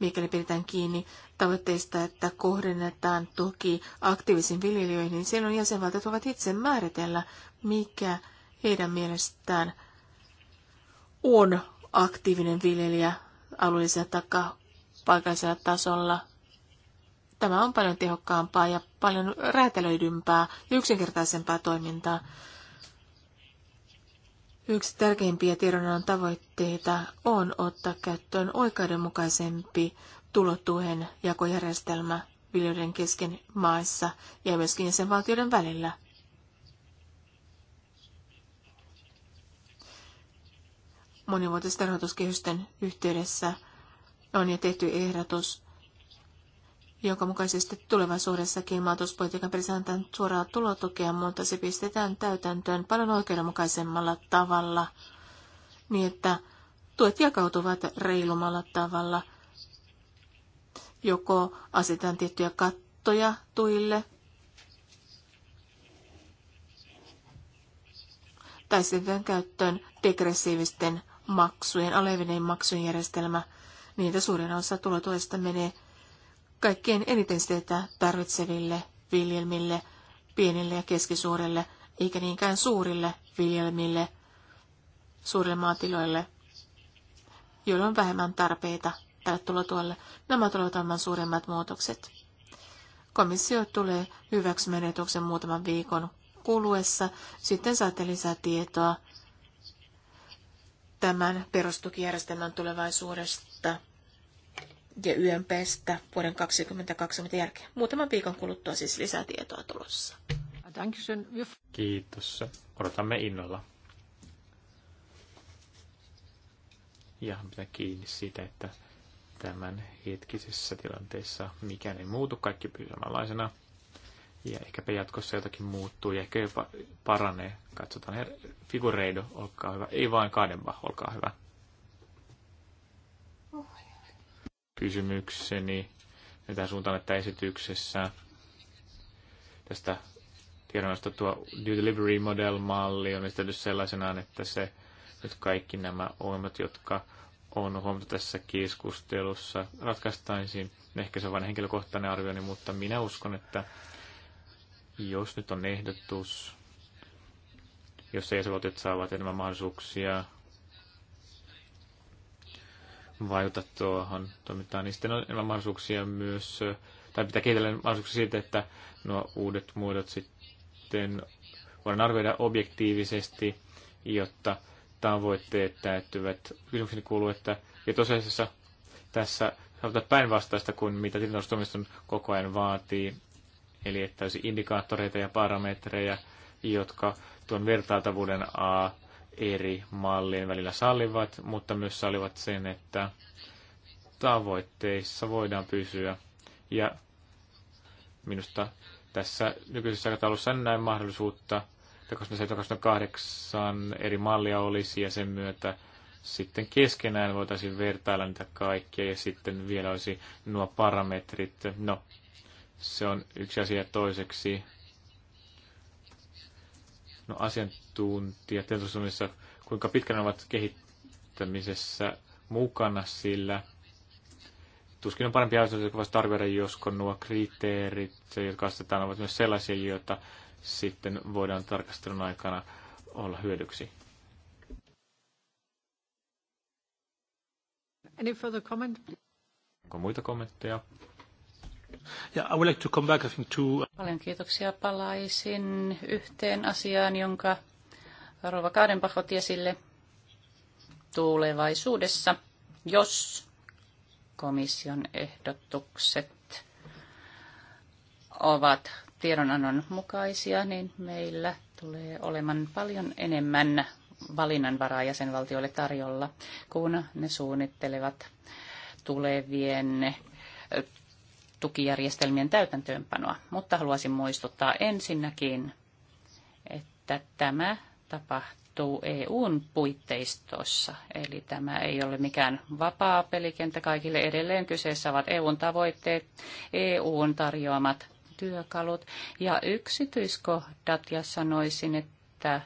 mikäli pidetään kiinni tavoitteista, että kohdennetaan tuki aktiivisiin viljelijöihin, niin silloin jäsenvaltiot voivat itse määritellä, mikä heidän mielestään on aktiivinen viljelijä alueellisella taka paikallisella tasolla. Tämä on paljon tehokkaampaa ja paljon räätälöidympää ja yksinkertaisempaa toimintaa. Yksi tärkeimpiä tiedonannon tavoitteita on ottaa käyttöön oikeudenmukaisempi tulotuen jakojärjestelmä viljelijöiden kesken maissa ja myöskin valtioiden välillä. Monivuotisten rahoituskehysten yhteydessä on jo tehty ehdotus jonka mukaisesti tulevaisuudessakin maatalouspolitiikan pitäisi suoraa tulotukea, mutta se pistetään täytäntöön paljon oikeudenmukaisemmalla tavalla, niin että tuet jakautuvat reilumalla tavalla. Joko asetetaan tiettyjä kattoja tuille, tai sitten käyttöön degressiivisten maksujen, alevinen maksujen järjestelmä. Niitä suurin osa tulotuesta menee kaikkein eniten sitä tarvitseville viljelmille, pienille ja keskisuurille, eikä niinkään suurille viljelmille, suurille maatiloille, joilla on vähemmän tarpeita tälle tulotuolle. Nämä tulevat olemaan suuremmat muutokset. Komissio tulee hyväksymään etuksen muutaman viikon kuluessa. Sitten saatte lisää tietoa tämän perustukijärjestelmän tulevaisuudesta ja YMPstä vuoden 2020 jälkeen. Muutaman viikon kuluttua siis lisää tietoa tulossa. Kiitos. Odotamme innolla. Ja pitää kiinni siitä, että tämän hetkisessä tilanteessa mikään ei muutu, kaikki pysyy samanlaisena. Ja ehkäpä jatkossa jotakin muuttuu ja ehkä jopa paranee. Katsotaan, her- figureido, olkaa hyvä. Ei vain Kadenbach, olkaa hyvä. kysymykseni tähän suuntaan, että esityksessä tästä tiedonannosta tuo due delivery model-malli on esitetty sellaisenaan, että se nyt kaikki nämä ongelmat, jotka on huomattu tässä keskustelussa, ratkaistaisiin. Ehkä se on vain henkilökohtainen arvioni, mutta minä uskon, että jos nyt on ehdotus, jos se saavat enemmän mahdollisuuksia vaikuta tuohon toimintaan. Niin sitten on enemmän mahdollisuuksia myös, tai pitää kehitellä mahdollisuuksia siitä, että nuo uudet muodot sitten voidaan arvioida objektiivisesti, jotta tavoitteet täyttyvät. Kysymykseni kuuluu, että ja tosiasiassa tässä saavutetaan päinvastaista kuin mitä tilintarkastustoimiston koko ajan vaatii, eli että olisi indikaattoreita ja parametreja, jotka tuon vertailtavuuden A eri mallien välillä sallivat, mutta myös sallivat sen, että tavoitteissa voidaan pysyä. Ja minusta tässä nykyisessä aikataulussa en näe mahdollisuutta, että 2008 eri mallia olisi ja sen myötä sitten keskenään voitaisiin vertailla niitä kaikkia ja sitten vielä olisi nuo parametrit. No, se on yksi asia toiseksi. No asiantuntijat teollisuudessa, kuinka pitkään ovat kehittämisessä mukana, sillä tuskin on parempi ajatus, että voisi arvioida, josko nuo kriteerit, jotka asetetaan, ovat myös sellaisia, joita sitten voidaan tarkastelun aikana olla hyödyksi. Any further comment? Onko muita kommentteja? I would like to come back to... Uh, paljon kiitoksia. Palaisin yhteen asiaan, jonka Rova Kaadenbach otti esille tulevaisuudessa, jos komission ehdotukset ovat tiedonannon mukaisia, niin meillä tulee olemaan paljon enemmän valinnanvaraa jäsenvaltioille tarjolla, kun ne suunnittelevat tulevien tukijärjestelmien täytäntöönpanoa, mutta haluaisin muistuttaa ensinnäkin, että tämä tapahtuu EUn puitteistossa. Eli tämä ei ole mikään vapaa pelikenttä kaikille. Edelleen kyseessä ovat EUn tavoitteet, EUn tarjoamat työkalut ja yksityiskohdat. Ja sanoisin, että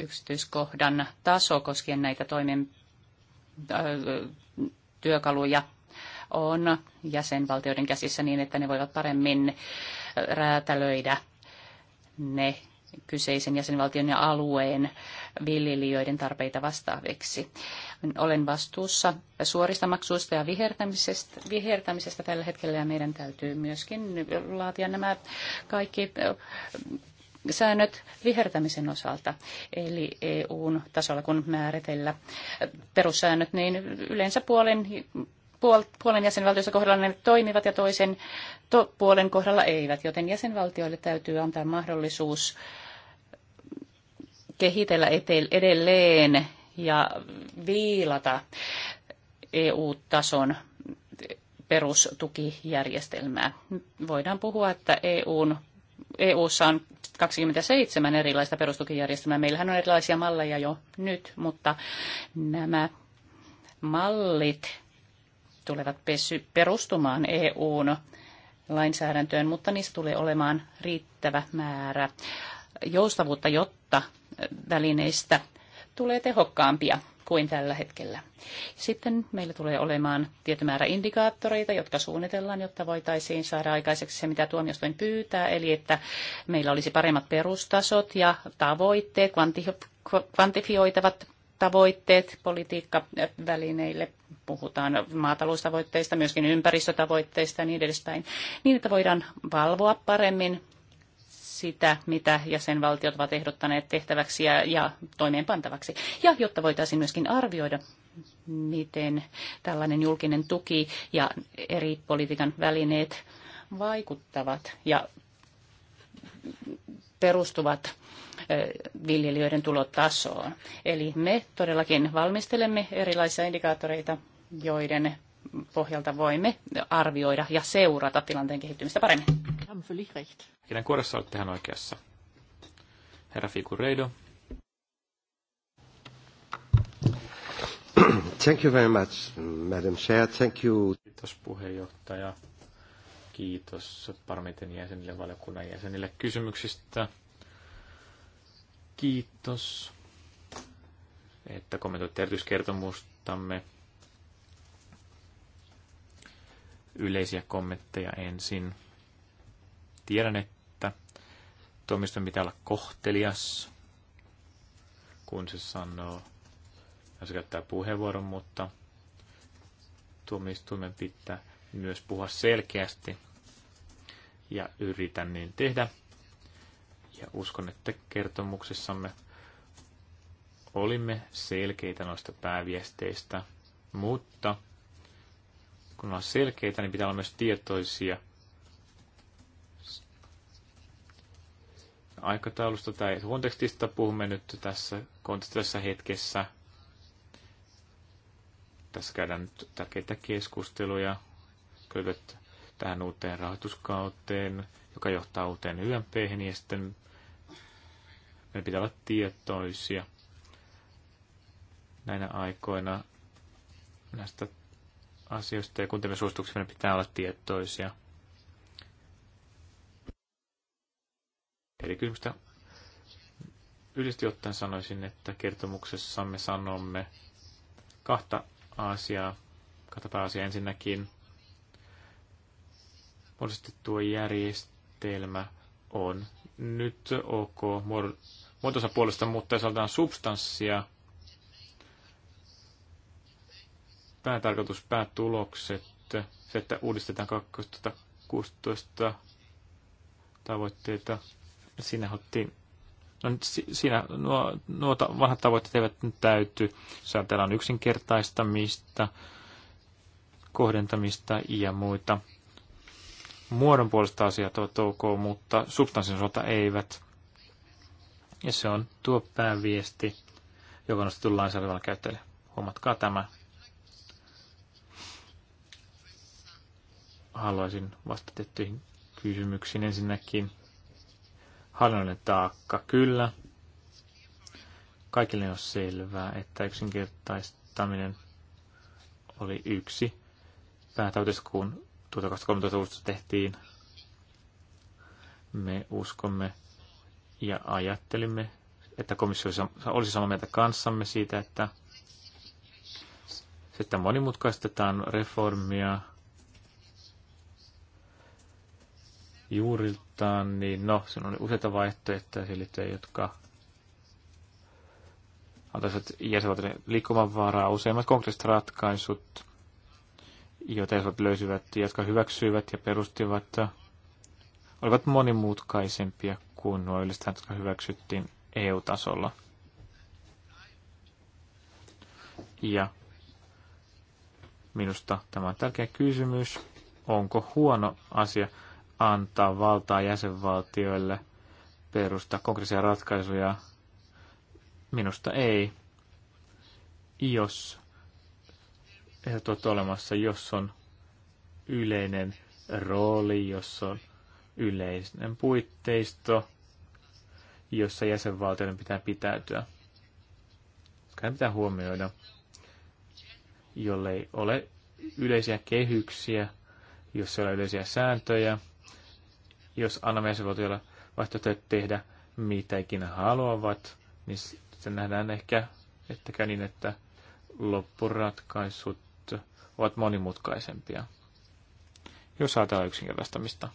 yksityiskohdan taso koskien näitä toimen, äh, työkaluja on jäsenvaltioiden käsissä niin, että ne voivat paremmin äh, räätälöidä ne kyseisen jäsenvaltion ja alueen viljelijöiden tarpeita vastaaviksi. Olen vastuussa suorista maksuista ja vihertämisestä, vihertämisestä tällä hetkellä ja meidän täytyy myöskin laatia nämä kaikki äh, säännöt vihertämisen osalta. Eli EUn tasolla kun määritellä äh, perussäännöt, niin yleensä puolen puolen jäsenvaltiossa kohdalla ne toimivat ja toisen to, puolen kohdalla eivät, joten jäsenvaltioille täytyy antaa mahdollisuus kehitellä edelleen ja viilata EU-tason perustukijärjestelmää. Voidaan puhua, että EUn EU:ssa on 27 erilaista perustukijärjestelmää. Meillähän on erilaisia malleja jo nyt, mutta nämä mallit tulevat perustumaan EUn lainsäädäntöön, mutta niissä tulee olemaan riittävä määrä joustavuutta, jotta välineistä tulee tehokkaampia kuin tällä hetkellä. Sitten meillä tulee olemaan tietty määrä indikaattoreita, jotka suunnitellaan, jotta voitaisiin saada aikaiseksi se, mitä tuomioistuin pyytää, eli että meillä olisi paremmat perustasot ja tavoitteet, kvantifioitavat tavoitteet politiikkavälineille, puhutaan maataloustavoitteista, myöskin ympäristötavoitteista ja niin edespäin, niin että voidaan valvoa paremmin sitä, mitä jäsenvaltiot ovat ehdottaneet tehtäväksi ja, ja toimeenpantavaksi. Ja jotta voitaisiin myöskin arvioida, miten tällainen julkinen tuki ja eri politiikan välineet vaikuttavat ja perustuvat viljelijöiden tulotasoon. Eli me todellakin valmistelemme erilaisia indikaattoreita, joiden pohjalta voimme arvioida ja seurata tilanteen kehittymistä paremmin. Kenen kuoressa olette ihan oikeassa? Herra Figureido. Thank you very much, Madam Chair. Thank you. Kiitos puheenjohtaja. Kiitos parmiten jäsenille, valiokunnan jäsenille kysymyksistä. Kiitos, että kommentoitte erityiskertomustamme. Yleisiä kommentteja ensin. Tiedän, että tuomiston pitää olla kohtelias, kun se sanoo, ja se käyttää puheenvuoron, mutta tuomioistuimen pitää myös puhua selkeästi ja yritän niin tehdä. Ja uskon, että kertomuksessamme olimme selkeitä noista pääviesteistä, mutta kun ollaan selkeitä, niin pitää olla myös tietoisia aikataulusta tai kontekstista puhumme nyt tässä, tässä hetkessä. Tässä käydään nyt tärkeitä keskusteluja, kyllä tähän uuteen rahoituskauteen, joka johtaa uuteen YMP, ja sitten meidän pitää olla tietoisia näinä aikoina näistä asioista ja kun teemme suosituksia, meidän pitää olla tietoisia. Eli kysymystä yleisesti ottaen sanoisin, että kertomuksessamme sanomme kahta asiaa, kahta pääasiaa ensinnäkin. Muodollisesti tuo järjestelmä on nyt ok muotonsa puolesta, mutta ei saataan substanssia, päätarkoitus, päätulokset, se, että uudistetaan 2016 tavoitteita. Siinä haluttiin No, siinä nuo, nuo vanhat tavoitteet eivät nyt täyty. on yksinkertaistamista, kohdentamista ja muita. Muodon puolesta asiat ovat ok, mutta substanssin osalta eivät. Ja se on tuo pääviesti, joka nostettu lainsäädännöllä käyttäjille. Huomatkaa tämä. Haluaisin vastata tiettyihin kysymyksiin ensinnäkin. Hallinnollinen taakka, kyllä. Kaikille on selvää, että yksinkertaistaminen oli yksi päätavoitteista, kun 2013 tuota tehtiin. Me uskomme ja ajattelimme, että komissio olisi samaa mieltä kanssamme siitä, että että monimutkaistetaan reformia juuriltaan, niin no, siinä on useita vaihtoehtoja selittää, jotka antaisit jäsenvaltioiden liikkumavaraa, useimmat konkreettiset ratkaisut, joita jäsenvaltiot löysivät, jotka hyväksyivät ja perustivat, olivat monimutkaisempia kuin nuo yleistöt, jotka hyväksyttiin EU-tasolla. Ja minusta tämä on tärkeä kysymys. Onko huono asia antaa valtaa jäsenvaltioille perustaa konkreettisia ratkaisuja? Minusta ei. Jos ehdotot olemassa, jos on yleinen rooli, jos on yleinen puitteisto, jossa jäsenvaltioiden pitää pitäytyä. Jotka pitää huomioida, jollei ole yleisiä kehyksiä, jos ei ole yleisiä sääntöjä, jos annamme jäsenvaltioilla vaihtoehtoja tehdä mitä ikinä haluavat, niin sitten nähdään ehkä, että käy niin, että loppuratkaisut ovat monimutkaisempia, jos saadaan yksinkertaistamista.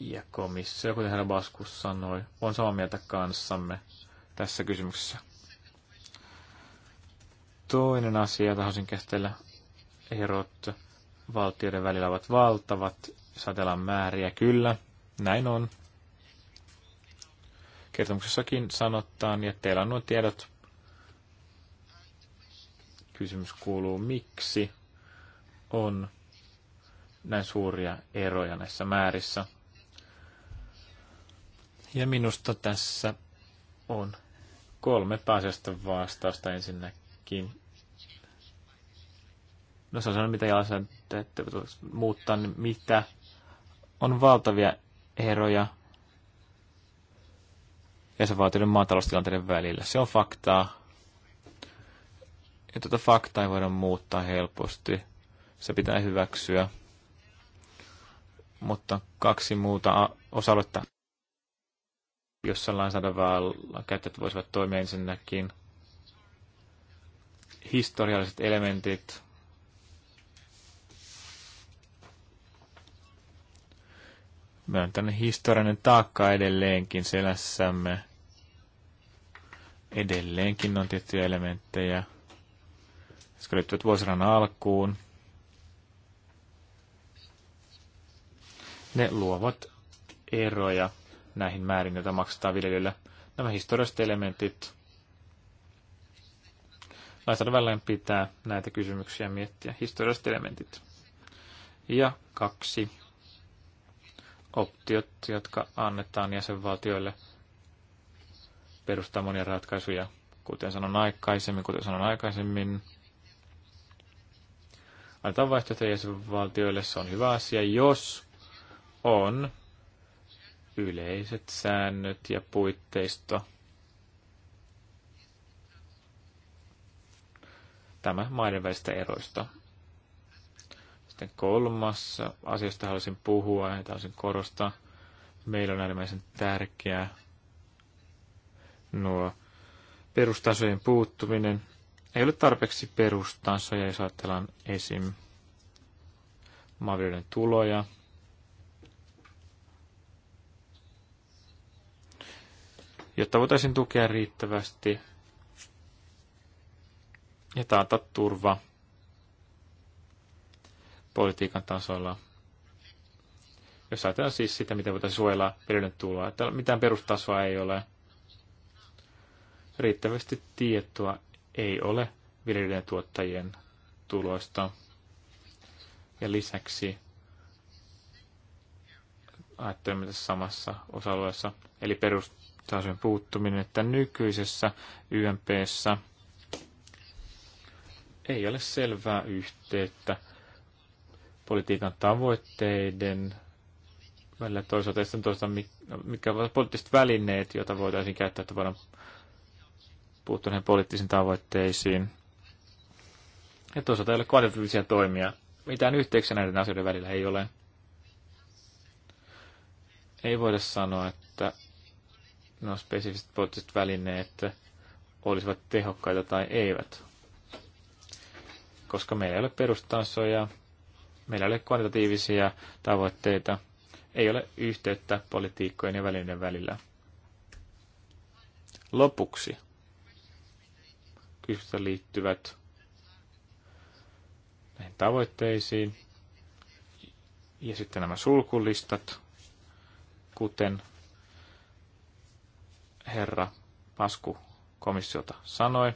Ja missä kuten hän Baskus sanoi, on samaa mieltä kanssamme tässä kysymyksessä. Toinen asia, jota haluaisin käsitellä, erot valtioiden välillä ovat valtavat, satelan määriä kyllä, näin on. Kertomuksessakin sanotaan, ja teillä on nuo tiedot. Kysymys kuuluu, miksi on näin suuria eroja näissä määrissä. Ja minusta tässä on kolme pääasiasta vastausta ensinnäkin. No se on sanonut, mitä jalasen, että muuttaa, niin mitä. On valtavia eroja vaatii maataloustilanteiden välillä. Se on faktaa. Ja tuota faktaa ei voida muuttaa helposti. Se pitää hyväksyä. Mutta kaksi muuta osa-aluetta jossa lainsäädävällä käyttäjät voisivat toimia ensinnäkin historialliset elementit, on tänne historiallinen taakka edelleenkin selässämme. Edelleenkin on tiettyjä elementtejä, jotka liittyvät vuosisadan alkuun. Ne luovat eroja näihin määrin, joita maksetaan viljelijöille. Nämä historialliset elementit. välein pitää näitä kysymyksiä miettiä. Historialliset elementit. Ja kaksi. Optiot, jotka annetaan jäsenvaltioille perustaa monia ratkaisuja, kuten sanon aikaisemmin, kuten sanon aikaisemmin. Annetaan vaihtoehtoja jäsenvaltioille, se on hyvä asia, jos on yleiset säännöt ja puitteisto. Tämä maiden välistä eroista. Sitten kolmas asiasta haluaisin puhua ja haluaisin korostaa. Meillä on äärimmäisen tärkeää nuo perustasojen puuttuminen. Ei ole tarpeeksi perustasoja, jos ajatellaan esim. maanviljelijöiden tuloja – jotta voitaisiin tukea riittävästi ja taata turva politiikan tasolla. Jos ajatellaan siis sitä, miten voitaisiin suojella perinnön tuloa, että mitään perustasoa ei ole, riittävästi tietoa ei ole viljelijöiden tuottajien tuloista. Ja lisäksi ajattelemme tässä samassa osa-alueessa, eli perust tasojen puuttuminen, että nykyisessä YMPssä ei ole selvää yhteyttä politiikan tavoitteiden välillä toisaalta ja sitten toisaalta, mitkä ovat poliittiset välineet, joita voitaisiin käyttää, että voidaan puuttua näihin poliittisiin tavoitteisiin. Ja toisaalta ei ole kvalitatiivisia toimia. Mitään yhteyksiä näiden asioiden välillä ei ole. Ei voida sanoa, että no, spesifiset poliittiset välineet olisivat tehokkaita tai eivät. Koska meillä ei ole perustasoja, meillä ei ole kvantitatiivisia tavoitteita, ei ole yhteyttä politiikkojen ja välineiden välillä. Lopuksi kysymykset liittyvät näihin tavoitteisiin ja sitten nämä sulkulistat, kuten herra Pasku komissiota sanoi.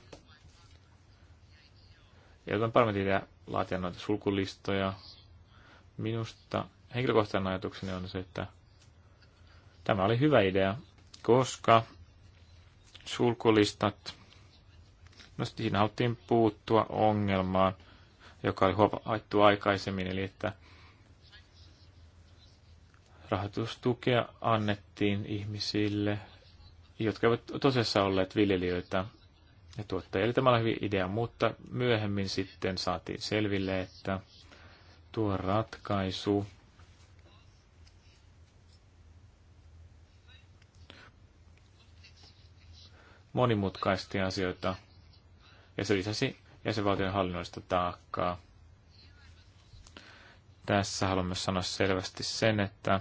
Ja paremmin tiedä laatia noita sulkulistoja. Minusta henkilökohtainen ajatukseni on se, että tämä oli hyvä idea, koska sulkulistat, no siinä haluttiin puuttua ongelmaan, joka oli huomattu aikaisemmin, eli että rahoitustukea annettiin ihmisille, jotka ovat tosiasiassa olleet viljelijöitä ja tuottajia. Eli tämä oli hyvin idea, mutta myöhemmin sitten saatiin selville, että tuo ratkaisu monimutkaisti asioita ja se lisäsi jäsenvaltion hallinnollista taakkaa. Tässä haluan myös sanoa selvästi sen, että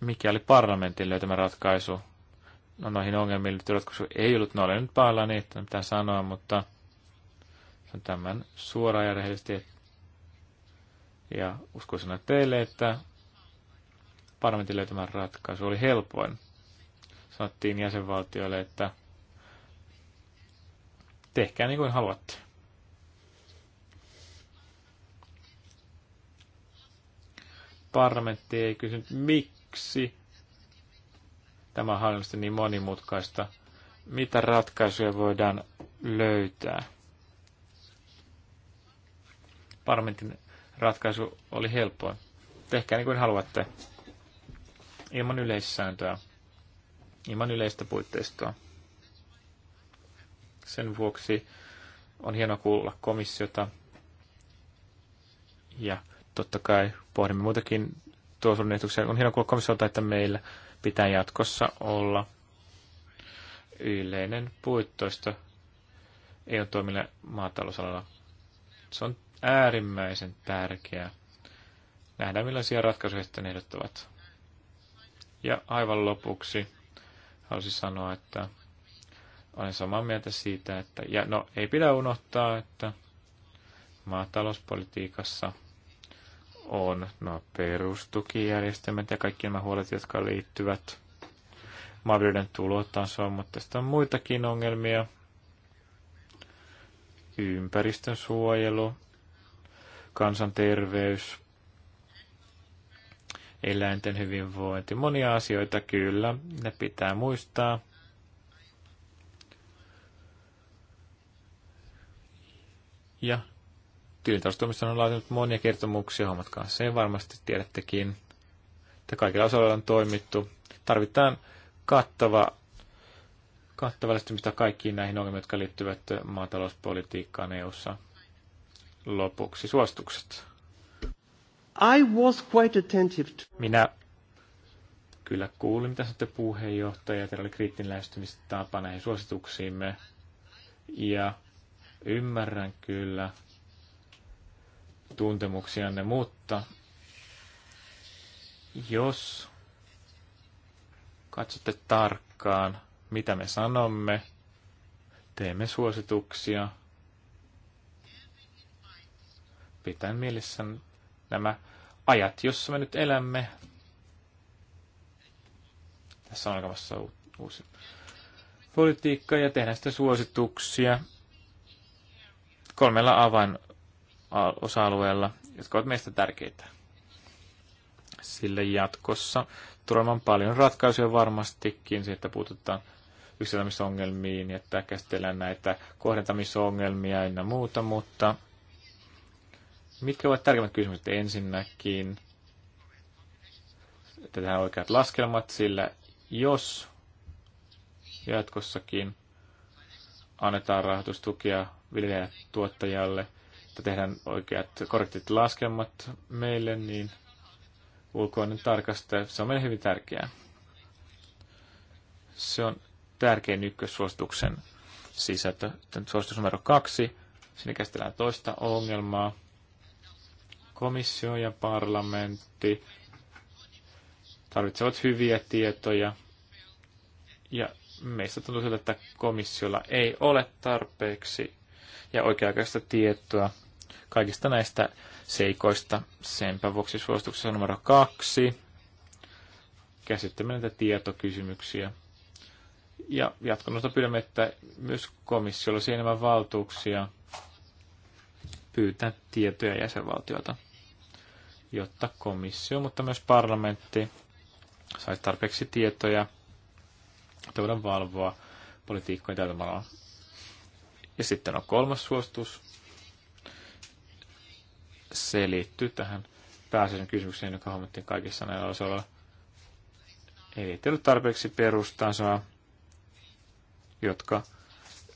mikä oli parlamentin löytämä ratkaisu no, noihin ongelmiin liittyvä ratkaisu. Ei ollut, no olen nyt niin, että mitä sanoa, mutta tämän suoraan ja rehellisesti. Ja uskoisin sanoa teille, että parlamentin löytämä ratkaisu oli helpoin. Sanottiin jäsenvaltioille, että tehkää niin kuin haluatte. Parlamentti ei kysynyt, mik, miksi tämä on hallinnollisesti niin monimutkaista, mitä ratkaisuja voidaan löytää. Parlamentin ratkaisu oli helpoin. Tehkää niin kuin haluatte. Ilman yleissääntöä. Ilman yleistä puitteistoa. Sen vuoksi on hienoa kuulla komissiota. Ja totta kai pohdimme muutakin Tuo sun ehdotukseen. On hienoa kuulla että meillä pitää jatkossa olla yleinen puittoista ei ole toimille maatalousalalla. Se on äärimmäisen tärkeää. Nähdään millaisia ratkaisuja sitten ehdottavat. Ja aivan lopuksi haluaisin sanoa, että olen samaa mieltä siitä, että ja no, ei pidä unohtaa, että maatalouspolitiikassa – on no, perustukijärjestelmät ja kaikki nämä huolet, jotka liittyvät maanviljelijöiden tulotasoon, mutta tästä on muitakin ongelmia. Ympäristön suojelu, kansanterveys, eläinten hyvinvointi, monia asioita kyllä, ne pitää muistaa. Ja Tilintarkastustoimisto on laatinut monia kertomuksia, hommatkaa sen varmasti tiedättekin, että kaikilla osalla on toimittu. Tarvitaan kattava, kattava lähestymistä kaikkiin näihin ongelmiin, jotka liittyvät maatalouspolitiikkaan eu Lopuksi suositukset. I was quite attentive to... Minä kyllä kuulin, mitä sanotte puheenjohtaja. Teillä oli kriittinen lähestymistapa näihin suosituksiimme. Ja ymmärrän kyllä tuntemuksianne, mutta jos katsotte tarkkaan, mitä me sanomme, teemme suosituksia, pitäen mielessä nämä ajat, jossa me nyt elämme. Tässä on alkamassa uusi politiikka ja tehdään sitten suosituksia kolmella avain osa-alueella, jotka ovat meistä tärkeitä. Sille jatkossa tulemaan paljon ratkaisuja varmastikin siitä, että puututaan yksilämisongelmiin, että käsitellään näitä kohdentamisongelmia ja muuta, mutta mitkä ovat tärkeimmät kysymykset ensinnäkin? Tehdään oikeat laskelmat, sillä jos jatkossakin annetaan rahoitustukia viljelijätuottajalle – että tehdään oikeat korrektit laskelmat meille, niin ulkoinen tarkastaja, se on meille hyvin tärkeää. Se on tärkein ykkössuosituksen sisältö. Suositus numero kaksi, siinä käsitellään toista ongelmaa. Komissio ja parlamentti tarvitsevat hyviä tietoja ja meistä tuntuu siltä, että komissiolla ei ole tarpeeksi ja oikea-aikaista tietoa kaikista näistä seikoista. Senpä vuoksi siis suosituksessa numero kaksi Käsittämme näitä tietokysymyksiä. Ja jatkunnosta pyydämme, että myös komissiolla olisi enemmän valtuuksia pyytää tietoja jäsenvaltiota, jotta komissio, mutta myös parlamentti saisi tarpeeksi tietoja, että voidaan valvoa politiikkojen täytämällä. Ja sitten on kolmas suositus, se liittyy tähän pääasiallisen kysymykseen, joka hommattiin kaikissa näillä osalla. Eli ei ollut tarpeeksi perustasoa, jotka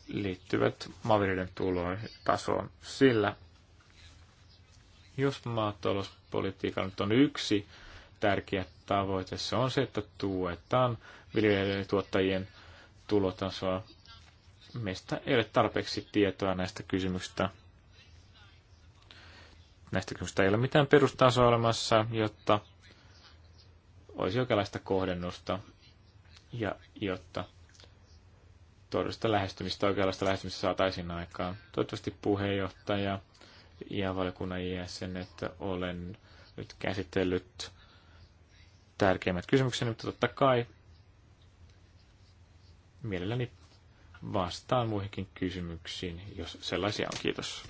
liittyvät maviriden tuloon tasoon. Sillä jos maatalouspolitiikka nyt on yksi tärkeä tavoite, se on se, että tuetaan viljelijöiden ja tuottajien tulotasoa. Meistä ei ole tarpeeksi tietoa näistä kysymyksistä näistä kysymyksistä ei ole mitään perustasoa olemassa, jotta olisi jokinlaista kohdennusta ja jotta todellista lähestymistä, oikeanlaista lähestymistä saataisiin aikaan. Toivottavasti puheenjohtaja ja valiokunnan että olen nyt käsitellyt tärkeimmät kysymykset, mutta totta kai mielelläni vastaan muihinkin kysymyksiin, jos sellaisia on. Kiitos.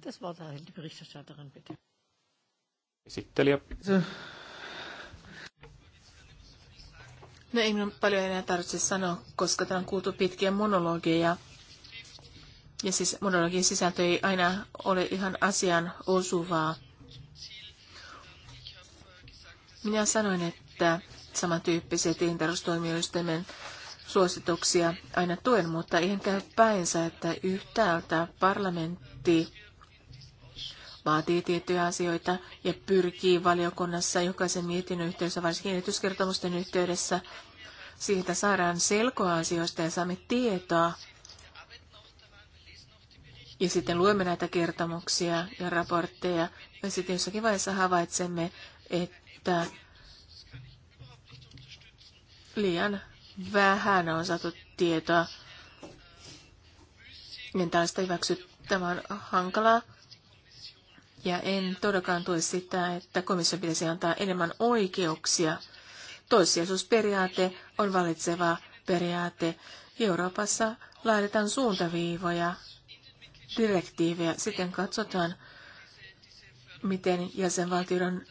Das Wort erhält die Berichterstatterin, bitte. Esittelijä. No ei minun paljon enää tarvitse sanoa, koska tämä on kuultu pitkiä monologeja. Ja siis monologin sisältö ei aina ole ihan asian osuvaa. Minä sanoin, että samantyyppiset tilintarkastustoimijoistamme suosituksia aina tuen, mutta ihan käy päinsä, että yhtäältä parlamentti vaatii tiettyjä asioita ja pyrkii valiokunnassa jokaisen mietinnön yhteydessä, varsinkin edistyskertomusten yhteydessä, siitä saadaan selkoa asioista ja saamme tietoa. Ja sitten luemme näitä kertomuksia ja raportteja ja sitten jossakin vaiheessa havaitsemme, että liian vähän on saatu tietoa. Niin tällaista hyväksy. Tämä on hankalaa ja en todellakaan tue sitä, että komissio pitäisi antaa enemmän oikeuksia. Toissijaisuusperiaate on valitseva periaate. Euroopassa laaditaan suuntaviivoja, direktiivejä. Sitten katsotaan, miten jäsenvaltioiden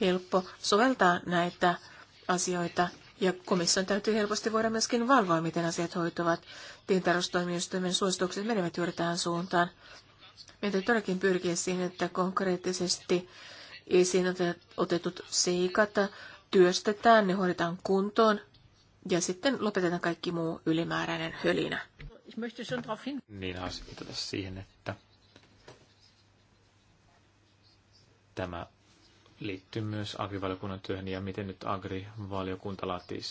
helppo soveltaa näitä asioita. Ja komission täytyy helposti voida myöskin valvoa, miten asiat hoituvat. Tientarustoimijoistuimen suositukset menevät juuri tähän suuntaan. Meidän todellakin pyrkiä siihen, että konkreettisesti esiin otetut seikat työstetään, ne hoidetaan kuntoon ja sitten lopetetaan kaikki muu ylimääräinen hölinä. Niin haluaisin siihen, että tämä liittyy myös agrivaliokunnan työhön ja miten nyt agrivaliokunta laatii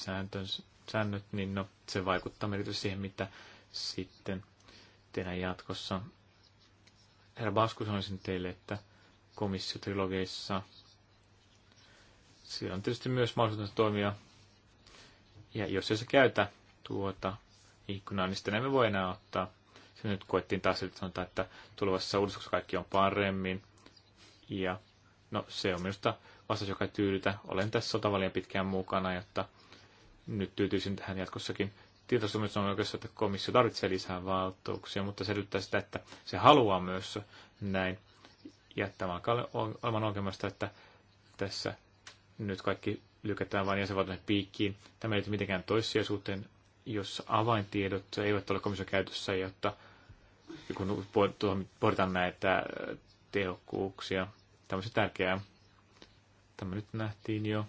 säännöt, niin no, se vaikuttaa erityisesti siihen, mitä sitten tehdään jatkossa herra Basku, sanoisin teille, että komissiotrilogeissa siellä on tietysti myös mahdollisuus toimia. Ja jos ei se käytä tuota ikkunaa, niin sitten emme voi enää ottaa. Se nyt koettiin taas, että sanotaan, että tulevassa uudistuksessa kaikki on paremmin. Ja no se on minusta vastaus, joka ei tyydytä. Olen tässä sotavalien pitkään mukana, jotta nyt tyytyisin tähän jatkossakin tietoistumisessa on oikeassa, että komissio tarvitsee lisää valtuuksia, mutta se edellyttää sitä, että se haluaa myös näin. jättää tämä olemaan ongelmasta, että tässä nyt kaikki lykätään vain jäsenvaltioiden piikkiin. Tämä ei ole mitenkään toissijaisuuteen, jos avaintiedot eivät ole komission käytössä, jotta kun pohditaan näitä äh, tehokkuuksia. Tämä on se tärkeää. Tämä nyt nähtiin jo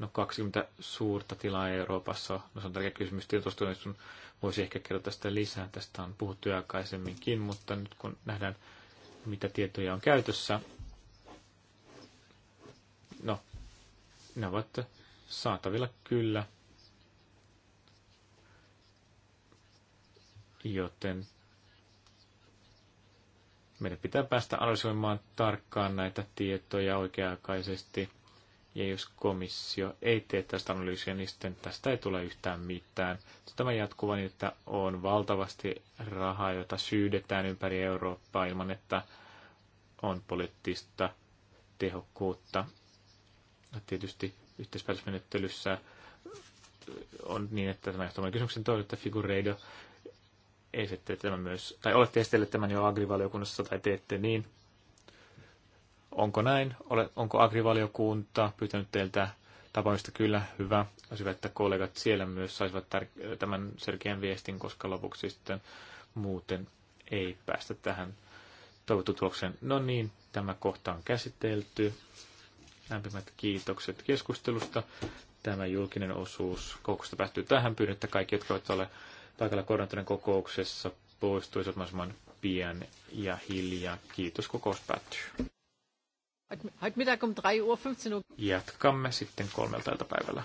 No 20 suurta tilaa Euroopassa, no se on tärkeä kysymys, tietoistuneisuus voisi ehkä kertoa tästä lisää, tästä on puhuttu aikaisemminkin, mutta nyt kun nähdään, mitä tietoja on käytössä, no, ne ovat saatavilla kyllä, joten meidän pitää päästä analysoimaan tarkkaan näitä tietoja oikea-aikaisesti – ja jos komissio ei tee tästä analyysiä, niin sitten tästä ei tule yhtään mitään. Tämä jatkuva niin, että on valtavasti rahaa, jota syydetään ympäri Eurooppaa ilman, että on poliittista tehokkuutta. Tietysti yhteispäätösmenettelyssä on niin, että tämä johtavan kysymyksen toivon, että Figureido esittää tämän myös, tai olette esitelleet tämän jo agrivaliokunnassa tai teette niin, Onko näin? Ole, onko agrivaliokunta pyytänyt teiltä tapaamista? Kyllä, hyvä. Olisi hyvä, että kollegat siellä myös saisivat tämän selkeän viestin, koska lopuksi sitten muuten ei päästä tähän toivottu tulokseen. No niin, tämä kohta on käsitelty. Lämpimät kiitokset keskustelusta. Tämä julkinen osuus kokousta päättyy tähän. Pyydän, että kaikki, jotka ovat olleet paikalla koordinaattorin kokouksessa, poistuisivat mahdollisimman pian ja hiljaa. Kiitos, kokous päättyy. Um Jatkamme sitten kolmelta päivällä.